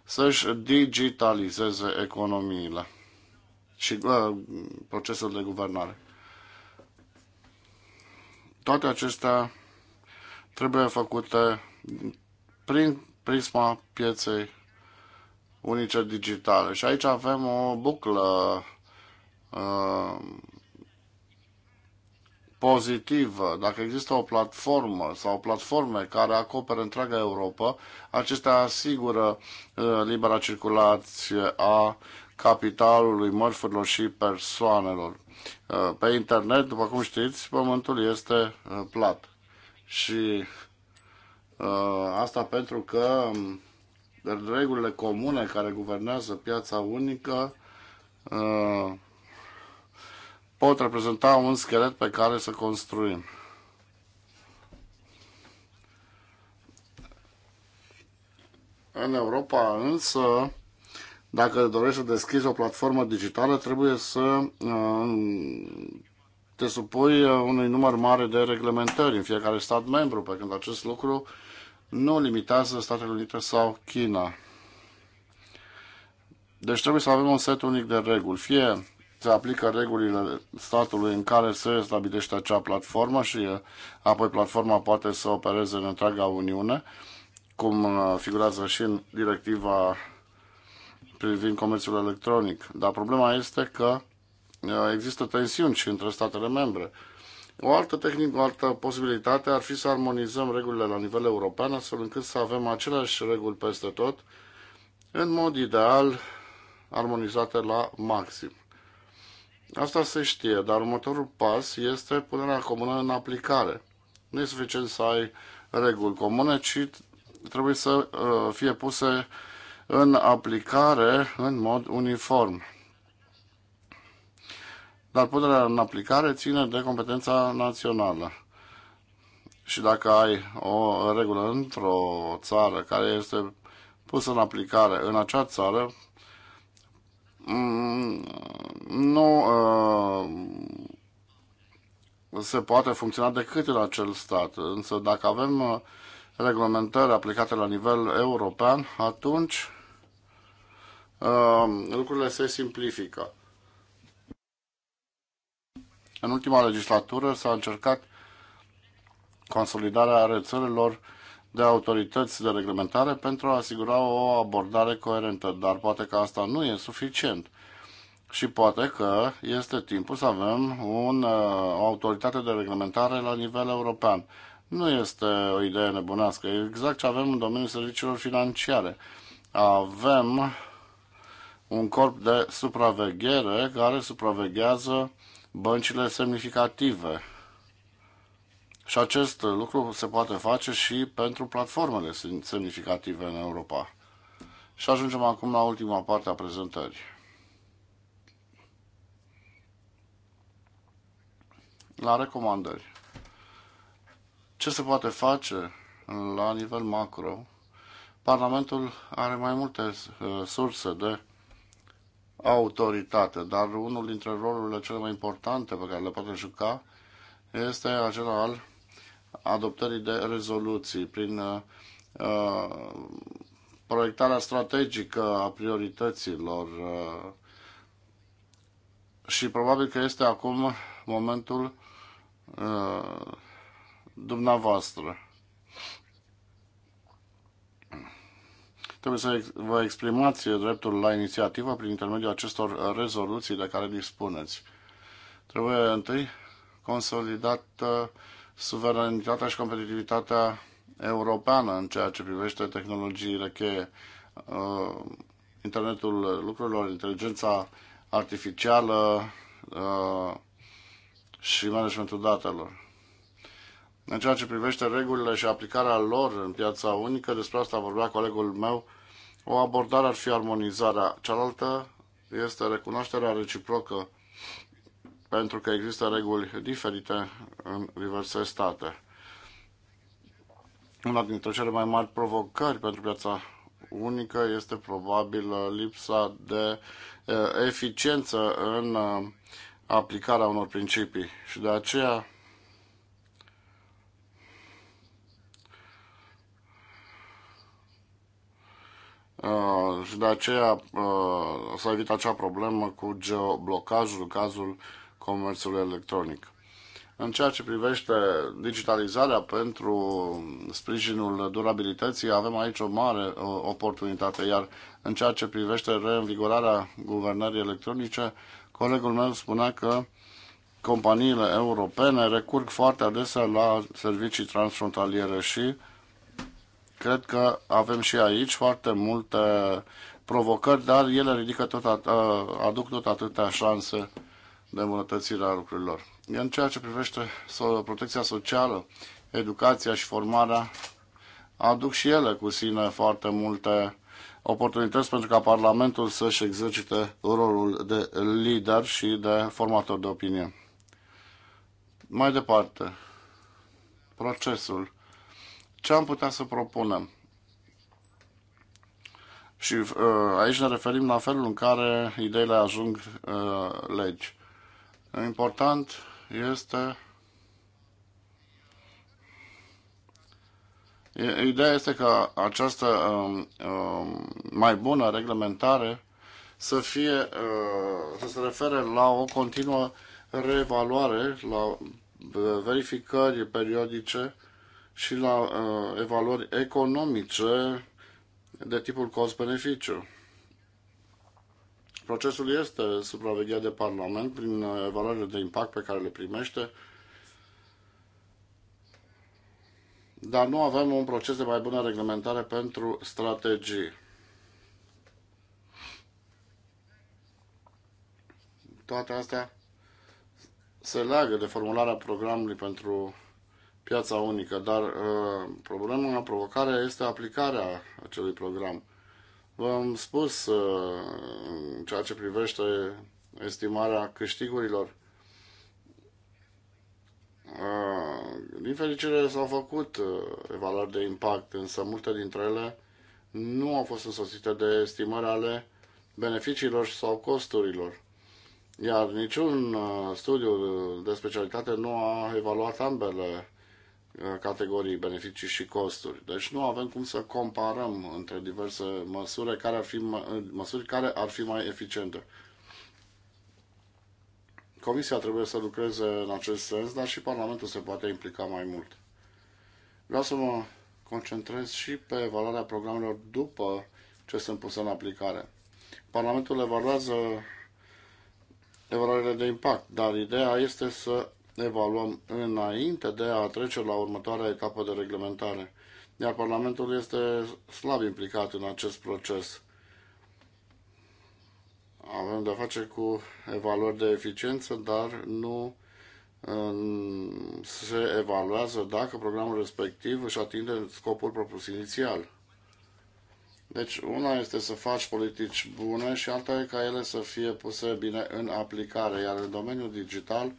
să-și digitalizeze economiile și uh, procesul de guvernare. Toate acestea trebuie făcute prin prisma pieței unice digitale. Și aici avem o buclă uh, pozitivă, dacă există o platformă sau platforme care acoperă întreaga Europa, acestea asigură uh, libera circulație a capitalului, mărfurilor și persoanelor. Uh, pe internet, după cum știți, pământul este uh, plat. Și asta pentru că regulile comune care guvernează piața unică pot reprezenta un schelet pe care să construim. În Europa însă, dacă dorești să deschizi o platformă digitală, trebuie să uh, te supui uh, unui număr mare de reglementări în fiecare stat membru, pe când acest lucru nu limitează Statele Unite sau China. Deci trebuie să avem un set unic de reguli, fie se aplică regulile statului în care se stabilește acea platformă și uh, apoi platforma poate să opereze în întreaga Uniune, cum uh, figurează și în directiva privind comerțul electronic. Dar problema este că uh, există tensiuni și între statele membre. O altă tehnică, o altă posibilitate ar fi să armonizăm regulile la nivel european, astfel încât să avem aceleași reguli peste tot, în mod ideal armonizate la maxim. Asta se știe, dar următorul pas este punerea comună în aplicare. Nu e suficient să ai reguli comune, ci trebuie să uh, fie puse în aplicare în mod uniform. Dar punerea în aplicare ține de competența națională. Și dacă ai o regulă într-o țară care este pusă în aplicare în acea țară, Mm, nu uh, se poate funcționa decât în acel stat. Însă dacă avem uh, reglementări aplicate la nivel european, atunci uh, lucrurile se simplifică. În ultima legislatură s-a încercat consolidarea rețelelor de autorități de reglementare pentru a asigura o abordare coerentă, dar poate că asta nu e suficient. Și poate că este timpul să avem un, uh, o autoritate de reglementare la nivel european. Nu este o idee nebunească, exact ce avem în domeniul serviciilor financiare. Avem un corp de supraveghere care supraveghează băncile semnificative și acest lucru se poate face și pentru platformele semnificative în Europa. Și ajungem acum la ultima parte a prezentării. La recomandări. Ce se poate face la nivel macro? Parlamentul are mai multe uh, surse de autoritate, dar unul dintre rolurile cele mai importante pe care le poate juca este acela al adoptării de rezoluții, prin uh, proiectarea strategică a priorităților uh, și probabil că este acum momentul uh, dumneavoastră. Trebuie să vă exprimați dreptul la inițiativă prin intermediul acestor rezoluții de care dispuneți. Trebuie întâi consolidat uh, suveranitatea și competitivitatea europeană în ceea ce privește tehnologiile cheie, uh, internetul lucrurilor, inteligența artificială uh, și managementul datelor. În ceea ce privește regulile și aplicarea lor în piața unică, despre asta vorbea colegul meu, o abordare ar fi armonizarea, cealaltă este recunoașterea reciprocă pentru că există reguli diferite în diverse state. Una dintre cele mai mari provocări pentru piața unică este probabil lipsa de eficiență în aplicarea unor principii și de aceea Uh, și de aceea uh, s-a evitat acea problemă cu geoblocajul, cazul comerțul electronic. În ceea ce privește digitalizarea pentru sprijinul durabilității, avem aici o mare oportunitate, iar în ceea ce privește reînvigorarea guvernării electronice, colegul meu spunea că companiile europene recurg foarte adesea la servicii transfrontaliere și cred că avem și aici foarte multe provocări, dar ele ridică tot at- aduc tot atâtea șanse de îmbunătățire a lucrurilor. Iar în ceea ce privește protecția socială, educația și formarea, aduc și ele cu sine foarte multe oportunități pentru ca Parlamentul să-și exercite rolul de lider și de formator de opinie. Mai departe, procesul. Ce am putea să propunem? Și uh, aici ne referim la felul în care ideile ajung uh, legi. Important este Ideea este că această um, um, mai bună reglementare să fie uh, să se refere la o continuă reevaluare, la uh, verificări periodice și la uh, evaluări economice de tipul cost-beneficiu. Procesul este supravegheat de Parlament prin evaluările de impact pe care le primește, dar nu avem un proces de mai bună reglementare pentru strategii. Toate astea se leagă de formularea programului pentru piața unică, dar uh, problema, provocarea este aplicarea acelui program. V-am spus uh, în ceea ce privește estimarea câștigurilor. Uh, din fericire s-au făcut uh, evaluări de impact, însă multe dintre ele nu au fost însoțite de estimări ale beneficiilor sau costurilor. Iar niciun studiu de specialitate nu a evaluat ambele Uh, categorii, beneficii și costuri. Deci nu avem cum să comparăm între diverse măsuri care ar fi, uh, măsuri care ar fi mai eficiente. Comisia trebuie să lucreze în acest sens, dar și Parlamentul se poate implica mai mult. Vreau să mă concentrez și pe evaluarea programelor după ce sunt puse în aplicare. Parlamentul evaluează evaluările de impact, dar ideea este să evaluăm înainte de a trece la următoarea etapă de reglementare. Iar Parlamentul este slab implicat în acest proces. Avem de-a face cu evaluări de eficiență, dar nu se evaluează dacă programul respectiv își atinge scopul propus inițial. Deci una este să faci politici bune și alta e ca ele să fie puse bine în aplicare, iar în domeniul digital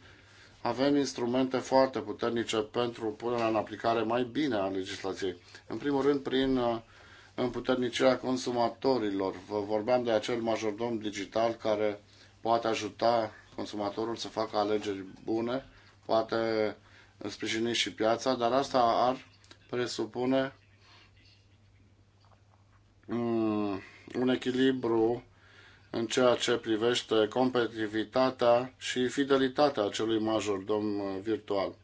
avem instrumente foarte puternice pentru punerea în aplicare mai bine a legislației. În primul rând, prin uh, împuternicirea consumatorilor. Vă vorbeam de acel majordom digital care poate ajuta consumatorul să facă alegeri bune, poate sprijini și piața, dar asta ar presupune mm, un echilibru în ceea ce privește competitivitatea și fidelitatea acelui domn virtual.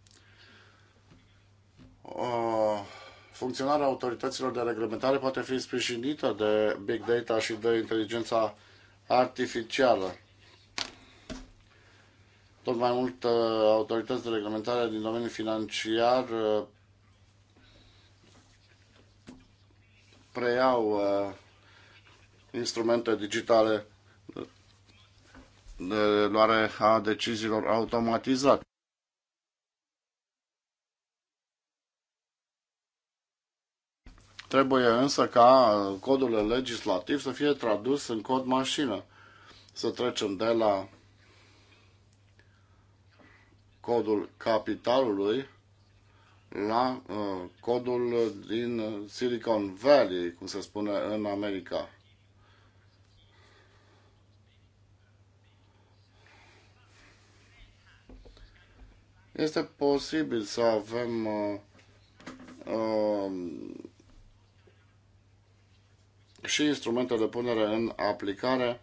Funcționarea autorităților de reglementare poate fi sprijinită de big data și de inteligența artificială. Tot mai mult uh, autorități de reglementare din domeniul financiar uh, preiau uh, instrumente digitale luare a deciziilor automatizate. Trebuie însă ca codul legislativ să fie tradus în cod mașină. Să trecem de la codul capitalului la uh, codul din Silicon Valley, cum se spune în America. Este posibil să avem uh, uh, și instrumente de punere în aplicare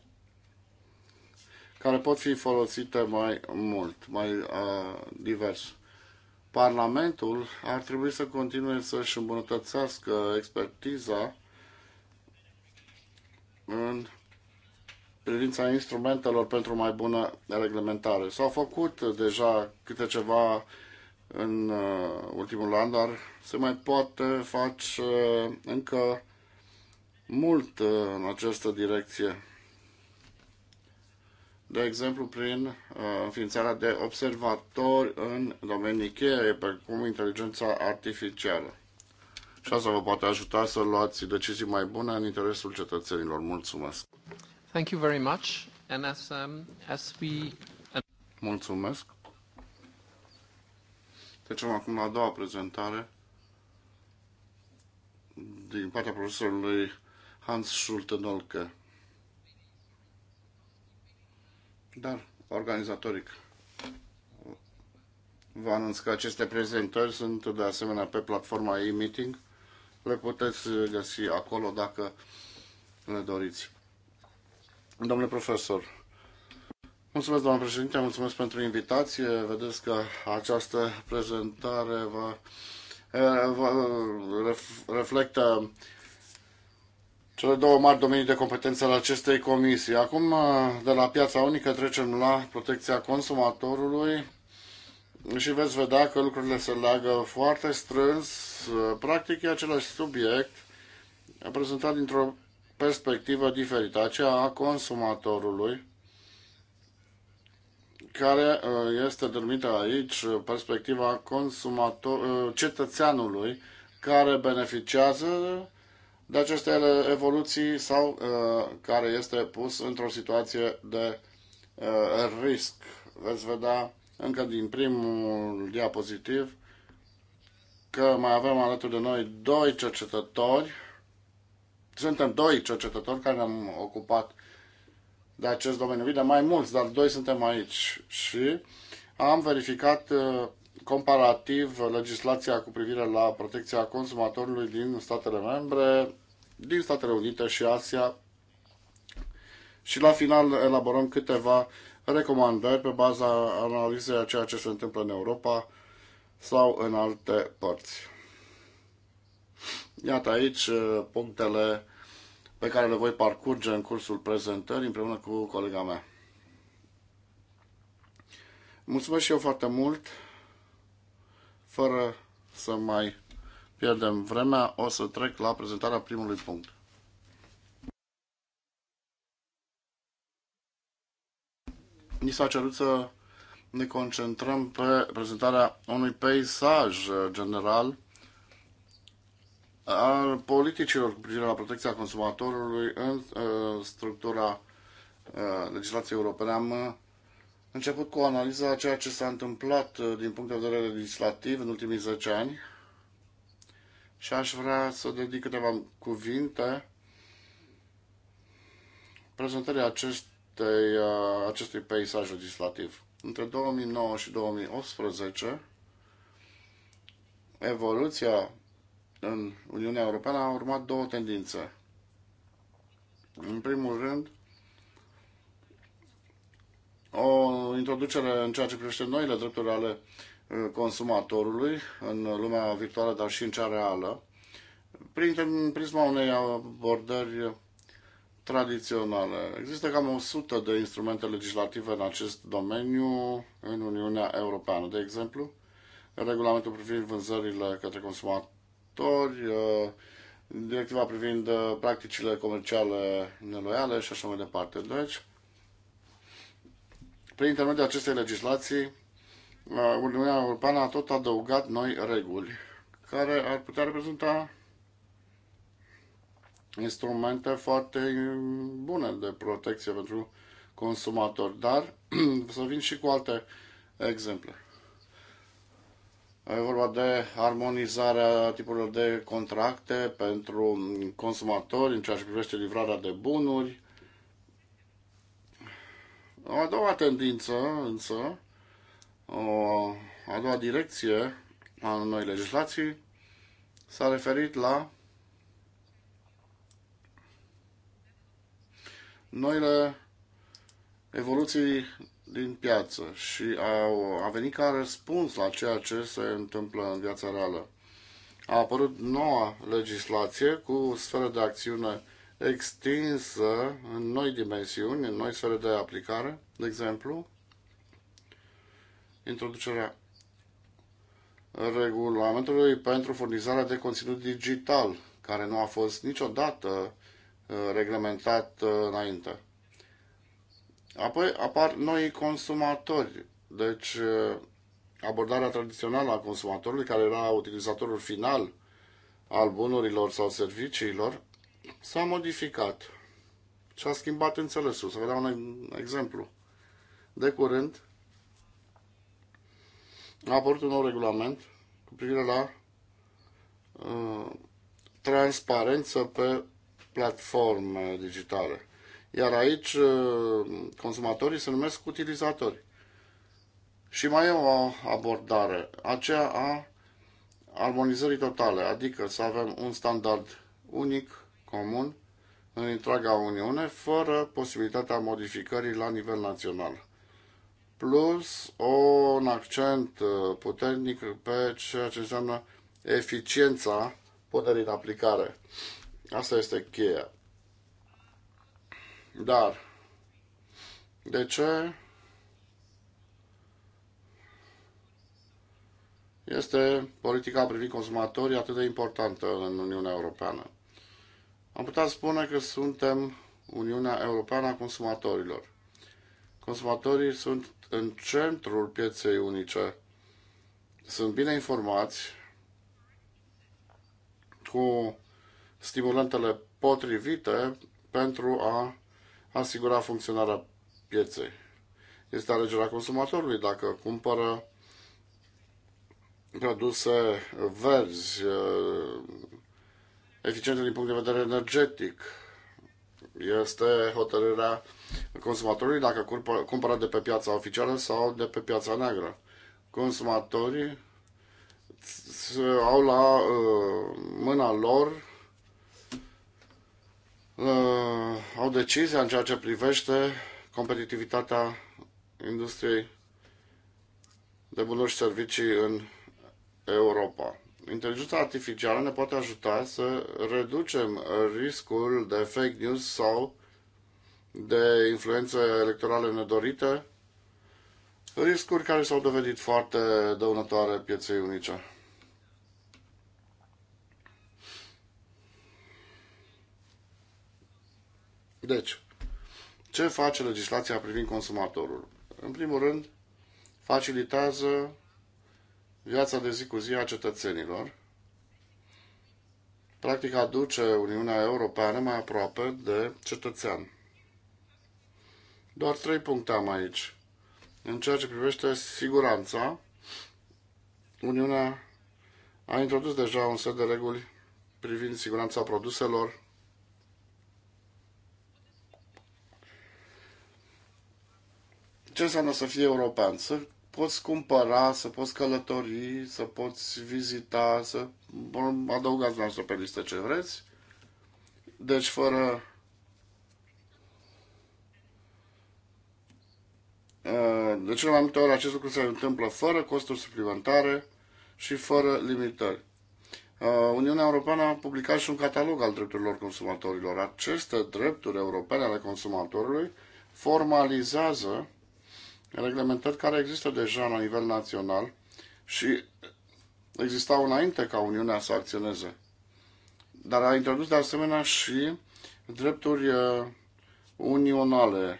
care pot fi folosite mai mult, mai uh, divers. Parlamentul ar trebui să continue să-și îmbunătățească expertiza în privința instrumentelor pentru mai bună reglementare. S-au făcut deja câte ceva în uh, ultimul an, dar se mai poate face uh, încă mult uh, în această direcție. De exemplu, prin înființarea de observatori în domenii cheie, precum inteligența artificială. Și asta vă poate ajuta să luați decizii mai bune în interesul cetățenilor. Mulțumesc! Thank you very much. And as, um, as we... Mulțumesc. Trecem acum la a doua prezentare din partea profesorului Hans Schultenolke. Dar organizatoric vă anunț că aceste prezentări sunt de asemenea pe platforma e-meeting. Le puteți găsi acolo dacă le doriți. Domnule profesor, mulțumesc, doamnă președinte, mulțumesc pentru invitație. Vedeți că această prezentare va, eh, va reflectă cele două mari domenii de competență ale acestei comisii. Acum, eh, de la piața unică, trecem la protecția consumatorului și veți vedea că lucrurile se leagă foarte strâns. Eh, practic, e același subiect prezentat dintr-o perspectivă diferită, aceea a consumatorului, care uh, este denumită aici uh, perspectiva consumator, uh, cetățeanului care beneficiază de aceste evoluții sau care este pus într-o situație de risc. Veți vedea încă din primul diapozitiv că mai avem alături de noi doi cercetători suntem doi cercetători care ne-am ocupat de acest domeniu. Bine, mai mulți, dar doi suntem aici și am verificat uh, comparativ legislația cu privire la protecția consumatorului din statele membre, din Statele Unite și Asia. Și la final elaborăm câteva recomandări pe baza analizei a ceea ce se întâmplă în Europa sau în alte părți. Iată aici uh, punctele pe care le voi parcurge în cursul prezentării împreună cu colega mea. Mulțumesc și eu foarte mult. Fără să mai pierdem vremea, o să trec la prezentarea primului punct. Ni s-a cerut să ne concentrăm pe prezentarea unui peisaj general al politicilor cu privire la protecția consumatorului în uh, structura uh, legislației europene. Am uh, început cu analiza a ceea ce s-a întâmplat uh, din punct de vedere legislativ în ultimii 10 ani și aș vrea să dedic câteva cuvinte prezentării acestei, uh, acestui peisaj legislativ. Între 2009 și 2018, evoluția în Uniunea Europeană a urmat două tendințe. În primul rând, o introducere în ceea ce privește noile drepturi ale uh, consumatorului în lumea virtuală, dar și în cea reală, prin prisma unei abordări tradiționale. Există cam 100 de instrumente legislative în acest domeniu în Uniunea Europeană. De exemplu, regulamentul privind vânzările către consumator infractori, uh, directiva privind uh, practicile comerciale neloiale și așa mai departe. Deci, prin intermediul acestei legislații, uh, Uniunea Europeană a tot adăugat noi reguli care ar putea reprezenta instrumente foarte bune de protecție pentru consumatori, dar să vin și cu alte exemple. E vorba de armonizarea tipurilor de contracte pentru consumatori în ceea ce privește livrarea de bunuri. O a doua tendință, însă, o a doua direcție a noi legislații s-a referit la noile evoluții din piață și au, a venit ca răspuns la ceea ce se întâmplă în viața reală. A apărut noua legislație cu sferă de acțiune extinsă în noi dimensiuni, în noi sfere de aplicare, de exemplu, introducerea regulamentului pentru furnizarea de conținut digital, care nu a fost niciodată uh, reglementat uh, înainte. Apoi apar noi consumatori. Deci uh, abordarea tradițională a consumatorului, care era utilizatorul final al bunurilor sau serviciilor, s-a modificat și a schimbat înțelesul. Să vă dau un exemplu. De curând a apărut un nou regulament cu privire la uh, transparență pe platforme digitale. Iar aici uh, consumatorii se numesc utilizatori. Și mai e o abordare, aceea a armonizării totale, adică să avem un standard unic, comun, în întreaga Uniune, fără posibilitatea modificării la nivel național. Plus un accent uh, puternic pe ceea ce înseamnă eficiența puterii în aplicare. Asta este cheia. Dar de ce este politica privind consumatorii atât de importantă în Uniunea Europeană? Am putea spune că suntem Uniunea Europeană a consumatorilor. Consumatorii sunt în centrul pieței unice, sunt bine informați cu stimulantele potrivite pentru a asigura funcționarea pieței. Este alegerea consumatorului dacă cumpără produse verzi, eh, eficiente din punct de vedere energetic. Este hotărârea consumatorului dacă cumpără de pe piața oficială sau de pe piața neagră. Consumatorii au la eh, mâna lor Uh, au decizia în ceea ce privește competitivitatea industriei de bunuri și servicii în Europa. Inteligența artificială ne poate ajuta să reducem riscul de fake news sau de influențe electorale nedorite, riscuri care s-au dovedit foarte dăunătoare pieței unice. Deci, ce face legislația privind consumatorul? În primul rând, facilitează viața de zi cu zi a cetățenilor, practic aduce Uniunea Europeană mai aproape de cetățean. Doar trei puncte am aici. În ceea ce privește siguranța, Uniunea a introdus deja un set de reguli privind siguranța produselor ce înseamnă să fii european? Să poți cumpăra, să poți călători, să poți vizita, să adăugați noastră pe listă ce vreți. Deci fără uh, De cele mai multe ori acest lucru se întâmplă fără costuri suplimentare și fără limitări. Uh, Uniunea Europeană a publicat și un catalog al drepturilor consumatorilor. Aceste drepturi europene ale consumatorului formalizează reglementări care există deja la nivel național și existau înainte ca Uniunea să acționeze. Dar a introdus de asemenea și drepturi uh, unionale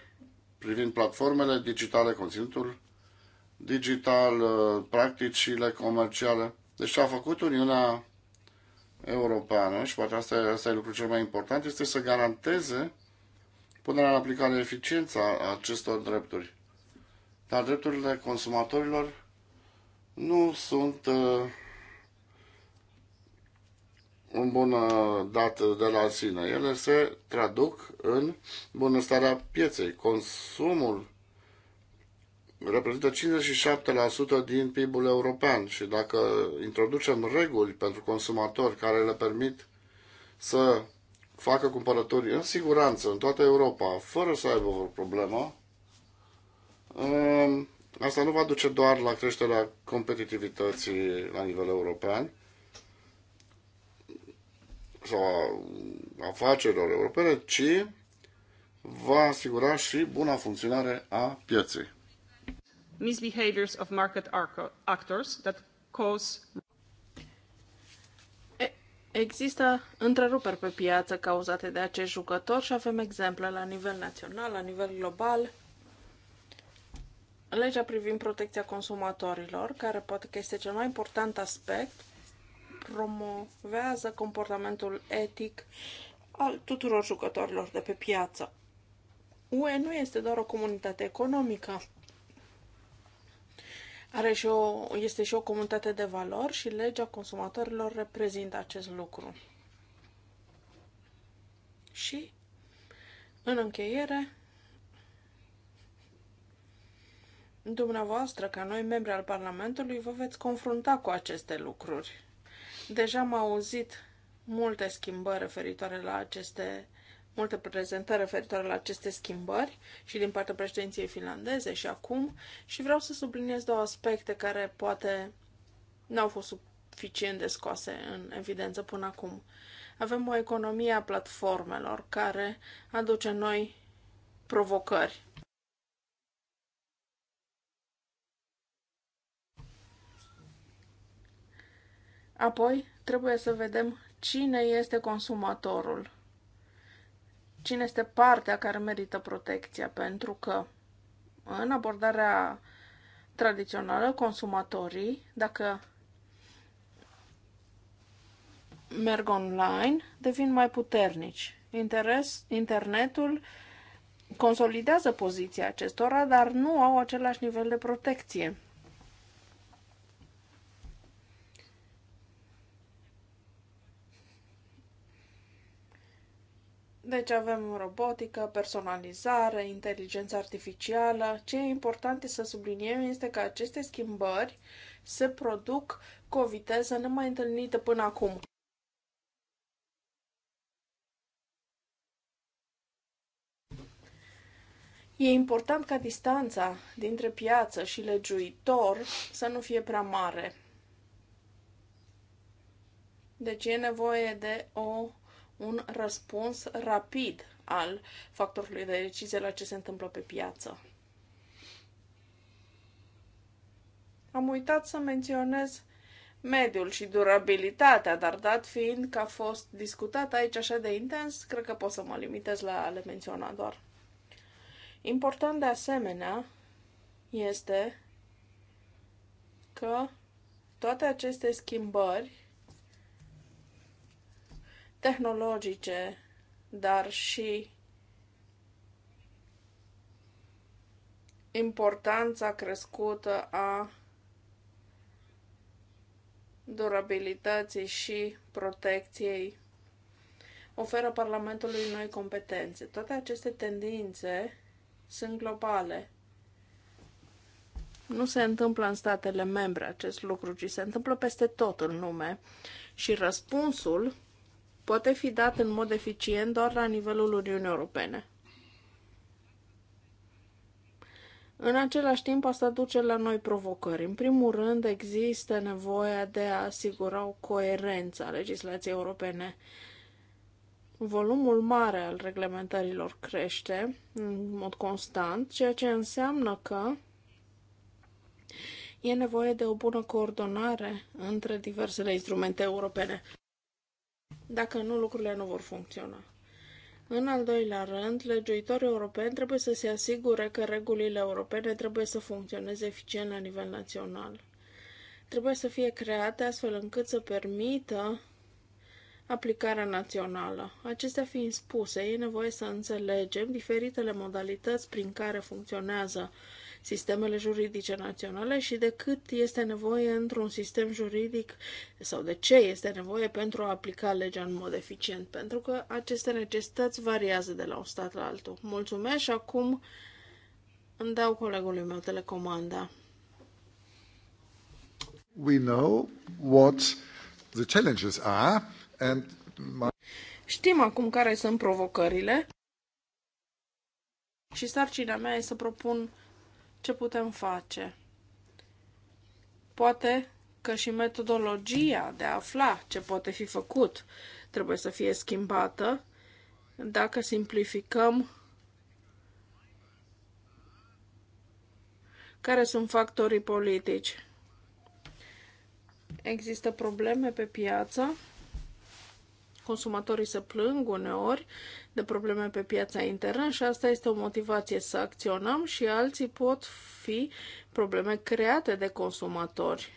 privind platformele digitale, conținutul digital, uh, practicile comerciale. Deci ce a făcut Uniunea Europeană, și poate asta, asta e lucrul cel mai important, este să garanteze punerea în aplicare eficiența acestor drepturi dar drepturile consumatorilor nu sunt uh, în bună dată de la sine. Ele se traduc în bunăstarea pieței. Consumul reprezintă 57% din PIB-ul european și dacă introducem reguli pentru consumatori care le permit să facă cumpărături în siguranță în toată Europa, fără să aibă o problemă, Ehm, asta nu va duce doar la creșterea competitivității la nivel european sau a afacerilor europene, ci va asigura și buna funcționare a pieței. Misbehaviors of market actors that cause Există întreruperi pe piață cauzate de acești jucători și avem exemple la nivel național, la nivel global, legea privind protecția consumatorilor, care poate că este cel mai important aspect, promovează comportamentul etic al tuturor jucătorilor de pe piață. UE nu este doar o comunitate economică. Are și o, este și o comunitate de valori și legea consumatorilor reprezintă acest lucru. Și, în încheiere, Dumneavoastră, ca noi membri al Parlamentului, vă veți confrunta cu aceste lucruri. Deja am auzit multe schimbări referitoare la aceste multe prezentări referitoare la aceste schimbări și din partea președinției finlandeze și acum și vreau să subliniez două aspecte care poate n-au fost suficient de scoase în evidență până acum. Avem o economie a platformelor care aduce noi provocări Apoi, trebuie să vedem cine este consumatorul, cine este partea care merită protecția, pentru că în abordarea tradițională, consumatorii, dacă merg online, devin mai puternici. Interes, internetul consolidează poziția acestora, dar nu au același nivel de protecție. Deci avem robotică, personalizare, inteligență artificială. Ce e important să subliniem este că aceste schimbări se produc cu o viteză nemai întâlnită până acum. E important ca distanța dintre piață și legiuitor să nu fie prea mare. Deci e nevoie de o un răspuns rapid al factorului de decizie la ce se întâmplă pe piață. Am uitat să menționez mediul și durabilitatea, dar dat fiind că a fost discutat aici așa de intens, cred că pot să mă limitez la a le menționa doar. Important de asemenea este că toate aceste schimbări tehnologice, dar și importanța crescută a durabilității și protecției oferă Parlamentului noi competențe. Toate aceste tendințe sunt globale. Nu se întâmplă în statele membre acest lucru, ci se întâmplă peste tot în lume. Și răspunsul poate fi dat în mod eficient doar la nivelul Uniunii Europene. În același timp, asta duce la noi provocări. În primul rând, există nevoia de a asigura o coerență a legislației europene. Volumul mare al reglementărilor crește în mod constant, ceea ce înseamnă că e nevoie de o bună coordonare între diversele instrumente europene. Dacă nu, lucrurile nu vor funcționa. În al doilea rând, legiuitorii europeni trebuie să se asigure că regulile europene trebuie să funcționeze eficient la nivel național. Trebuie să fie create astfel încât să permită aplicarea națională. Acestea fiind spuse, e nevoie să înțelegem diferitele modalități prin care funcționează sistemele juridice naționale și de cât este nevoie într-un sistem juridic sau de ce este nevoie pentru a aplica legea în mod eficient, pentru că aceste necesități variază de la un stat la altul. Mulțumesc și acum îmi dau colegului meu telecomanda. We know what the challenges are and my... Știm acum care sunt provocările și sarcina mea e să propun ce putem face. Poate că și metodologia de a afla ce poate fi făcut trebuie să fie schimbată dacă simplificăm care sunt factorii politici. Există probleme pe piață Consumatorii se plâng uneori de probleme pe piața internă și asta este o motivație să acționăm și alții pot fi probleme create de consumatori.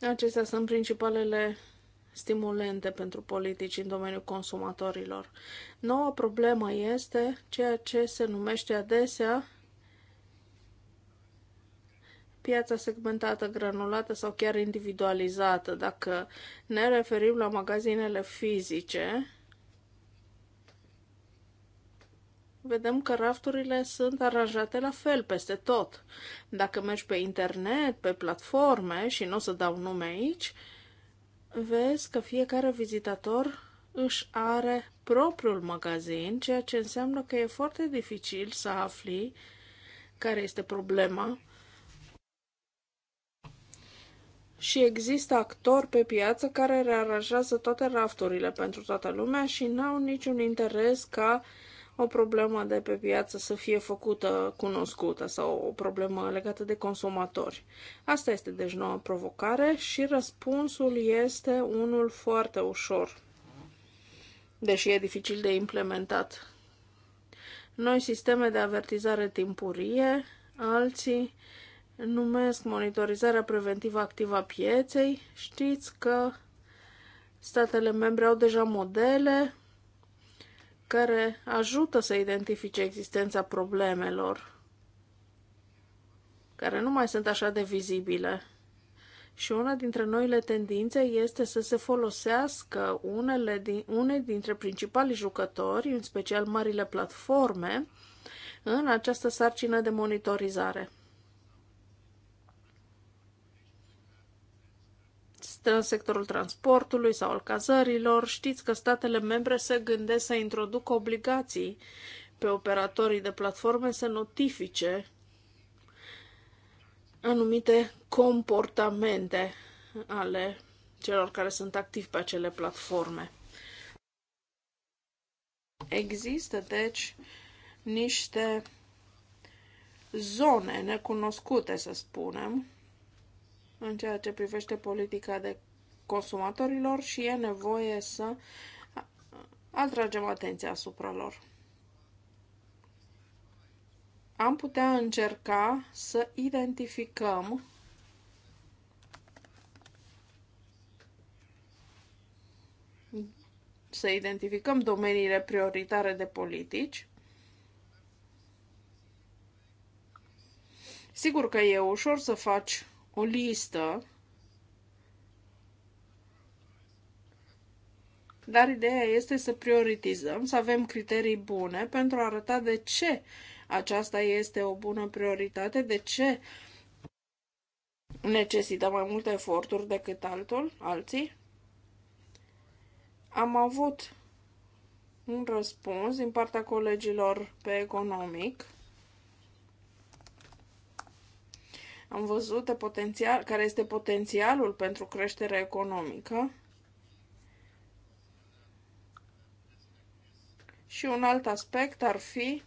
Acestea sunt principalele stimulente pentru politici în domeniul consumatorilor. Noua problemă este ceea ce se numește adesea piața segmentată, granulată sau chiar individualizată. Dacă ne referim la magazinele fizice, vedem că rafturile sunt aranjate la fel peste tot. Dacă mergi pe internet, pe platforme, și nu o să dau nume aici, vezi că fiecare vizitator își are propriul magazin, ceea ce înseamnă că e foarte dificil să afli care este problema și există actori pe piață care rearanjează toate rafturile pentru toată lumea și n-au niciun interes ca o problemă de pe piață să fie făcută cunoscută sau o problemă legată de consumatori. Asta este deci noua provocare și răspunsul este unul foarte ușor, deși e dificil de implementat. Noi sisteme de avertizare timpurie, alții numesc monitorizarea preventivă activă a pieței. Știți că statele membre au deja modele care ajută să identifice existența problemelor care nu mai sunt așa de vizibile. Și una dintre noile tendințe este să se folosească unele din, une dintre principalii jucători, în special marile platforme, în această sarcină de monitorizare. sectorul transportului sau al cazărilor, știți că statele membre se gândesc să introducă obligații pe operatorii de platforme să notifice anumite comportamente ale celor care sunt activi pe acele platforme. Există, deci, niște zone necunoscute, să spunem, în ceea ce privește politica de consumatorilor și e nevoie să atragem atenția asupra lor. Am putea încerca să identificăm să identificăm domeniile prioritare de politici. Sigur că e ușor să faci o listă, dar ideea este să prioritizăm, să avem criterii bune pentru a arăta de ce aceasta este o bună prioritate, de ce necesită mai multe eforturi decât altul, alții. Am avut un răspuns din partea colegilor pe economic Am văzut potențial, care este potențialul pentru creștere economică. Și un alt aspect ar fi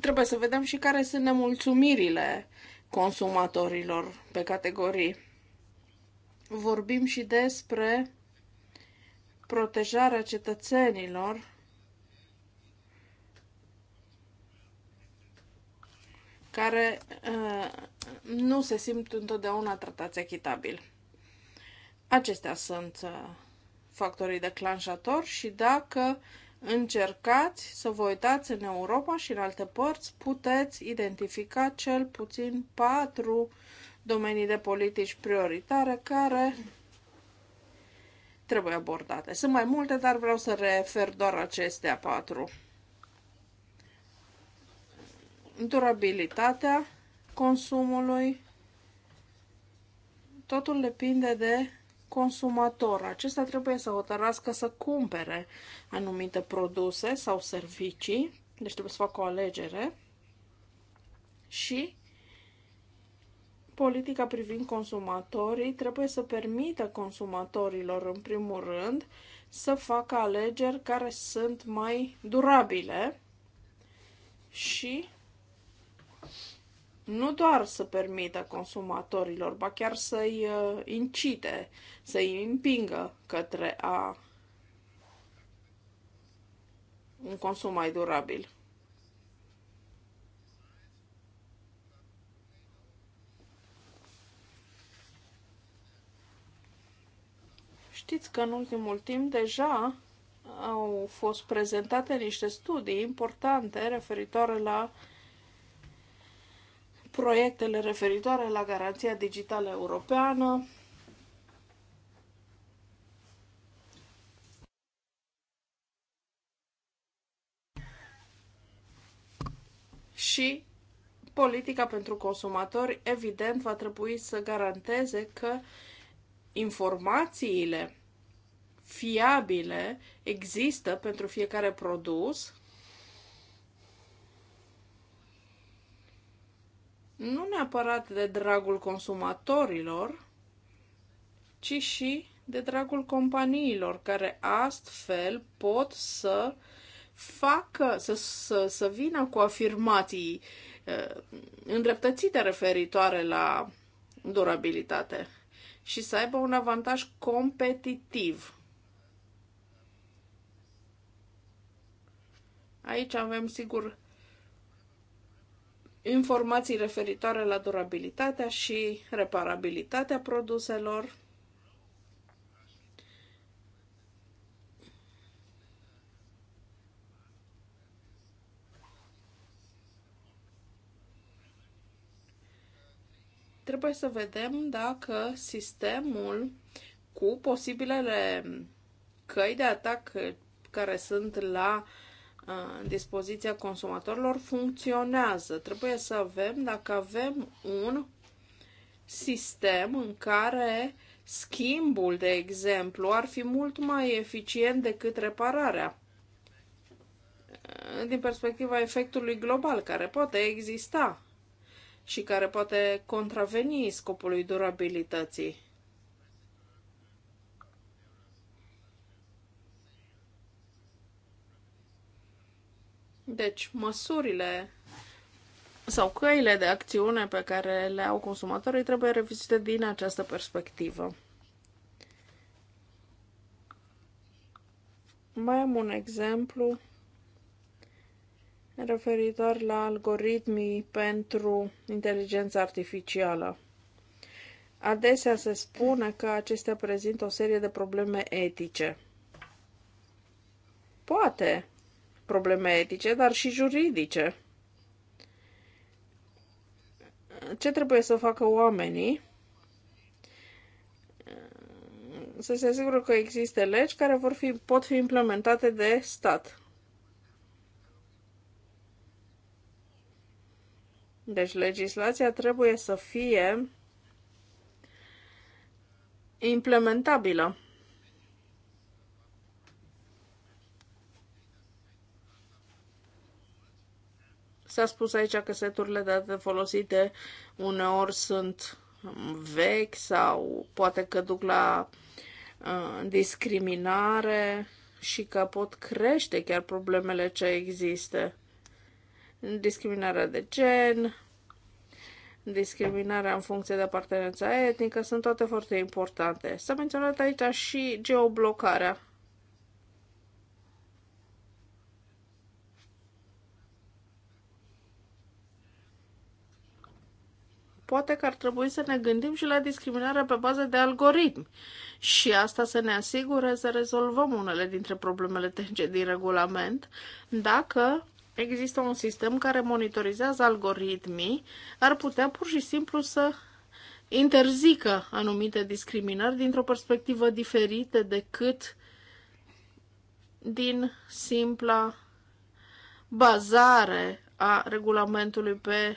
trebuie să vedem și care sunt nemulțumirile consumatorilor pe categorii vorbim și despre protejarea cetățenilor care uh, nu se simt întotdeauna tratați echitabil. Acestea sunt uh, factorii declanșatori și dacă încercați să vă uitați în Europa și în alte părți, puteți identifica cel puțin patru uh, domenii de politici prioritare care trebuie abordate. Sunt mai multe, dar vreau să refer doar acestea patru. Durabilitatea consumului. Totul depinde de consumator. Acesta trebuie să hotărască să cumpere anumite produse sau servicii, deci trebuie să facă o alegere și politica privind consumatorii trebuie să permită consumatorilor, în primul rând, să facă alegeri care sunt mai durabile și nu doar să permită consumatorilor, ba chiar să-i uh, incite, să-i împingă către a un consum mai durabil. Știți că în ultimul timp deja au fost prezentate niște studii importante referitoare la proiectele referitoare la garanția digitală europeană, și politica pentru consumatori, evident, va trebui să garanteze că informațiile fiabile există pentru fiecare produs, nu neapărat de dragul consumatorilor, ci și de dragul companiilor care astfel pot să facă, să, să, să vină cu afirmații uh, îndreptățite referitoare la durabilitate și să aibă un avantaj competitiv Aici avem, sigur, informații referitoare la durabilitatea și reparabilitatea produselor. Trebuie să vedem dacă sistemul cu posibilele căi de atac care sunt la uh, dispoziția consumatorilor funcționează. Trebuie să avem, dacă avem un sistem în care schimbul, de exemplu, ar fi mult mai eficient decât repararea. Din perspectiva efectului global care poate exista și care poate contraveni scopului durabilității. Deci, măsurile sau căile de acțiune pe care le au consumatorii trebuie revizite din această perspectivă. Mai am un exemplu referitor la algoritmii pentru inteligența artificială. Adesea se spune că acestea prezintă o serie de probleme etice. Poate probleme etice, dar și juridice. Ce trebuie să facă oamenii? Să se asigură că există legi care vor fi, pot fi implementate de stat. Deci legislația trebuie să fie implementabilă. S-a spus aici că seturile de date folosite uneori sunt vechi sau poate că duc la uh, discriminare și că pot crește chiar problemele ce există. Discriminarea de gen, discriminarea în funcție de apartenența etnică sunt toate foarte importante. S-a menționat aici și geoblocarea. poate că ar trebui să ne gândim și la discriminarea pe bază de algoritm și asta să ne asigure să rezolvăm unele dintre problemele tehnice din regulament dacă există un sistem care monitorizează algoritmii, ar putea pur și simplu să interzică anumite discriminări dintr-o perspectivă diferită decât din simpla bazare a regulamentului pe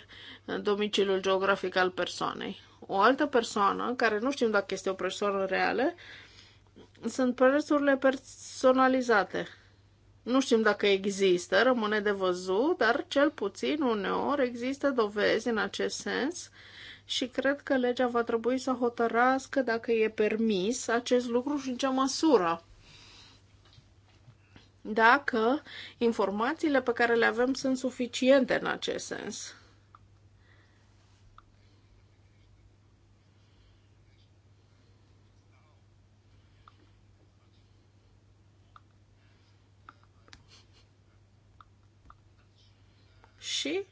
domiciliul geografic al persoanei. O altă persoană, care nu știm dacă este o persoană reală, sunt prețurile personalizate. Nu știm dacă există, rămâne de văzut, dar cel puțin uneori există dovezi în acest sens și cred că legea va trebui să hotărască dacă e permis acest lucru și în ce măsură dacă informațiile pe care le avem sunt suficiente în acest sens. Și,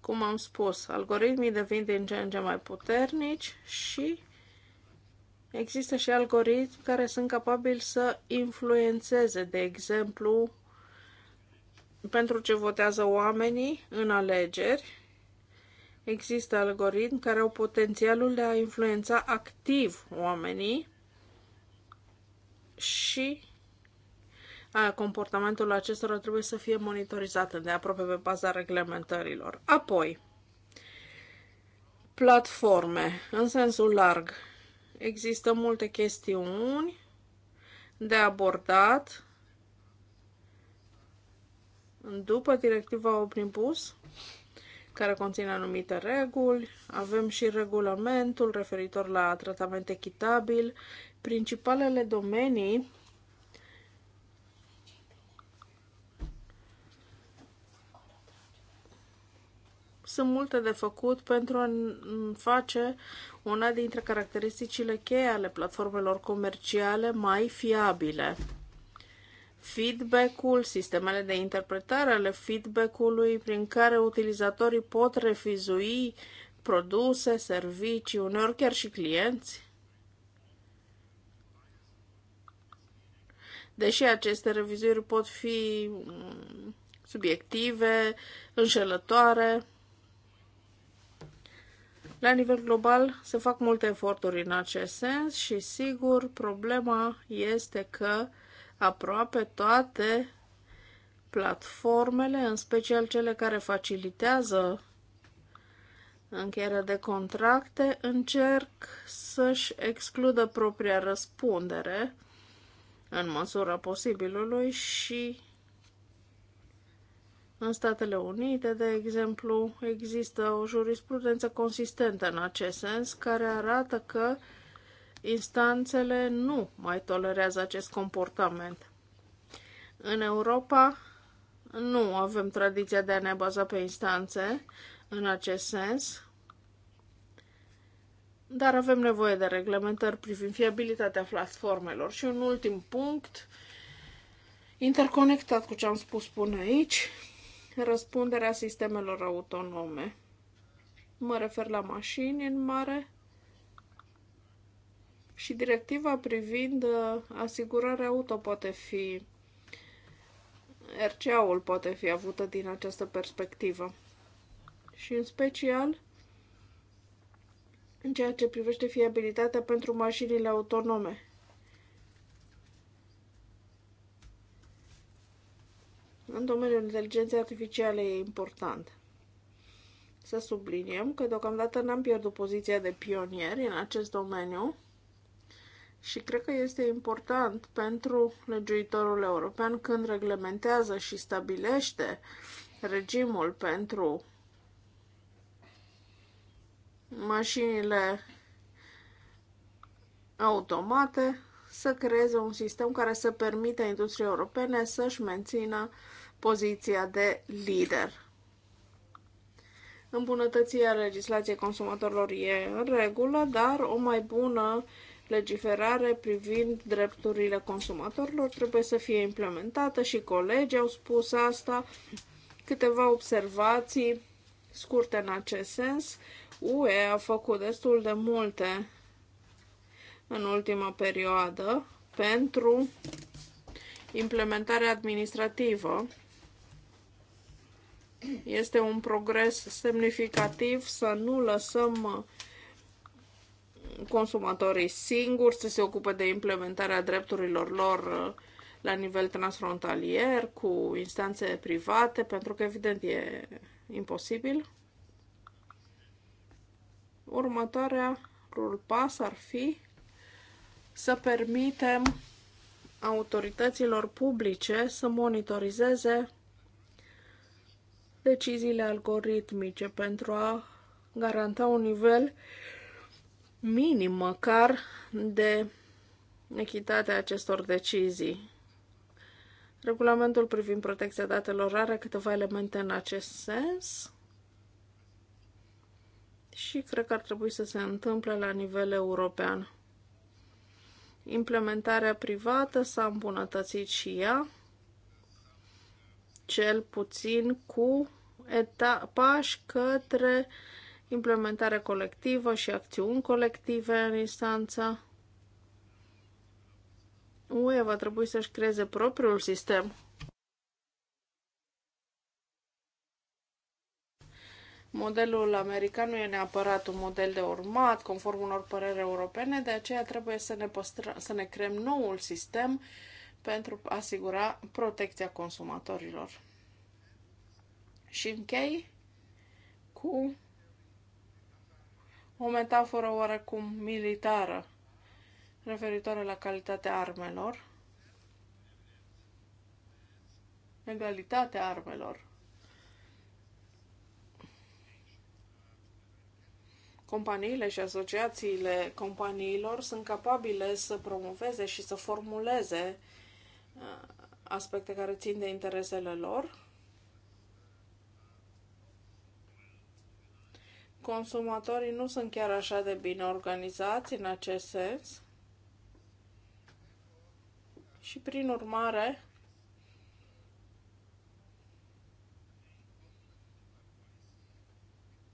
cum am spus, algoritmii devin din ce în ce mai puternici și Există și algoritmi care sunt capabili să influențeze, de exemplu, pentru ce votează oamenii în alegeri. Există algoritmi care au potențialul de a influența activ oamenii și a, comportamentul acestora trebuie să fie monitorizat de aproape pe baza reglementărilor. Apoi, platforme, în sensul larg, Există multe chestiuni de abordat după directiva Omnibus, care conține anumite reguli. Avem și regulamentul referitor la tratament echitabil. Principalele domenii sunt multe de făcut pentru a face una dintre caracteristicile cheie ale platformelor comerciale mai fiabile. Feedback-ul, sistemele de interpretare ale feedback-ului prin care utilizatorii pot refizui produse, servicii, uneori chiar și clienți. Deși aceste revizuiri pot fi mm, subiective, înșelătoare, la nivel global se fac multe eforturi în acest sens și, sigur, problema este că aproape toate platformele, în special cele care facilitează încheierea de contracte, încerc să-și excludă propria răspundere în măsura posibilului și în Statele Unite, de exemplu, există o jurisprudență consistentă în acest sens, care arată că instanțele nu mai tolerează acest comportament. În Europa nu avem tradiția de a ne baza pe instanțe în acest sens, dar avem nevoie de reglementări privind fiabilitatea platformelor. Și un ultim punct, interconectat cu ce am spus până aici, răspunderea sistemelor autonome. Mă refer la mașini în mare și directiva privind uh, asigurarea auto poate fi RCA-ul poate fi avută din această perspectivă. Și în special în ceea ce privește fiabilitatea pentru mașinile autonome. în domeniul inteligenței artificiale e important să subliniem că deocamdată n-am pierdut poziția de pionier în acest domeniu și cred că este important pentru legiuitorul european când reglementează și stabilește regimul pentru mașinile automate să creeze un sistem care să permită industriei europene să-și mențină uh, poziția de lider. Îmbunătățirea legislației consumatorilor e în regulă, dar o mai bună legiferare privind drepturile consumatorilor trebuie să fie implementată și colegii au spus asta. Câteva observații scurte în acest sens. UE a făcut destul de multe în ultima perioadă pentru implementarea administrativă este un progres semnificativ să nu lăsăm uh, consumatorii singuri să se ocupe de implementarea drepturilor lor uh, la nivel transfrontalier, cu instanțe private, pentru că evident e imposibil. Următoarea rul pas ar fi să permitem autorităților publice să monitorizeze deciziile algoritmice pentru a garanta un nivel minim măcar de echitatea acestor decizii. Regulamentul privind protecția datelor are câteva elemente în acest sens și cred că ar trebui să se întâmple la nivel european. Implementarea privată s-a îmbunătățit și ea cel puțin cu pași către implementare colectivă și acțiuni colective în instanța. UE va trebui să-și creeze propriul sistem Modelul american nu e neapărat un model de urmat, conform unor păreri europene, de aceea trebuie să ne, păstră, să ne creăm noul sistem pentru a asigura protecția consumatorilor. Și închei cu o metaforă oarecum militară referitoare la calitatea armelor, egalitatea armelor, companiile și asociațiile companiilor sunt capabile să promoveze și să formuleze Uh, aspecte care țin de interesele lor. Consumatorii nu sunt chiar așa de bine organizați în acest sens și, prin urmare,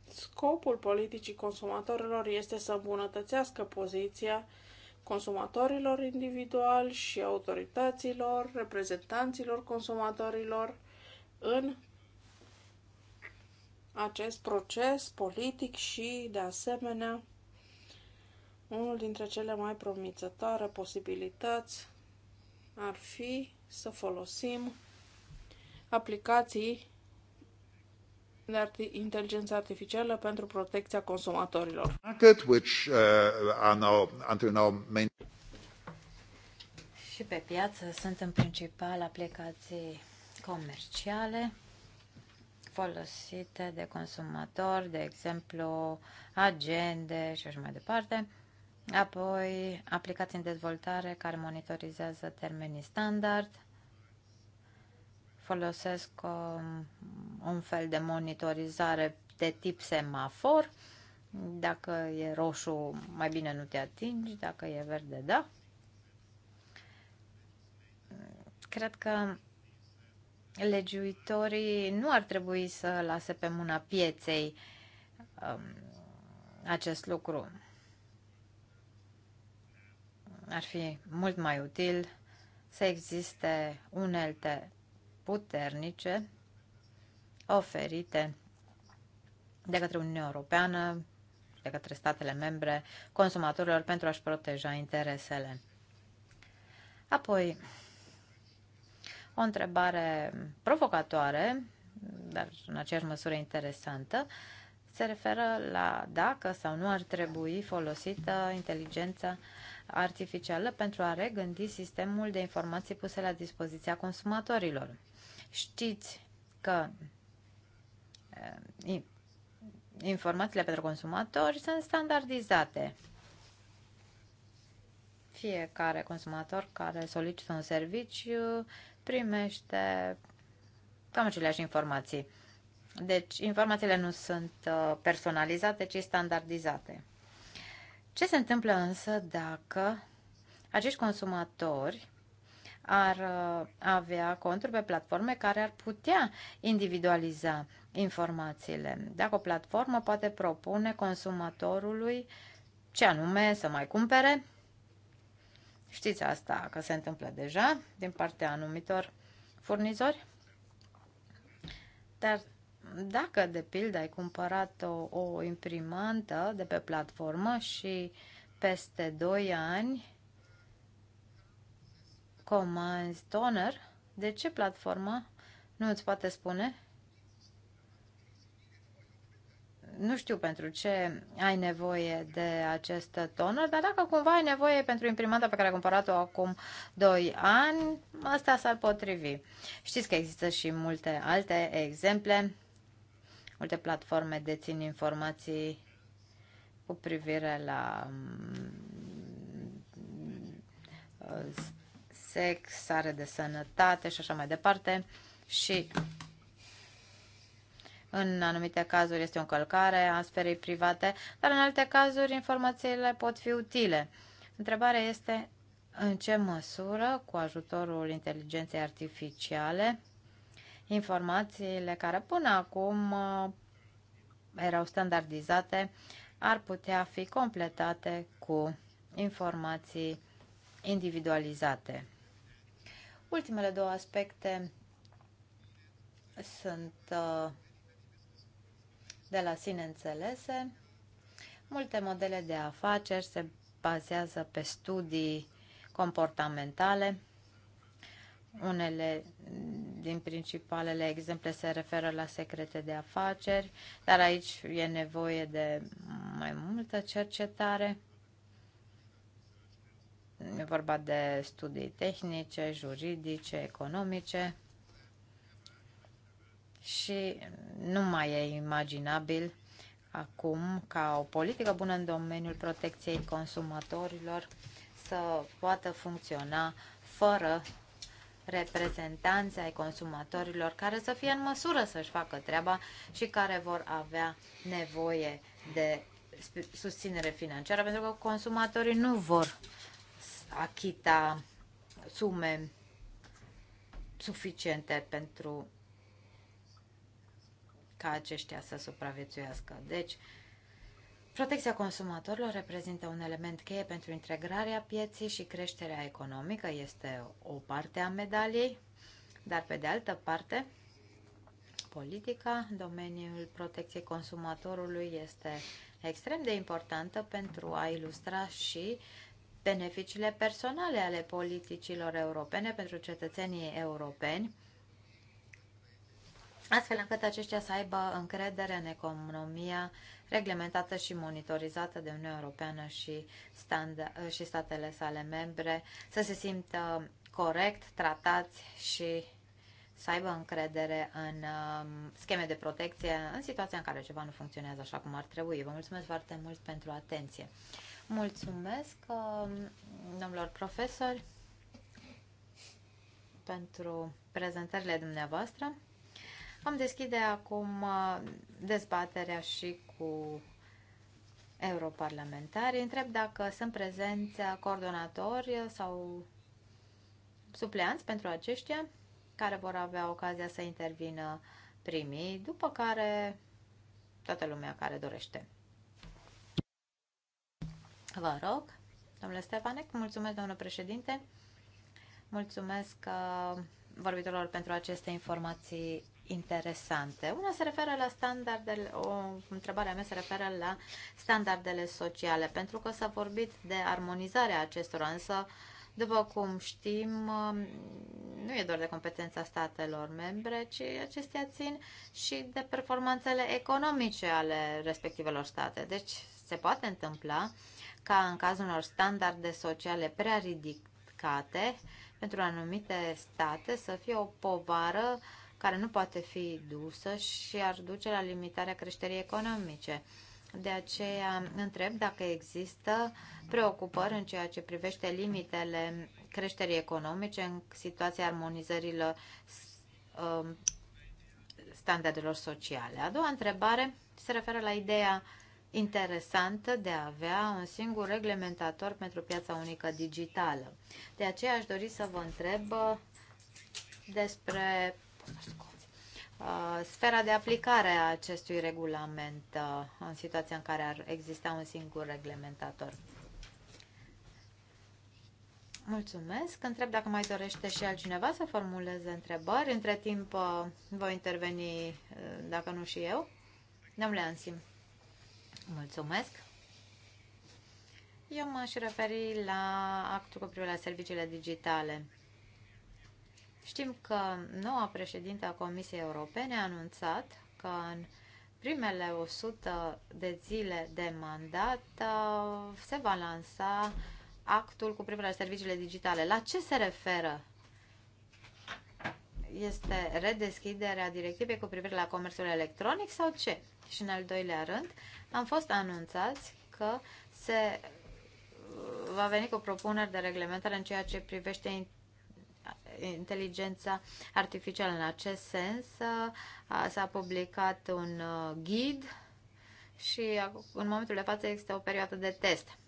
scopul politicii consumatorilor este să îmbunătățească poziția consumatorilor individuali și autorităților, reprezentanților consumatorilor în acest proces politic și, de asemenea, unul dintre cele mai promițătoare posibilități ar fi să folosim aplicații de inteligență artificială pentru protecția consumatorilor. Which, uh, now, until now main... Și pe piață sunt în principal aplicații comerciale folosite de consumatori, de exemplu agende și așa mai departe. Apoi aplicații în dezvoltare care monitorizează termenii standard, folosesc uh, un fel de monitorizare de tip semafor. Dacă e roșu, mai bine nu te atingi, dacă e verde, da. Cred că legiuitorii nu ar trebui să lase pe mâna pieței um, acest lucru. Ar fi mult mai util să existe unelte puternice oferite de către Uniunea Europeană, de către statele membre, consumatorilor pentru a-și proteja interesele. Apoi, o întrebare provocatoare, dar în aceeași măsură interesantă, se referă la dacă sau nu ar trebui folosită inteligența artificială pentru a regândi sistemul de informații puse la dispoziția consumatorilor. Știți că eh, informațiile pentru consumatori sunt standardizate. Fiecare consumator care solicită un serviciu primește cam aceleași informații. Deci, informațiile nu sunt eh, personalizate, ci standardizate. Ce se întâmplă însă dacă acești consumatori ar uh, avea conturi pe platforme care ar putea individualiza informațiile. Dacă o platformă poate propune consumatorului ce anume să mai cumpere, știți asta că se întâmplă deja din partea anumitor furnizori, dar dacă, de pildă, ai cumpărat o, o imprimantă de pe platformă și peste 2 ani comanzi toner, de ce platformă? Nu îți poate spune? Nu știu pentru ce ai nevoie de acest toner, dar dacă cumva ai nevoie pentru imprimanta pe care ai cumpărat-o acum 2 ani, asta s-ar potrivi. Știți că există și multe alte exemple, multe platforme dețin informații cu privire la mm, sex, sare de sănătate și așa mai departe și în anumite cazuri este o încălcare a sferei private, dar în alte cazuri informațiile pot fi utile. Întrebarea este în ce măsură, cu ajutorul inteligenței artificiale, informațiile care până acum uh, erau standardizate ar putea fi completate cu informații individualizate. Ultimele două aspecte sunt uh, de la sine înțelese. Multe modele de afaceri se bazează pe studii comportamentale. Unele din principalele exemple se referă la secrete de afaceri, dar aici e nevoie de mai multă cercetare. E vorba de studii tehnice, juridice, economice și nu mai e imaginabil acum ca o politică bună în domeniul protecției consumatorilor să poată funcționa fără reprezentanții ai consumatorilor care să fie în măsură să-și facă treaba și care vor avea nevoie de susținere financiară pentru că consumatorii nu vor achita sume suficiente pentru ca aceștia să supraviețuiască. Deci, protecția consumatorilor reprezintă un element cheie pentru integrarea pieții și creșterea economică, este o parte a medaliei, dar pe de altă parte, politica domeniul protecției consumatorului este extrem de importantă pentru a ilustra și uh, beneficiile personale ale politicilor europene pentru cetățenii europeni, astfel încât aceștia să aibă încredere în economia reglementată și monitorizată de Uniunea Europeană și, stand, și statele sale membre, să se simtă corect tratați și să aibă încredere în um, scheme de protecție în situația în care ceva nu funcționează așa cum ar trebui. Vă mulțumesc foarte mult pentru atenție. Mulțumesc uh, domnilor profesori pentru prezentările dumneavoastră. Am deschide acum uh, dezbaterea și cu europarlamentari. Întreb dacă sunt prezenți coordonatori sau supleanți pentru aceștia care vor avea ocazia să intervină primii, după care toată lumea care dorește. Vă rog, domnule Stefanec, mulțumesc, domnule președinte, mulțumesc uh, vorbitorilor pentru aceste informații interesante. Una se referă la standardele, o întrebare a mea se referă la standardele sociale, pentru că s-a vorbit de armonizarea acestora, însă, după cum știm, um, nu e doar de competența statelor membre, ci acestea țin și de performanțele economice ale respectivelor state. Deci, se poate întâmpla uh, ca în cazul unor standarde sociale prea ridicate pentru anumite state să fie o povară care nu poate fi dusă și ar duce la limitarea creșterii economice. De aceea întreb dacă există preocupări în ceea ce privește limitele creșterii economice în situația armonizărilor um, standardelor sociale. A doua întrebare se referă la ideea interesantă de a avea un singur reglementator pentru piața unică digitală. De aceea aș dori să vă întreb uh, despre uh, sfera de aplicare a acestui regulament uh, în situația în care ar exista un singur reglementator. Mulțumesc. Întreb dacă mai dorește și altcineva să formuleze întrebări. Între timp voi interveni, dacă nu și eu. Domnule Ansim. Mulțumesc! Eu m-aș referi la actul cu privire la serviciile digitale. Știm că noua președintă a Comisiei Europene a anunțat că în primele 100 de zile de mandat uh, se va lansa actul cu privire la serviciile digitale. La ce se referă este redeschiderea directivei cu privire la comerțul electronic sau ce? Și în al doilea rând, am fost anunțați că se va veni cu propuneri de reglementare în ceea ce privește inteligența artificială. În acest sens, s-a publicat un uh, ghid și în momentul de față există o perioadă de test.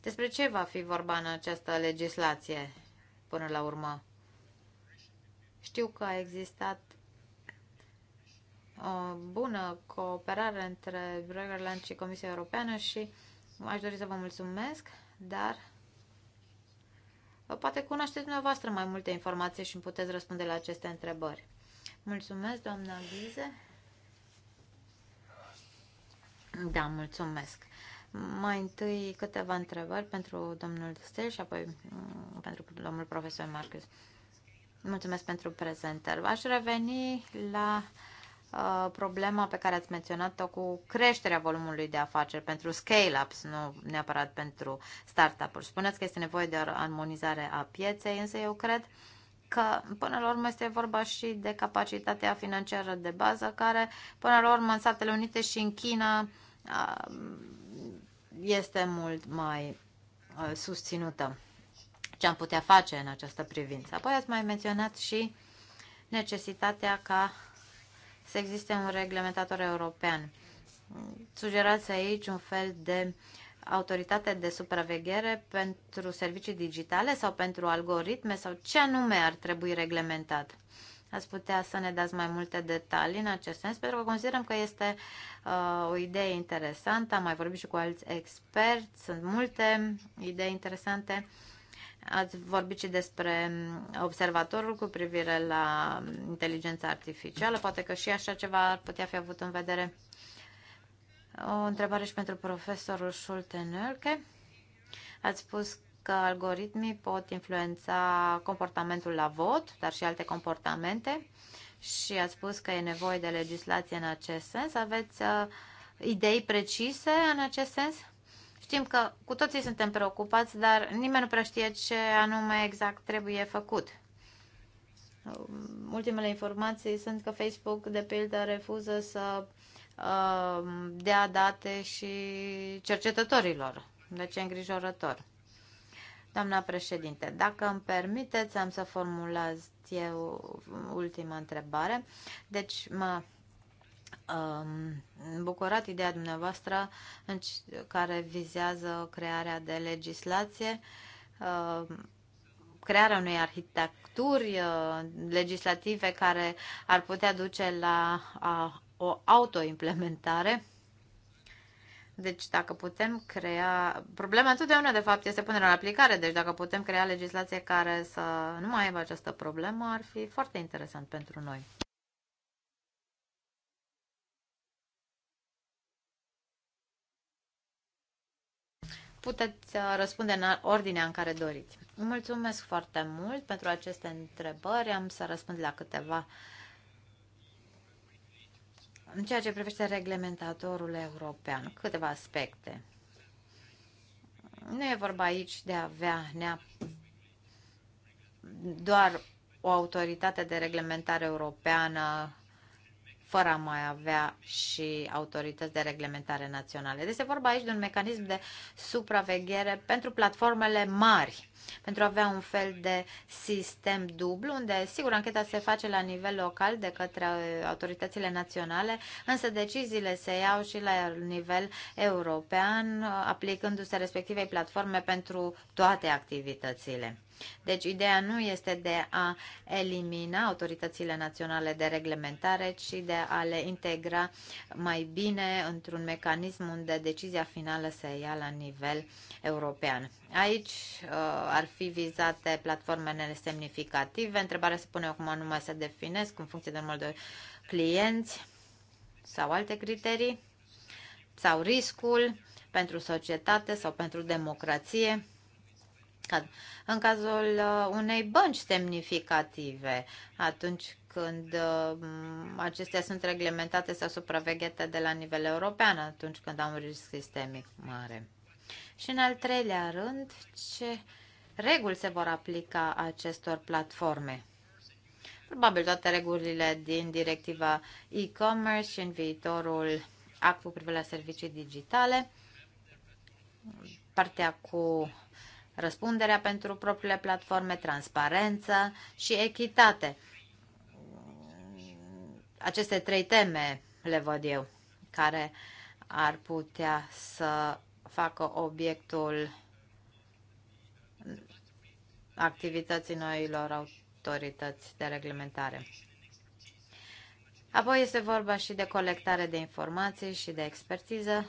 Despre ce va fi vorba în această legislație până la urmă? Știu că a existat o uh, bună cooperare între Brueggerland și Comisia Europeană și aș dori să vă mulțumesc, dar poate cunoașteți dumneavoastră mai multe informații și îmi puteți răspunde la aceste întrebări. Mulțumesc, doamna Vize. Da, mulțumesc. Mai întâi câteva întrebări pentru domnul Stel și apoi mm, pentru domnul profesor Marcus. Uh, Mulțumesc pentru prezentări. Aș reveni la uh, problema pe care ați menționat-o cu creșterea volumului de afaceri pentru scale-ups, nu neapărat pentru startup-uri. Spuneți că este nevoie de o armonizare a pieței, însă eu cred că până la urmă este vorba și de capacitatea financiară de bază care până la urmă în Statele Unite și în China uh, este mult mai uh, susținută ce am putea face în această privință. Apoi ați mai menționat și necesitatea ca să existe un reglementator european. Sugerați aici un fel de autoritate de supraveghere pentru servicii digitale sau pentru algoritme sau ce anume ar trebui reglementat? Ați putea să ne dați mai multe detalii în acest sens, pentru că considerăm că este uh, o idee interesantă. Am mai vorbit și cu alți experți, sunt multe idei interesante. Uh, Ați vorbit și despre observatorul cu privire la inteligența artificială. Poate că și așa ceva ar putea fi avut în vedere. O întrebare și pentru profesorul Schultenelke. Ați spus că algoritmii pot influența comportamentul la vot, dar și alte comportamente și ați spus că e nevoie de legislație în acest sens. Aveți uh, idei precise în acest sens? Știm că cu toții suntem preocupați, dar nimeni nu prea știe ce anume exact trebuie făcut. Um, ultimele informații sunt că Facebook, de pildă, refuză să um, dea date și cercetătorilor. Deci e îngrijorător. Doamna președinte, dacă îmi permiteți, am să formulez eu ultima întrebare. Deci mă um, bucurat ideea dumneavoastră în care vizează crearea de legislație, uh, crearea unei arhitecturi uh, legislative care ar putea duce la o autoimplementare. Deci dacă putem crea... Problema întotdeauna, de fapt, este punerea în aplicare. Deci dacă putem crea legislație care să nu mai aibă această problemă, ar fi foarte interesant pentru noi. Puteți uh, răspunde în ordinea în care doriți. Mulțumesc foarte mult pentru aceste întrebări. Am să răspund la câteva. În ceea ce privește reglementatorul european, câteva aspecte. Nu e vorba aici de a avea nea doar o autoritate de reglementare europeană fără a mai avea și autorități de reglementare naționale. Deci e vorba aici de un mecanism de supraveghere pentru platformele mari, pentru a avea un fel de sistem dublu, unde, sigur, ancheta se face la nivel local de către uh, autoritățile naționale, însă deciziile se iau și la nivel european, uh, aplicându-se respectivei platforme pentru toate activitățile. Deci ideea nu este de a elimina autoritățile naționale de reglementare, ci de a le integra mai bine într-un mecanism unde decizia finală se ia la nivel european. Aici uh, ar fi vizate platformele semnificative. Întrebarea se pune acum numai să definesc în funcție de numărul de clienți sau alte criterii sau riscul pentru societate sau pentru democrație ca în cazul uh, unei bănci semnificative, atunci când uh, acestea sunt reglementate sau supravegheate de la nivel european, atunci când am un risc sistemic mare. Și în al treilea rând, ce reguli se vor aplica acestor platforme? Probabil toate regulile din directiva e-commerce și în viitorul act cu privire la servicii digitale, partea cu răspunderea pentru propriile platforme, transparență și echitate. Aceste trei teme le văd eu, care ar putea să facă obiectul activității noilor autorități de reglementare. Apoi este vorba și de colectare de informații și de expertiză.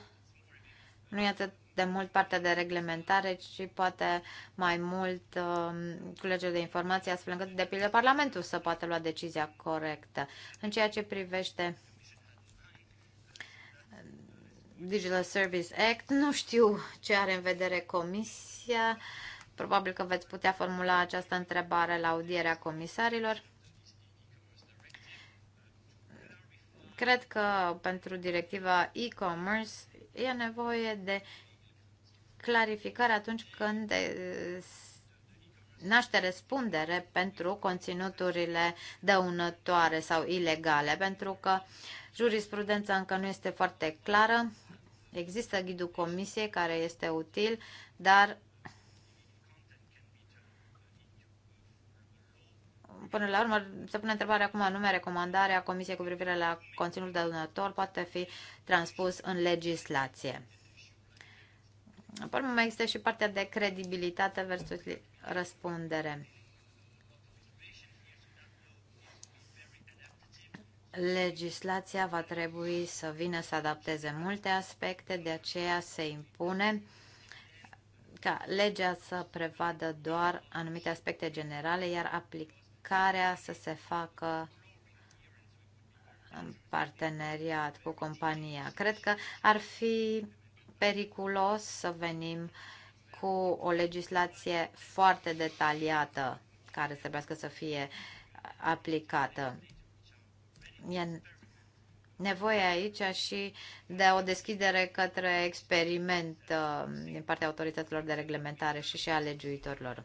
Nu e atât de mult parte de reglementare, ci poate mai mult uh, culegere de informații, astfel încât, de pildă, Parlamentul să poată lua decizia corectă. În ceea ce privește um, Digital Service Act, nu știu ce are în vedere Comisia. Probabil că veți putea formula această întrebare la audierea comisarilor. Cred că pentru directiva e-commerce e nevoie de clarificări atunci când naște răspundere pentru conținuturile dăunătoare sau ilegale, pentru că jurisprudența încă nu este foarte clară. Există ghidul comisiei care este util, dar până la urmă se pune întrebarea cum anume recomandarea comisiei cu privire la conținutul dăunător poate fi transpus în legislație apoi urmă mai există și partea de credibilitate versus răspundere. Legislația va trebui să vină să adapteze multe aspecte, de aceea se impune ca legea să prevadă doar anumite aspecte generale, iar aplicarea să se facă în parteneriat cu compania. Cred că ar fi periculos să venim cu o legislație foarte detaliată care trebuiască să fie aplicată. E nevoie aici și de o deschidere către experiment uh, din partea autorităților de reglementare și și a legiuitorilor.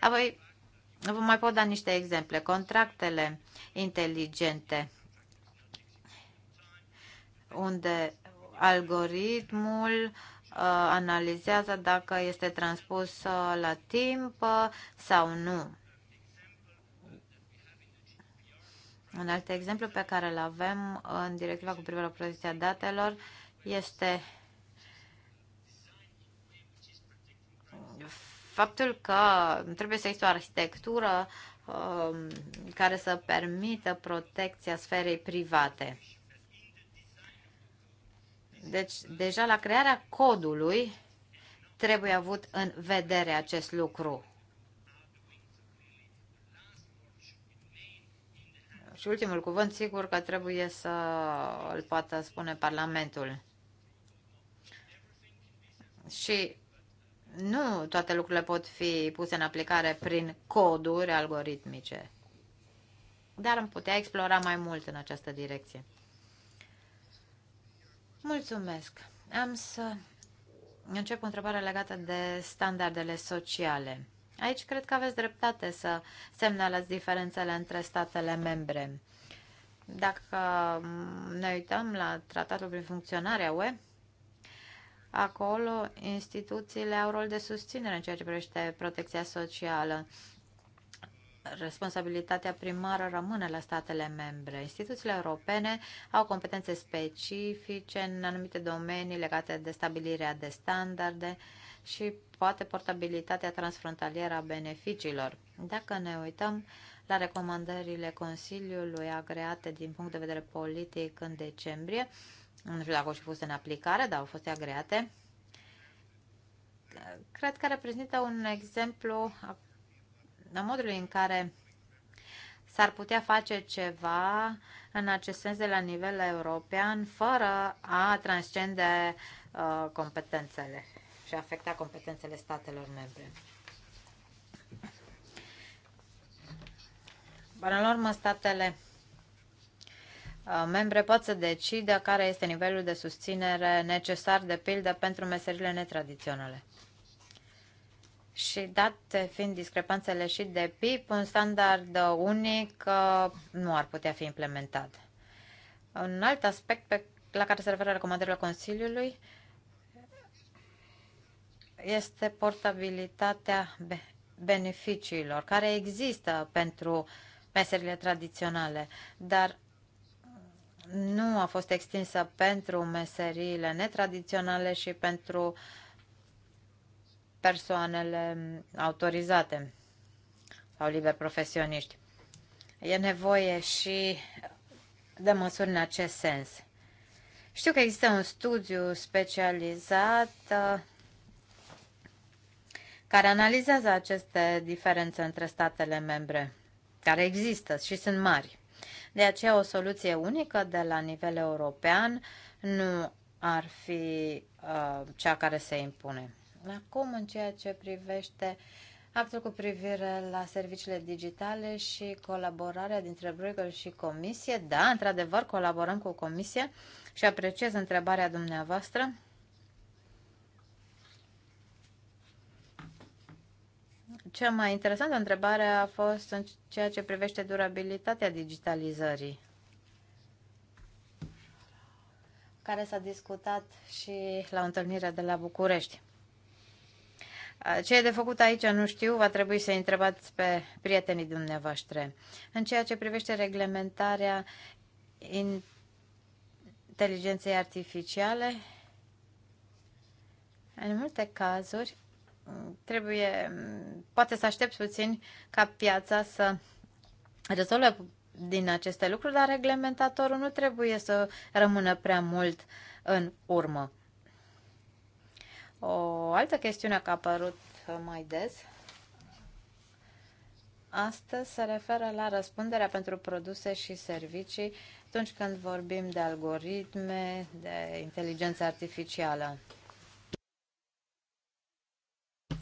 Apoi, vă mai pot da niște exemple. Contractele inteligente, unde algoritmul uh, analizează dacă este transpus uh, la timp uh, sau nu. Un alt exemplu pe care îl avem în directiva cu privire la protecția datelor este faptul că trebuie să există o arhitectură um, care să permită protecția sferei private. Deci, deja la crearea codului trebuie avut în vedere acest lucru. Și ultimul cuvânt, sigur că trebuie să îl poată spune Parlamentul. Și nu toate lucrurile pot fi puse în aplicare prin coduri algoritmice, dar am putea explora mai mult în această direcție. Mulțumesc. Am să încep o întrebare legată de standardele sociale. Aici cred că aveți dreptate să semnalați diferențele între statele membre. Dacă ne uităm la tratatul prin funcționarea UE, acolo instituțiile au rol de susținere în ceea ce privește protecția socială responsabilitatea primară rămâne la statele membre. Instituțiile europene au competențe specifice în anumite domenii legate de stabilirea de standarde și poate portabilitatea transfrontalieră a beneficiilor. Dacă ne uităm la recomandările Consiliului agreate din punct de vedere politic în decembrie, nu știu dacă au și fost în aplicare, dar au fost agreate, cred că reprezintă un exemplu a modului în care s-ar putea face ceva în acest sens de la nivel european fără a transcende uh, competențele și a afecta competențele statelor membre. Până la urmă, statele uh, membre pot să decidă care este nivelul de susținere necesar, de pildă, pentru meserile netradiționale. Și date fiind discrepanțele și de PIB, un standard unic uh, nu ar putea fi implementat. Un alt aspect pe, la care se referă recomandările Consiliului este portabilitatea beneficiilor care există pentru meserile tradiționale, dar nu a fost extinsă pentru meseriile netradiționale și pentru uh, persoanele autorizate sau liber profesioniști. E nevoie și de măsuri în acest sens. Știu că există un studiu specializat uh, care analizează aceste diferențe între statele membre, care există și sunt mari. De aceea, o soluție unică de la nivel european nu ar fi uh, cea care se impune. Acum, în ceea ce privește actul cu privire la serviciile digitale și colaborarea dintre Bruegel și Comisie, da, într-adevăr, colaborăm cu Comisie și apreciez întrebarea dumneavoastră. Cea mai interesantă întrebare a fost în ceea ce privește durabilitatea digitalizării, care s-a discutat și la întâlnirea de la București. Ce e de făcut aici nu știu, va trebui să întrebați pe prietenii dumneavoastră. În ceea ce privește reglementarea inteligenței artificiale, în multe cazuri trebuie, poate să aștepți puțin ca piața să rezolve din aceste lucruri, dar reglementatorul nu trebuie să rămână prea mult în urmă. O altă chestiune care a apărut mai des astăzi se referă la răspunderea pentru produse și servicii atunci când vorbim de algoritme, de inteligență artificială.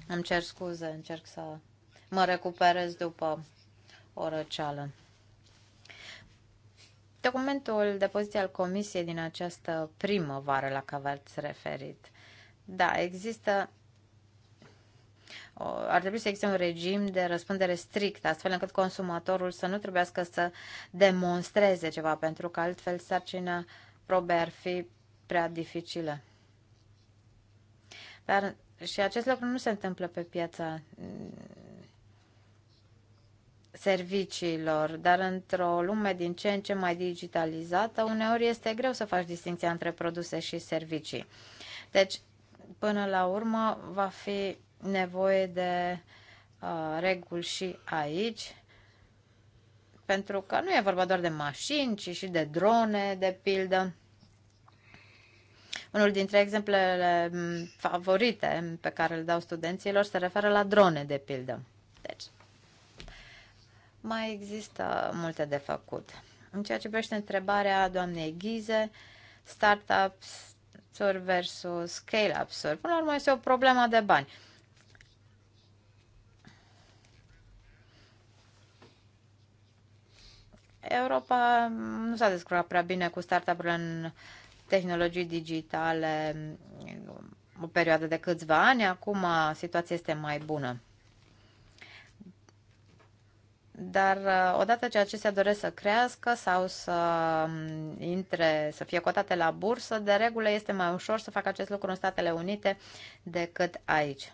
Îmi cer scuze, încerc să mă recuperez după o răceală. Documentul de poziție al Comisiei din această primăvară la care v-ați referit da, există ar trebui să existe un regim de răspundere strict, astfel încât consumatorul să nu trebuiască să demonstreze ceva, pentru că altfel sarcina probe ar fi prea dificilă. Dar și acest lucru nu se întâmplă pe piața mm, serviciilor, dar într-o lume din ce în ce mai digitalizată, uneori este greu să faci distinția între produse și servicii. Deci, până la urmă va fi nevoie de uh, reguli și aici, pentru că nu e vorba doar de mașini, ci și de drone, de pildă. Unul dintre exemplele mm, favorite pe care le dau studenților se referă la drone, de pildă. Deci, mai există multe de făcut. În ceea ce privește întrebarea doamnei Ghize, startups uri versus scale up uri. Până la urmă este o problemă de bani. Europa nu s-a descurcat prea bine cu startup-urile în tehnologii digitale o perioadă de câțiva ani. Acum situația este mai bună. Dar uh, odată ce acestea doresc să crească sau să um, intre, să fie cotate la bursă, de regulă este mai ușor să facă acest lucru în Statele Unite decât aici.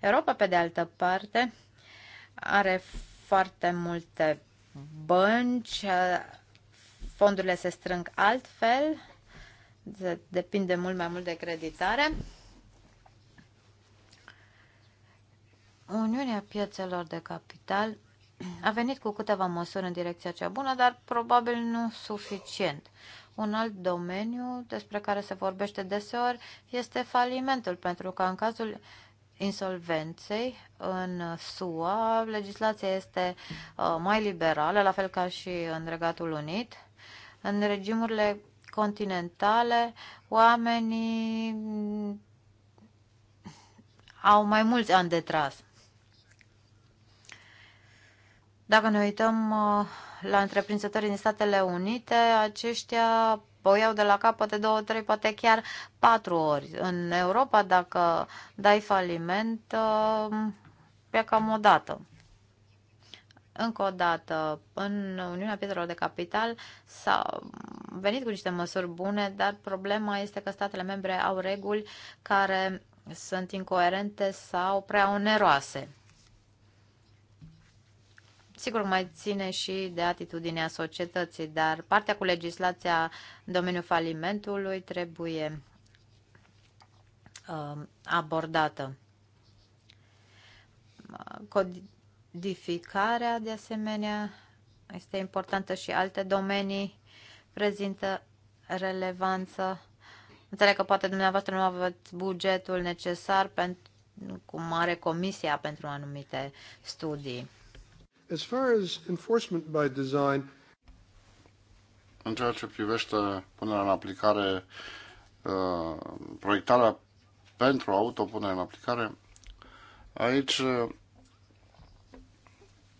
Europa, pe de altă parte, are foarte multe bănci, uh, fondurile se strâng altfel, depinde mult mai mult de creditare. Uniunea piețelor de capital a venit cu câteva măsuri în direcția cea bună, dar probabil nu suficient. Un alt domeniu despre care se vorbește deseori este falimentul, pentru că în cazul insolvenței în SUA, legislația este uh, mai liberală, la fel ca și în Regatul Unit. În regimurile continentale, oamenii au mai mulți ani de tras. Dacă ne uităm uh, la întreprinzătorii din Statele Unite, aceștia o iau de la capăt de două, trei, poate chiar patru ori. În Europa, dacă dai faliment, pe uh, cam o dată. Încă o dată, în Uniunea Pietrelor de Capital s-a venit cu niște măsuri bune, dar problema este că statele membre au reguli care sunt incoerente sau prea oneroase. Sigur, mai ține și de atitudinea societății, dar partea cu legislația în domeniul falimentului trebuie uh, abordată. Codificarea, de asemenea, este importantă și alte domenii prezintă relevanță. Înțeleg că poate dumneavoastră nu aveți bugetul necesar pentru cum are comisia pentru anumite studii. As far as enforcement by design, în ceea ce privește punerea în aplicare, uh, proiectarea pentru autopunere în aplicare, aici, uh,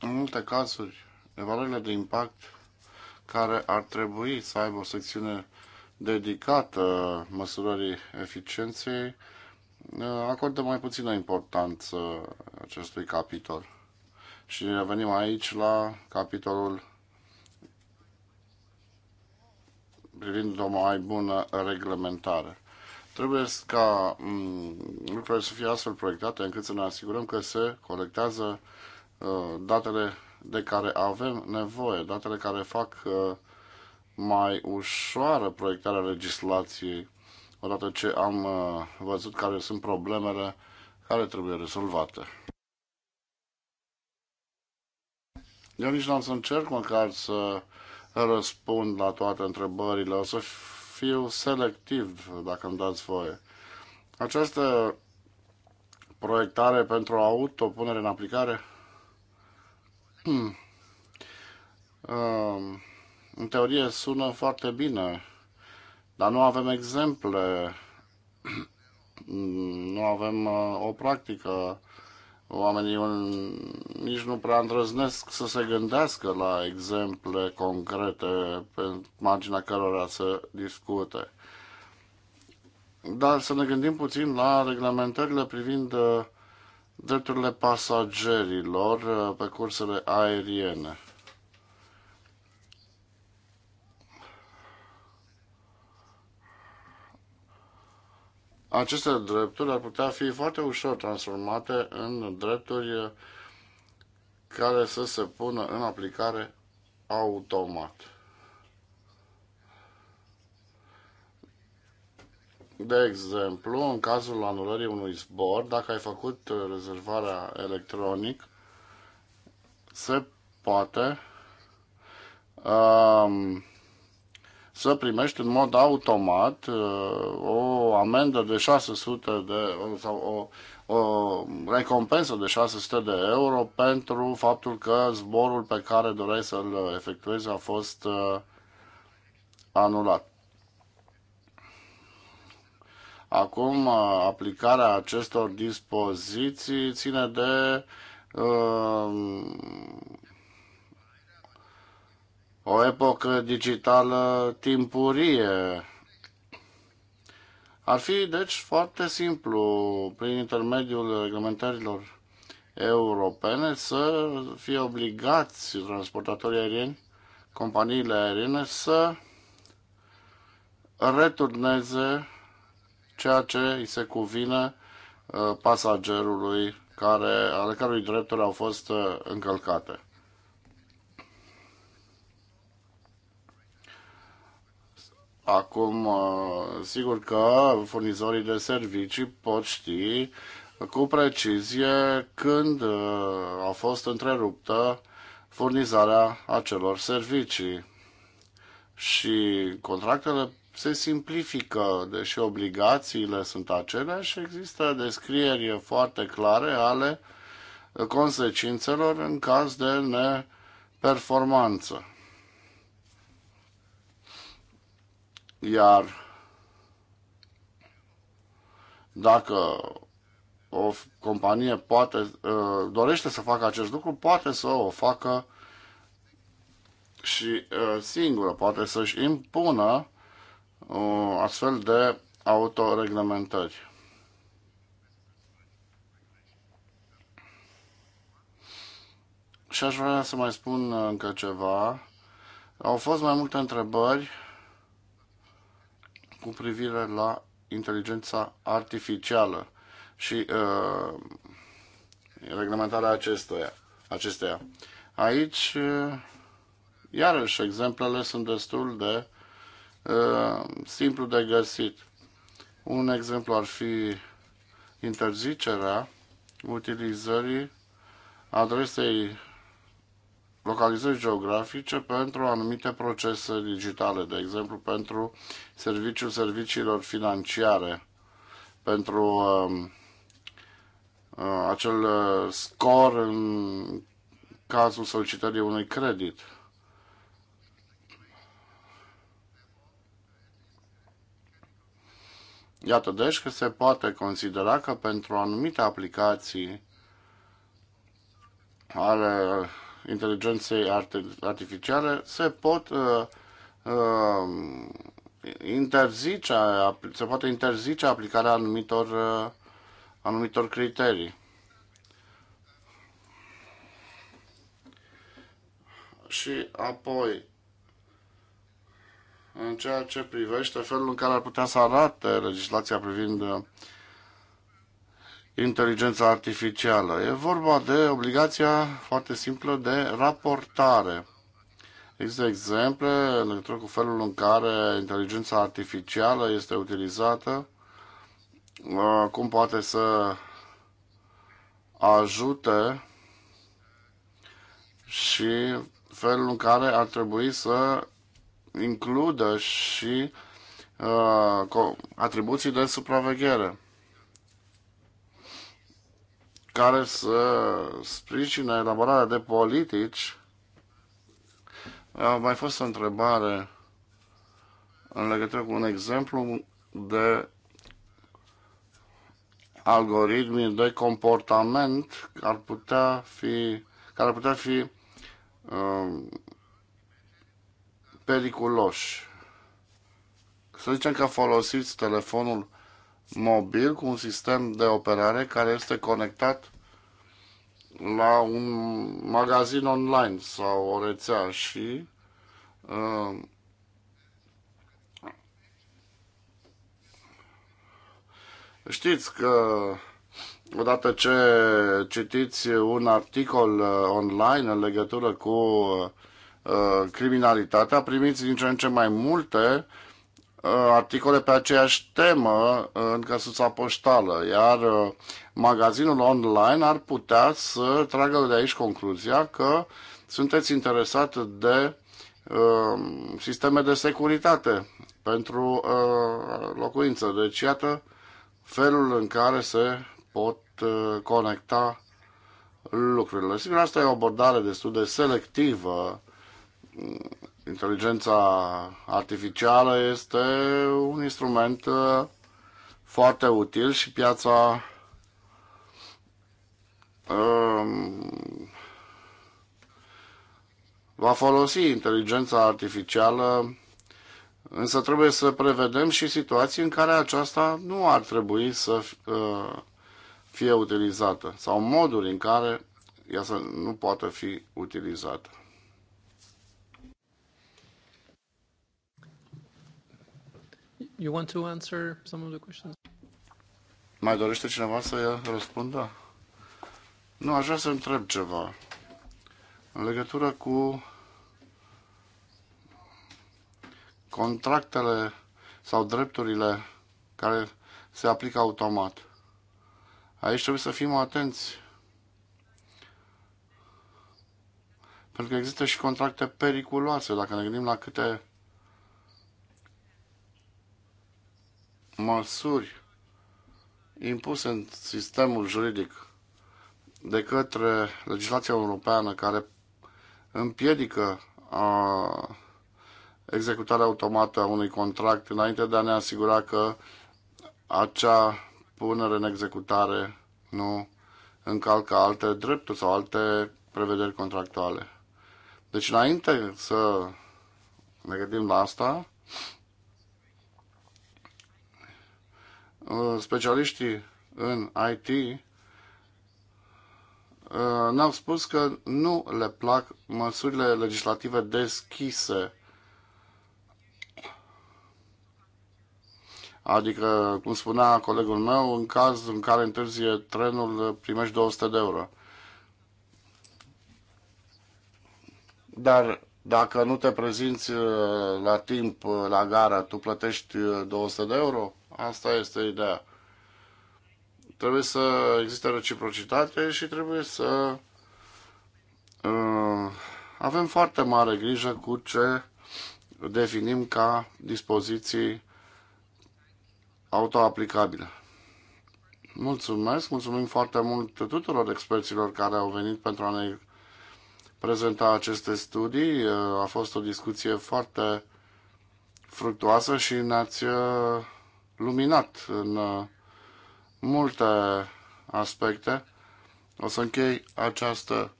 în multe cazuri, evaluările de impact care ar trebui să aibă o secțiune dedicată măsurării eficienței, uh, acordă mai puțină importanță acestui capitol. Și revenim aici la capitolul privind o mai bună reglementare. Trebuie ca mm, lucrurile să fie astfel proiectate încât să ne asigurăm că se colectează uh, datele de care avem nevoie, datele care fac uh, mai ușoară proiectarea legislației, odată ce am uh, văzut care sunt problemele care trebuie rezolvate. Eu nici n-am să încerc măcar să răspund la toate întrebările. O să fiu selectiv, dacă îmi dați voie. Această proiectare pentru auto, punere în aplicare, hmm. Um, în teorie sună foarte bine, dar nu avem exemple, nu avem uh, o practică Oamenii nici nu prea îndrăznesc să se gândească la exemple concrete pe marginea cărora să discute. Dar să ne gândim puțin la reglementările privind uh, drepturile pasagerilor uh, pe cursele aeriene. aceste drepturi ar putea fi foarte ușor transformate în drepturi care să se pună în aplicare automat. De exemplu, în cazul anulării unui zbor, dacă ai făcut rezervarea electronic, se poate um, să primești în mod automat uh, o amendă de 600 de, sau o, o recompensă de 600 de euro pentru faptul că zborul pe care doreai să-l efectuezi a fost uh, anulat. Acum, uh, aplicarea acestor dispoziții ține de uh, o epocă digitală timpurie. Ar fi, deci, foarte simplu, prin intermediul reglementărilor europene, să fie obligați transportatorii aerieni, companiile aeriene, să returneze ceea ce îi se cuvine uh, pasagerului care, ale cărui drepturi au fost uh, încălcate. Acum, uh, sigur că furnizorii de servicii pot ști cu precizie când uh, a fost întreruptă furnizarea acelor servicii. Și contractele se simplifică, deși obligațiile sunt aceleași, există descrieri foarte clare ale consecințelor în caz de neperformanță. Iar dacă o companie poate, ă, dorește să facă acest lucru, poate să o facă și ă, singură, poate să-și impună ă, astfel de autoreglementări. Și aș vrea să mai spun încă ceva. Au fost mai multe întrebări cu privire la inteligența artificială și uh, reglementarea acestuia, acesteia. Aici, uh, iarăși, exemplele sunt destul de uh, simplu de găsit. Un exemplu ar fi interzicerea utilizării adresei localizări geografice pentru anumite procese digitale, de exemplu pentru serviciul serviciilor financiare, pentru um, uh, acel uh, scor în cazul solicitării unui credit. Iată deci că se poate considera că pentru anumite aplicații ale inteligenței artificiale se pot uh, uh, interzice, se poate interzice aplicarea anumitor, uh, anumitor criterii. Și apoi, în ceea ce privește felul în care ar putea să arate legislația privind uh, inteligența artificială. E vorba de obligația foarte simplă de raportare. Există exemple în legătură cu felul în care inteligența artificială este utilizată, cum poate să ajute și felul în care ar trebui să includă și uh, atribuții de supraveghere care să sprijine elaborarea de politici. A mai fost o întrebare în legătură cu un exemplu de algoritmi de comportament ar putea fi, care ar putea fi um, periculoși. Să zicem că folosiți telefonul mobil cu un sistem de operare care este conectat la un magazin online sau o rețea și uh, știți că odată ce citiți un articol uh, online în legătură cu uh, criminalitatea, primiți din ce în ce mai multe Uh, articole pe aceeași temă uh, în căsuța poștală, iar uh, magazinul online ar putea să tragă de aici concluzia că sunteți interesat de uh, sisteme de securitate pentru uh, locuință. Deci, iată felul în care se pot uh, conecta lucrurile. Sigur, asta e o abordare destul de selectivă Inteligența artificială este un instrument uh, foarte util și piața um, va folosi inteligența artificială, însă trebuie să prevedem și situații în care aceasta nu ar trebui să uh, fie utilizată sau moduri în care ea să nu poată fi utilizată. You want to answer some of the questions? Mai dorește cineva să răspundă? Nu, aș vrea să întreb ceva. În legătură cu contractele sau drepturile care se aplică automat. Aici trebuie să fim atenți. Pentru că există și contracte periculoase. Dacă ne gândim la câte măsuri impuse în sistemul juridic de către legislația europeană care împiedică a, executarea automată a unui contract înainte de a ne asigura că acea punere în executare nu încalcă alte drepturi sau alte prevederi contractuale. Deci înainte să ne gândim la asta, Uh, specialiștii în IT uh, ne-au spus că nu le plac măsurile legislative deschise. Adică, cum spunea colegul meu, în caz în care întârzie trenul, primești 200 de euro. Dar dacă nu te prezinți uh, la timp la gara, tu plătești 200 de euro? Asta este ideea. Trebuie să existe reciprocitate și trebuie să uh, avem foarte mare grijă cu ce definim ca dispoziții autoaplicabile. Mulțumesc, mulțumim foarte mult tuturor experților care au venit pentru a ne prezenta aceste studii. Uh, a fost o discuție foarte fructuoasă și ne-ați uh, luminat în uh, multe aspecte. O să închei această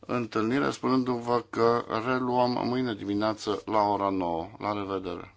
întâlnire spunându-vă că reluăm mâine dimineață la ora 9. La revedere!